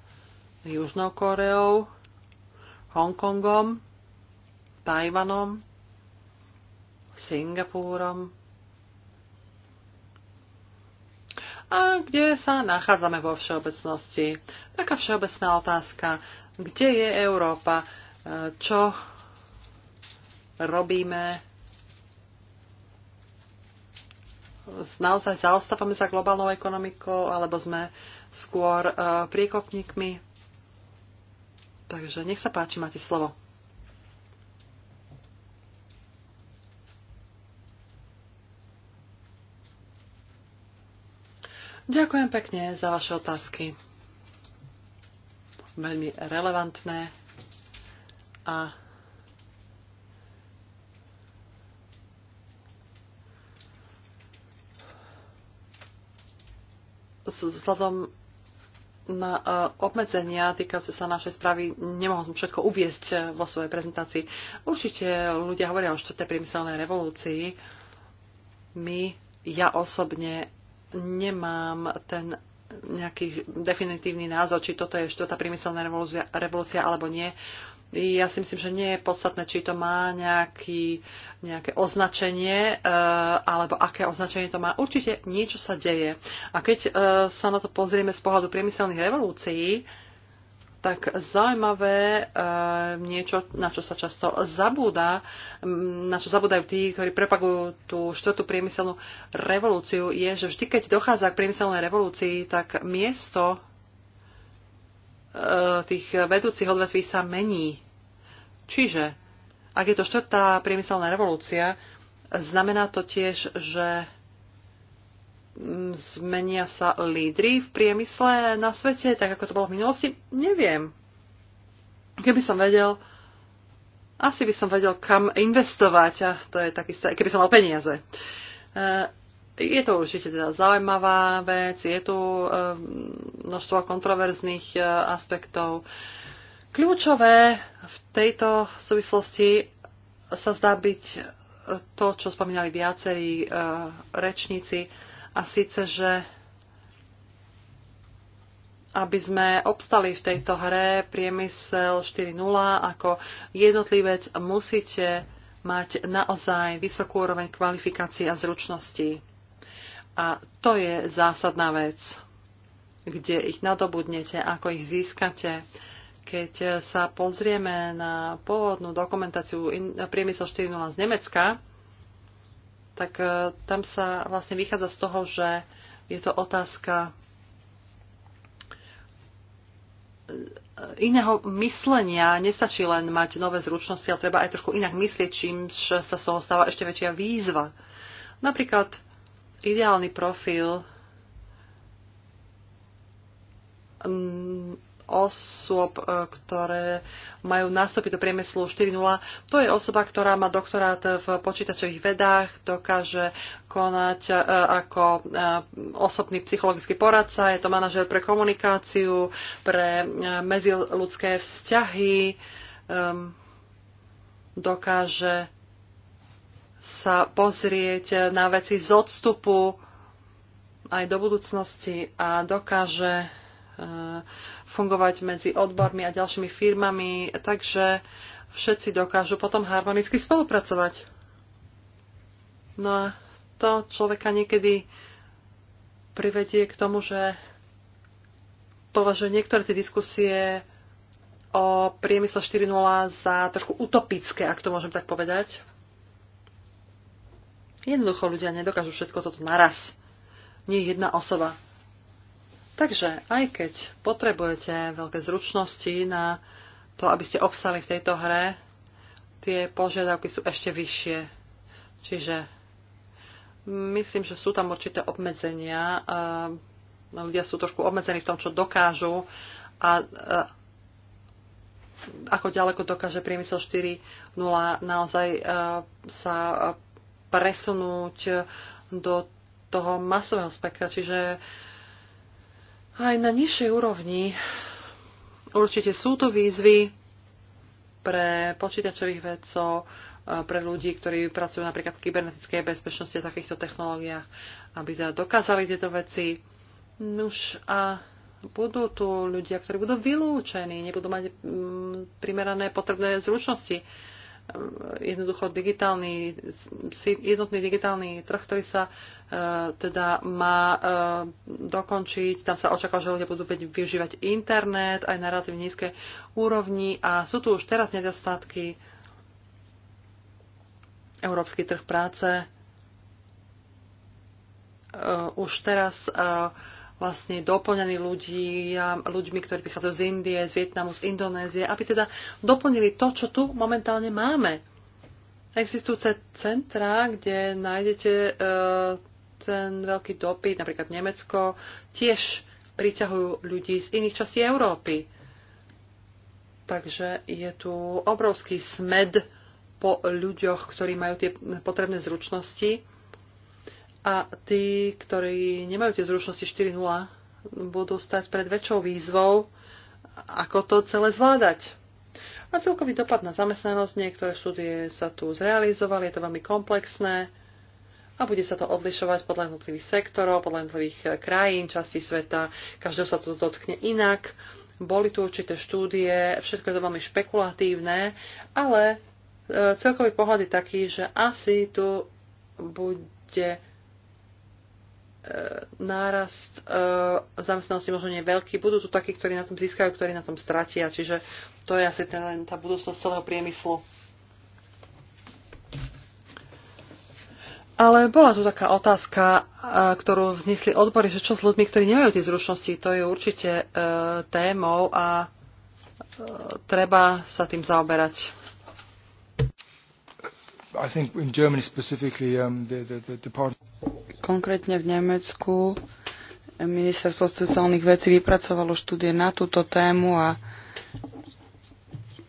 Speaker 4: Južnou Koreou, Hongkongom, Tajvanom, Singapúrom a kde sa nachádzame vo všeobecnosti. Taká všeobecná otázka, kde je Európa, e, čo robíme, naozaj zaostávame za globálnou ekonomikou, alebo sme skôr e, priekopníkmi Takže nech sa páči, máte slovo. Ďakujem pekne za vaše otázky. Veľmi relevantné a vzhľadom na e, obmedzenia týkajúce sa našej správy nemohol som všetko uviesť e, vo svojej prezentácii. Určite ľudia hovoria o štvrtej priemyselnej revolúcii. My, ja osobne, nemám ten nejaký definitívny názor, či toto je štvrtá priemyselná revolúcia, revolúcia alebo nie. Ja si myslím, že nie je podstatné, či to má nejaký, nejaké označenie, eh, alebo aké označenie to má. Určite niečo sa deje. A keď eh, sa na to pozrieme z pohľadu priemyselných revolúcií, tak zaujímavé eh, niečo, na čo sa často zabúda, mm, na čo zabúdajú tí, ktorí prepagujú tú štvrtú priemyselnú revolúciu, je, že vždy, keď dochádza k priemyselnej revolúcii, tak miesto E, tých vedúcich odvetví sa mení. Čiže, ak je to štvrtá priemyselná revolúcia, znamená to tiež, že mm, zmenia sa lídry v priemysle na svete, tak ako to bolo v minulosti? Neviem. Keby som vedel, asi by som vedel, kam investovať. A to je taký, keby som mal peniaze. E, je to určite teda zaujímavá vec, je tu ehm, množstvo kontroverzných e, aspektov. Kľúčové v tejto súvislosti sa zdá byť to, čo spomínali viacerí e, rečníci, a síce, že aby sme obstali v tejto hre priemysel 4.0 ako jednotlivec musíte mať naozaj vysokú úroveň kvalifikácií a zručností. A to je zásadná vec, kde ich nadobudnete, ako ich získate. Keď sa pozrieme na pôvodnú dokumentáciu Priemysel 4.0 z Nemecka, tak e, tam sa vlastne vychádza z toho, že je to otázka e, iného myslenia. Nestačí len mať nové zručnosti, ale treba aj trošku inak myslieť, čím sa z toho stáva ešte väčšia výzva. Napríklad ideálny profil mm, osôb, e, ktoré majú nástupy do priemyslu 4.0. To je osoba, ktorá má doktorát v počítačových vedách, dokáže konať e, ako e, osobný psychologický poradca, je to manažer pre komunikáciu, pre medziludské vzťahy, ehm, dokáže sa pozrieť na veci z odstupu aj do budúcnosti a dokáže e, fungovať medzi odbormi a ďalšími firmami, takže všetci dokážu potom harmonicky spolupracovať. No a to človeka niekedy privedie k tomu, že považuje niektoré tie diskusie o priemysle 4.0 za trošku utopické, ak to môžem tak povedať. Jednoducho ľudia nedokážu všetko toto naraz. Nie jedna osoba. Takže aj keď potrebujete veľké zručnosti na to, aby ste obstali v tejto hre, tie požiadavky sú ešte vyššie. Čiže myslím, že sú tam určité obmedzenia. Ehm, ľudia sú trošku obmedzení v tom, čo dokážu a e, ako ďaleko dokáže priemysel 4.0 naozaj e, sa presunúť eh, do toho masového spektra. Čiže aj na nižšej úrovni určite sú to výzvy pre počítačových vedcov, eh, pre ľudí, ktorí pracujú napríklad v kybernetickej bezpečnosti a takýchto technológiách, aby teda dokázali tieto veci. Nuž a budú tu ľudia, ktorí budú vylúčení, nebudú mať mm, primerané potrebné zručnosti jednoducho digitálny, jednotný digitálny trh, ktorý sa e, teda má e, dokončiť. Tam sa očakáva, že ľudia budú využívať internet aj na relatívne nízke úrovni a sú tu už teraz nedostatky. Európsky trh práce e, už teraz vlastne doplňaní ľudí, ľuďmi, ktorí prichádzajú z Indie, z Vietnamu, z Indonézie, aby teda doplnili to, čo tu momentálne máme. Existujúce centra, kde nájdete e, ten veľký dopyt, napríklad Nemecko, tiež priťahujú ľudí z iných častí Európy. Takže je tu obrovský smed po ľuďoch, ktorí majú tie potrebné zručnosti a tí, ktorí nemajú tie zručnosti 4.0, budú stať pred väčšou výzvou, ako to celé zvládať. A celkový dopad na zamestnanosť, niektoré štúdie sa tu zrealizovali, je to veľmi komplexné a bude sa to odlišovať podľa jednotlivých sektorov, podľa jednotlivých krajín, časti sveta. Každého sa to dotkne inak. Boli tu určité štúdie, všetko je to veľmi špekulatívne, ale e, celkový pohľad je taký, že asi tu bude nárast e, zamestnanosti možno nie veľký. Budú tu takí, ktorí na tom získajú, ktorí na tom stratia. Čiže to je asi ten, len tá budúcnosť celého priemyslu. Ale bola tu taká otázka, e, ktorú vznesli odbory, že čo s ľuďmi, ktorí nemajú tie zručnosti, to je určite e, témou a e, treba sa tým zaoberať.
Speaker 1: I think in Germany specifically um, the, the, the department
Speaker 2: Konkrétne v Nemecku ministerstvo sociálnych vecí vypracovalo štúdie na túto tému a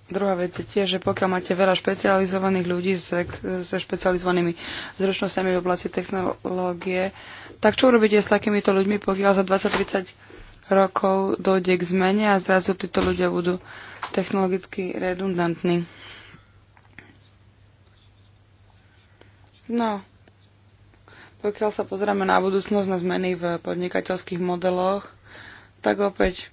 Speaker 2: Druhá vec je tiež, že pokiaľ máte veľa špecializovaných ľudí so špecializovanými zručnosťami v oblasti technológie, tak čo urobíte s takýmito ľuďmi, pokiaľ za 20-30 rokov dojde k zmene a zrazu títo ľudia budú technologicky redundantní? No, pokiaľ sa pozrieme na budúcnosť, na zmeny v podnikateľských modeloch, tak opäť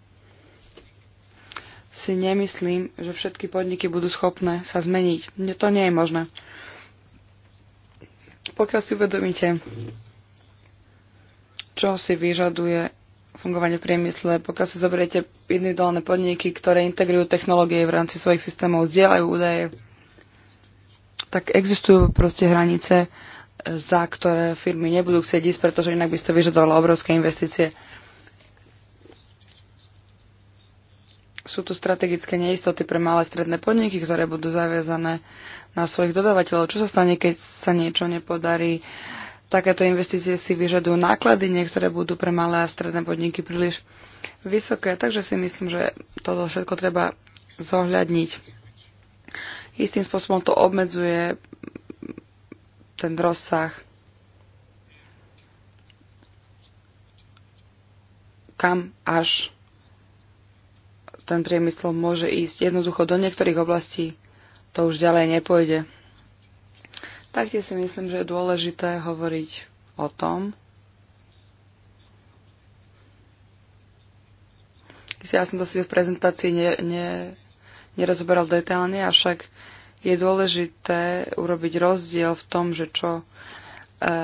Speaker 2: si nemyslím, že všetky podniky budú schopné sa zmeniť. To nie je možné. Pokiaľ si uvedomíte, čo si vyžaduje fungovanie v priemysle, pokiaľ si zoberiete individuálne podniky, ktoré integrujú technológie v rámci svojich systémov, zdieľajú údaje, tak existujú proste hranice za ktoré firmy nebudú chcieť ísť, pretože inak by ste vyžadovala obrovské investície. Sú tu strategické neistoty pre malé stredné podniky, ktoré budú zaviazané na svojich dodávateľov. Čo sa stane, keď sa niečo nepodarí? Takéto investície si vyžadujú náklady, niektoré budú pre malé a stredné podniky príliš vysoké, takže si myslím, že toto všetko treba zohľadniť. Istým spôsobom to obmedzuje ten rozsah, kam až ten priemysel môže ísť. Jednoducho do niektorých oblastí to už ďalej nepôjde. Taktiež si myslím, že je dôležité hovoriť o tom, Ja som to si v prezentácii ne, ne, nerozoberal detálne, avšak je dôležité urobiť rozdiel v tom, že čo e,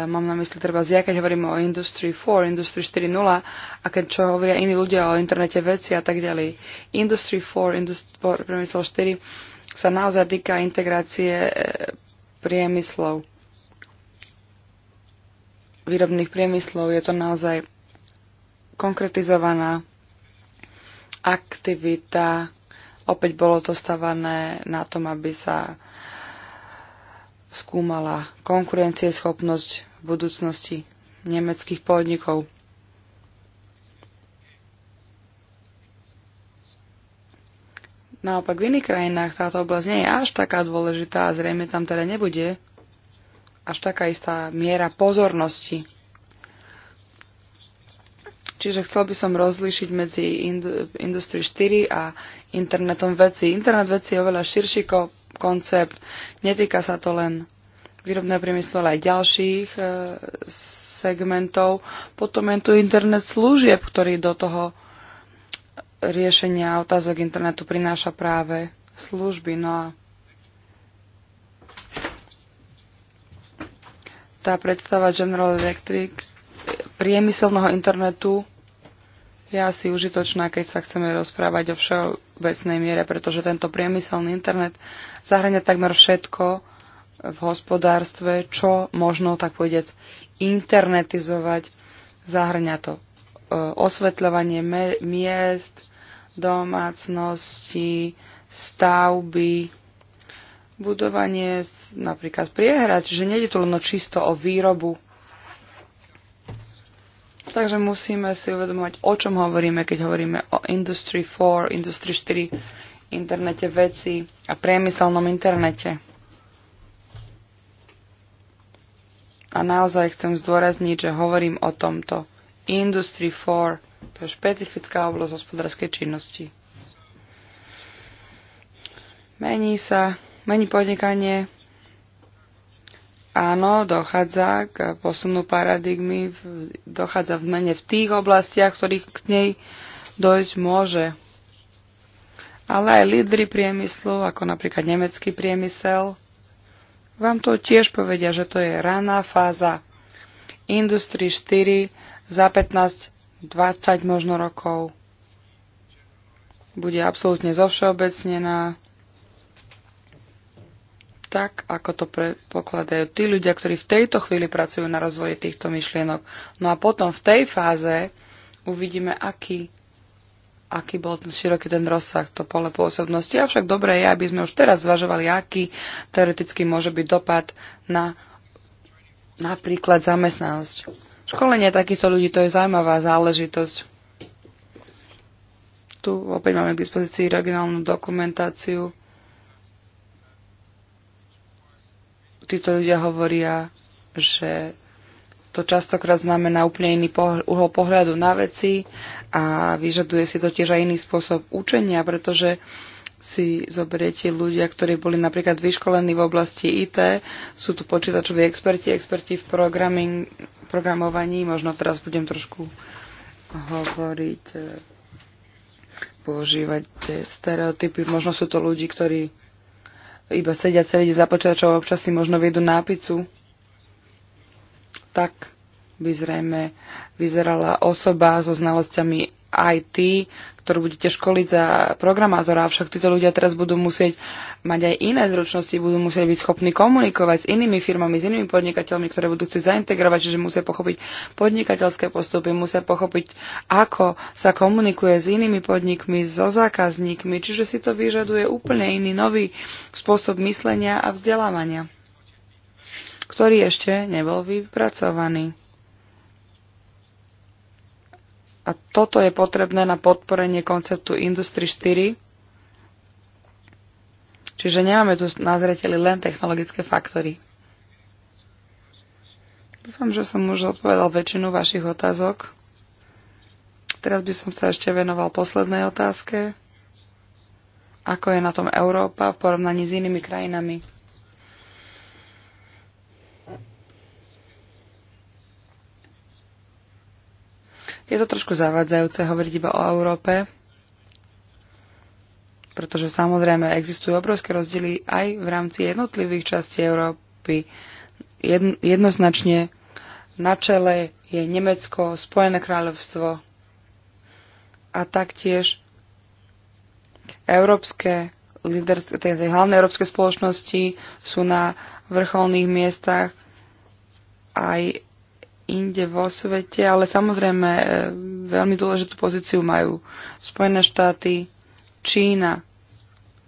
Speaker 2: mám na mysli treba ja, keď hovoríme o Industry 4, Industry 4.0 a keď čo hovoria iní ľudia o internete veci a tak ďalej. Industry 4, Industry priemysel 4 sa naozaj týka integrácie e, priemyslov, výrobných priemyslov. Je to naozaj konkretizovaná aktivita Opäť bolo to stavané na tom, aby sa skúmala konkurencieschopnosť v budúcnosti nemeckých podnikov. Naopak v iných krajinách táto oblasť nie je až taká dôležitá a zrejme tam teda nebude až taká istá miera pozornosti Čiže chcel by som rozlíšiť medzi Industry 4 a internetom veci. Internet veci je oveľa širší ko- koncept. Netýka sa to len výrobného priemyslu, ale aj ďalších e, segmentov. Potom je tu internet služieb, ktorý do toho riešenia otázok internetu prináša práve služby. No a tá predstava General Electric priemyselného internetu je asi užitočná, keď sa chceme rozprávať o všeobecnej miere, pretože tento priemyselný internet zahrania takmer všetko v hospodárstve, čo možno, tak povedec, internetizovať. Zahrania to e, osvetľovanie miest, domácnosti, stavby, budovanie napríklad priehra, čiže je to len čisto o výrobu Takže musíme si uvedomovať, o čom hovoríme, keď hovoríme o Industry 4, Industry 4, internete veci a priemyselnom internete. A naozaj chcem zdôrazniť, že hovorím o tomto. Industry 4, to je špecifická oblasť hospodárskej činnosti. Mení sa, mení podnikanie, Áno, dochádza k posunu paradigmy, dochádza v mene v tých oblastiach, ktorých k nej dojsť môže. Ale aj lídry priemyslu, ako napríklad nemecký priemysel, vám to tiež povedia, že to je raná fáza. Industrie 4 za 15-20 možno rokov bude absolútne zovšeobecnená tak, ako to predpokladajú tí ľudia, ktorí v tejto chvíli pracujú na rozvoji týchto myšlienok. No a potom v tej fáze uvidíme, aký, aký bol ten široký ten rozsah, to pole pôsobnosti. Avšak dobré je, aby sme už teraz zvažovali, aký teoreticky môže byť dopad na napríklad zamestnanosť. Školenie takýchto ľudí to je zaujímavá záležitosť. Tu opäť máme k dispozícii regionálnu dokumentáciu títo ľudia hovoria, že to častokrát znamená úplne iný uhol pohľadu na veci a vyžaduje si to tiež aj iný spôsob učenia, pretože si zoberiete ľudia, ktorí boli napríklad vyškolení v oblasti IT, sú tu počítačoví experti, experti v programovaní, možno teraz budem trošku hovoriť, eh, používať stereotypy, možno sú to ľudí, ktorí iba sedia celý deň za počítačom, občas si možno viedu nápicu. Tak by zrejme vyzerala osoba so znalosťami IT, ktorú budete školiť za programátora, avšak títo ľudia teraz budú musieť mať aj iné zručnosti, budú musieť byť schopní komunikovať s inými firmami, s inými podnikateľmi, ktoré budú chcieť zaintegrovať, čiže musia pochopiť podnikateľské postupy, musia pochopiť, ako sa komunikuje s inými podnikmi, so zákazníkmi, čiže si to vyžaduje úplne iný, nový spôsob myslenia a vzdelávania, ktorý ešte nebol vypracovaný. A toto je potrebné na podporenie konceptu Industry 4. Čiže nemáme tu na zreteli len technologické faktory. Dúfam, že som už odpovedal väčšinu vašich otázok. Teraz by som sa ešte venoval poslednej otázke. Ako je na tom Európa v porovnaní s inými krajinami? Je to trošku zavádzajúce hovoriť iba o Európe, pretože samozrejme existujú obrovské rozdiely aj v rámci jednotlivých častí Európy. Jedn, jednoznačne na čele je Nemecko, Spojené kráľovstvo a taktiež európske líderské, tie hlavné európske spoločnosti sú na vrcholných miestach aj inde vo svete, ale samozrejme e, veľmi dôležitú pozíciu majú Spojené štáty, Čína.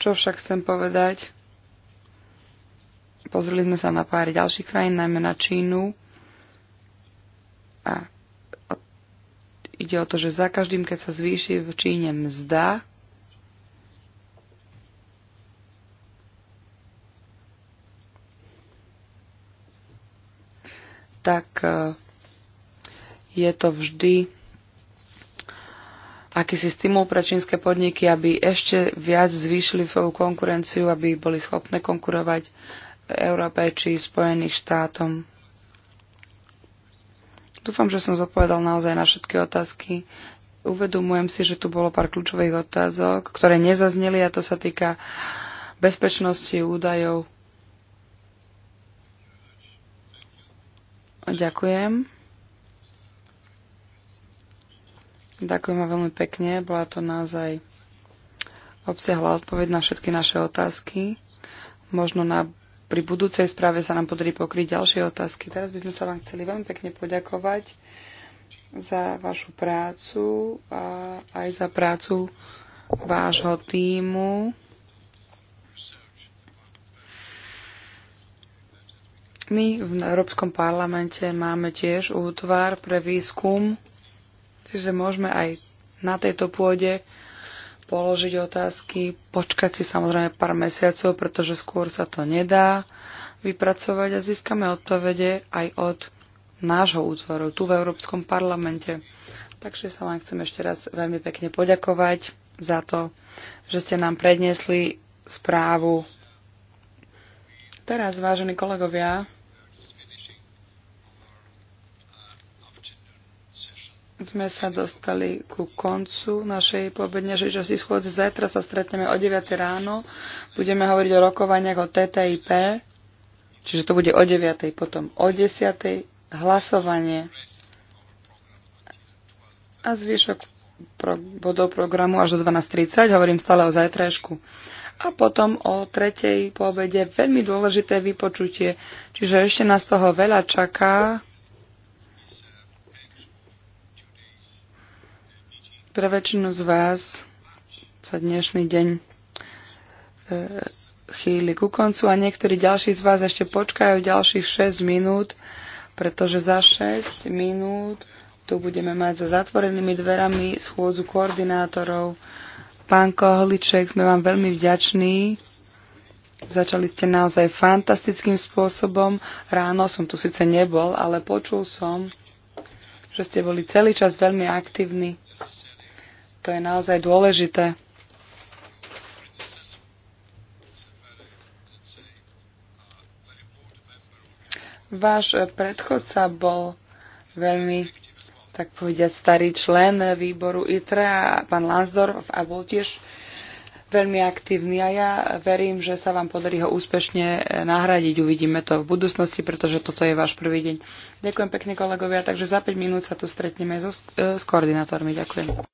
Speaker 2: Čo však chcem povedať? Pozreli sme sa na pár ďalších krajín, najmä na Čínu. A ide o to, že za každým, keď sa zvýši v Číne mzda, tak e, je to vždy akýsi stimul pre čínske podniky, aby ešte viac zvýšili svoju konkurenciu, aby boli schopné konkurovať Európe či Spojených štátom. Dúfam, že som zodpovedal naozaj na všetky otázky. Uvedomujem si, že tu bolo pár kľúčových otázok, ktoré nezazneli a to sa týka bezpečnosti údajov. Ďakujem. Ďakujem vám veľmi pekne. Bola to naozaj obsiahla odpoveď na všetky naše otázky. Možno na, pri budúcej správe sa nám podarí pokryť ďalšie otázky. Teraz by sme sa vám chceli veľmi pekne poďakovať za vašu prácu a aj za prácu vášho týmu. My v Európskom parlamente máme tiež útvar pre výskum že môžeme aj na tejto pôde položiť otázky, počkať si samozrejme pár mesiacov, pretože skôr sa to nedá vypracovať a získame odpovede aj od nášho útvoru tu v Európskom parlamente. Takže sa vám chcem ešte raz veľmi pekne poďakovať za to, že ste nám predniesli správu. Teraz, vážení kolegovia, sme sa dostali ku koncu našej pobednejšej časti schôdze. Zajtra sa stretneme o 9 ráno. Budeme hovoriť o rokovaniach o TTIP, čiže to bude o 9. potom o 10. hlasovanie a zvyšok pro, bodov programu až do 12.30, hovorím stále o zajtrajšku. A potom o tretej po obede veľmi dôležité vypočutie, čiže ešte nás toho veľa čaká. Pre väčšinu z vás sa dnešný deň e, chýli ku koncu a niektorí ďalší z vás ešte počkajú ďalších 6 minút, pretože za 6 minút tu budeme mať za zatvorenými dverami schôdzu koordinátorov. Pán Kohliček, sme vám veľmi vďační. Začali ste naozaj fantastickým spôsobom. Ráno som tu síce nebol, ale počul som, že ste boli celý čas veľmi aktívni. To je naozaj dôležité. Váš predchodca bol veľmi, tak povediať, starý člen výboru ITRE a pán Lansdorf, a bol tiež veľmi aktívny a ja verím, že sa vám podarí ho úspešne nahradiť. Uvidíme to v budúcnosti, pretože toto je váš prvý deň. Ďakujem pekne kolegovia, takže za 5 minút sa tu stretneme so, s koordinátormi. Ďakujem.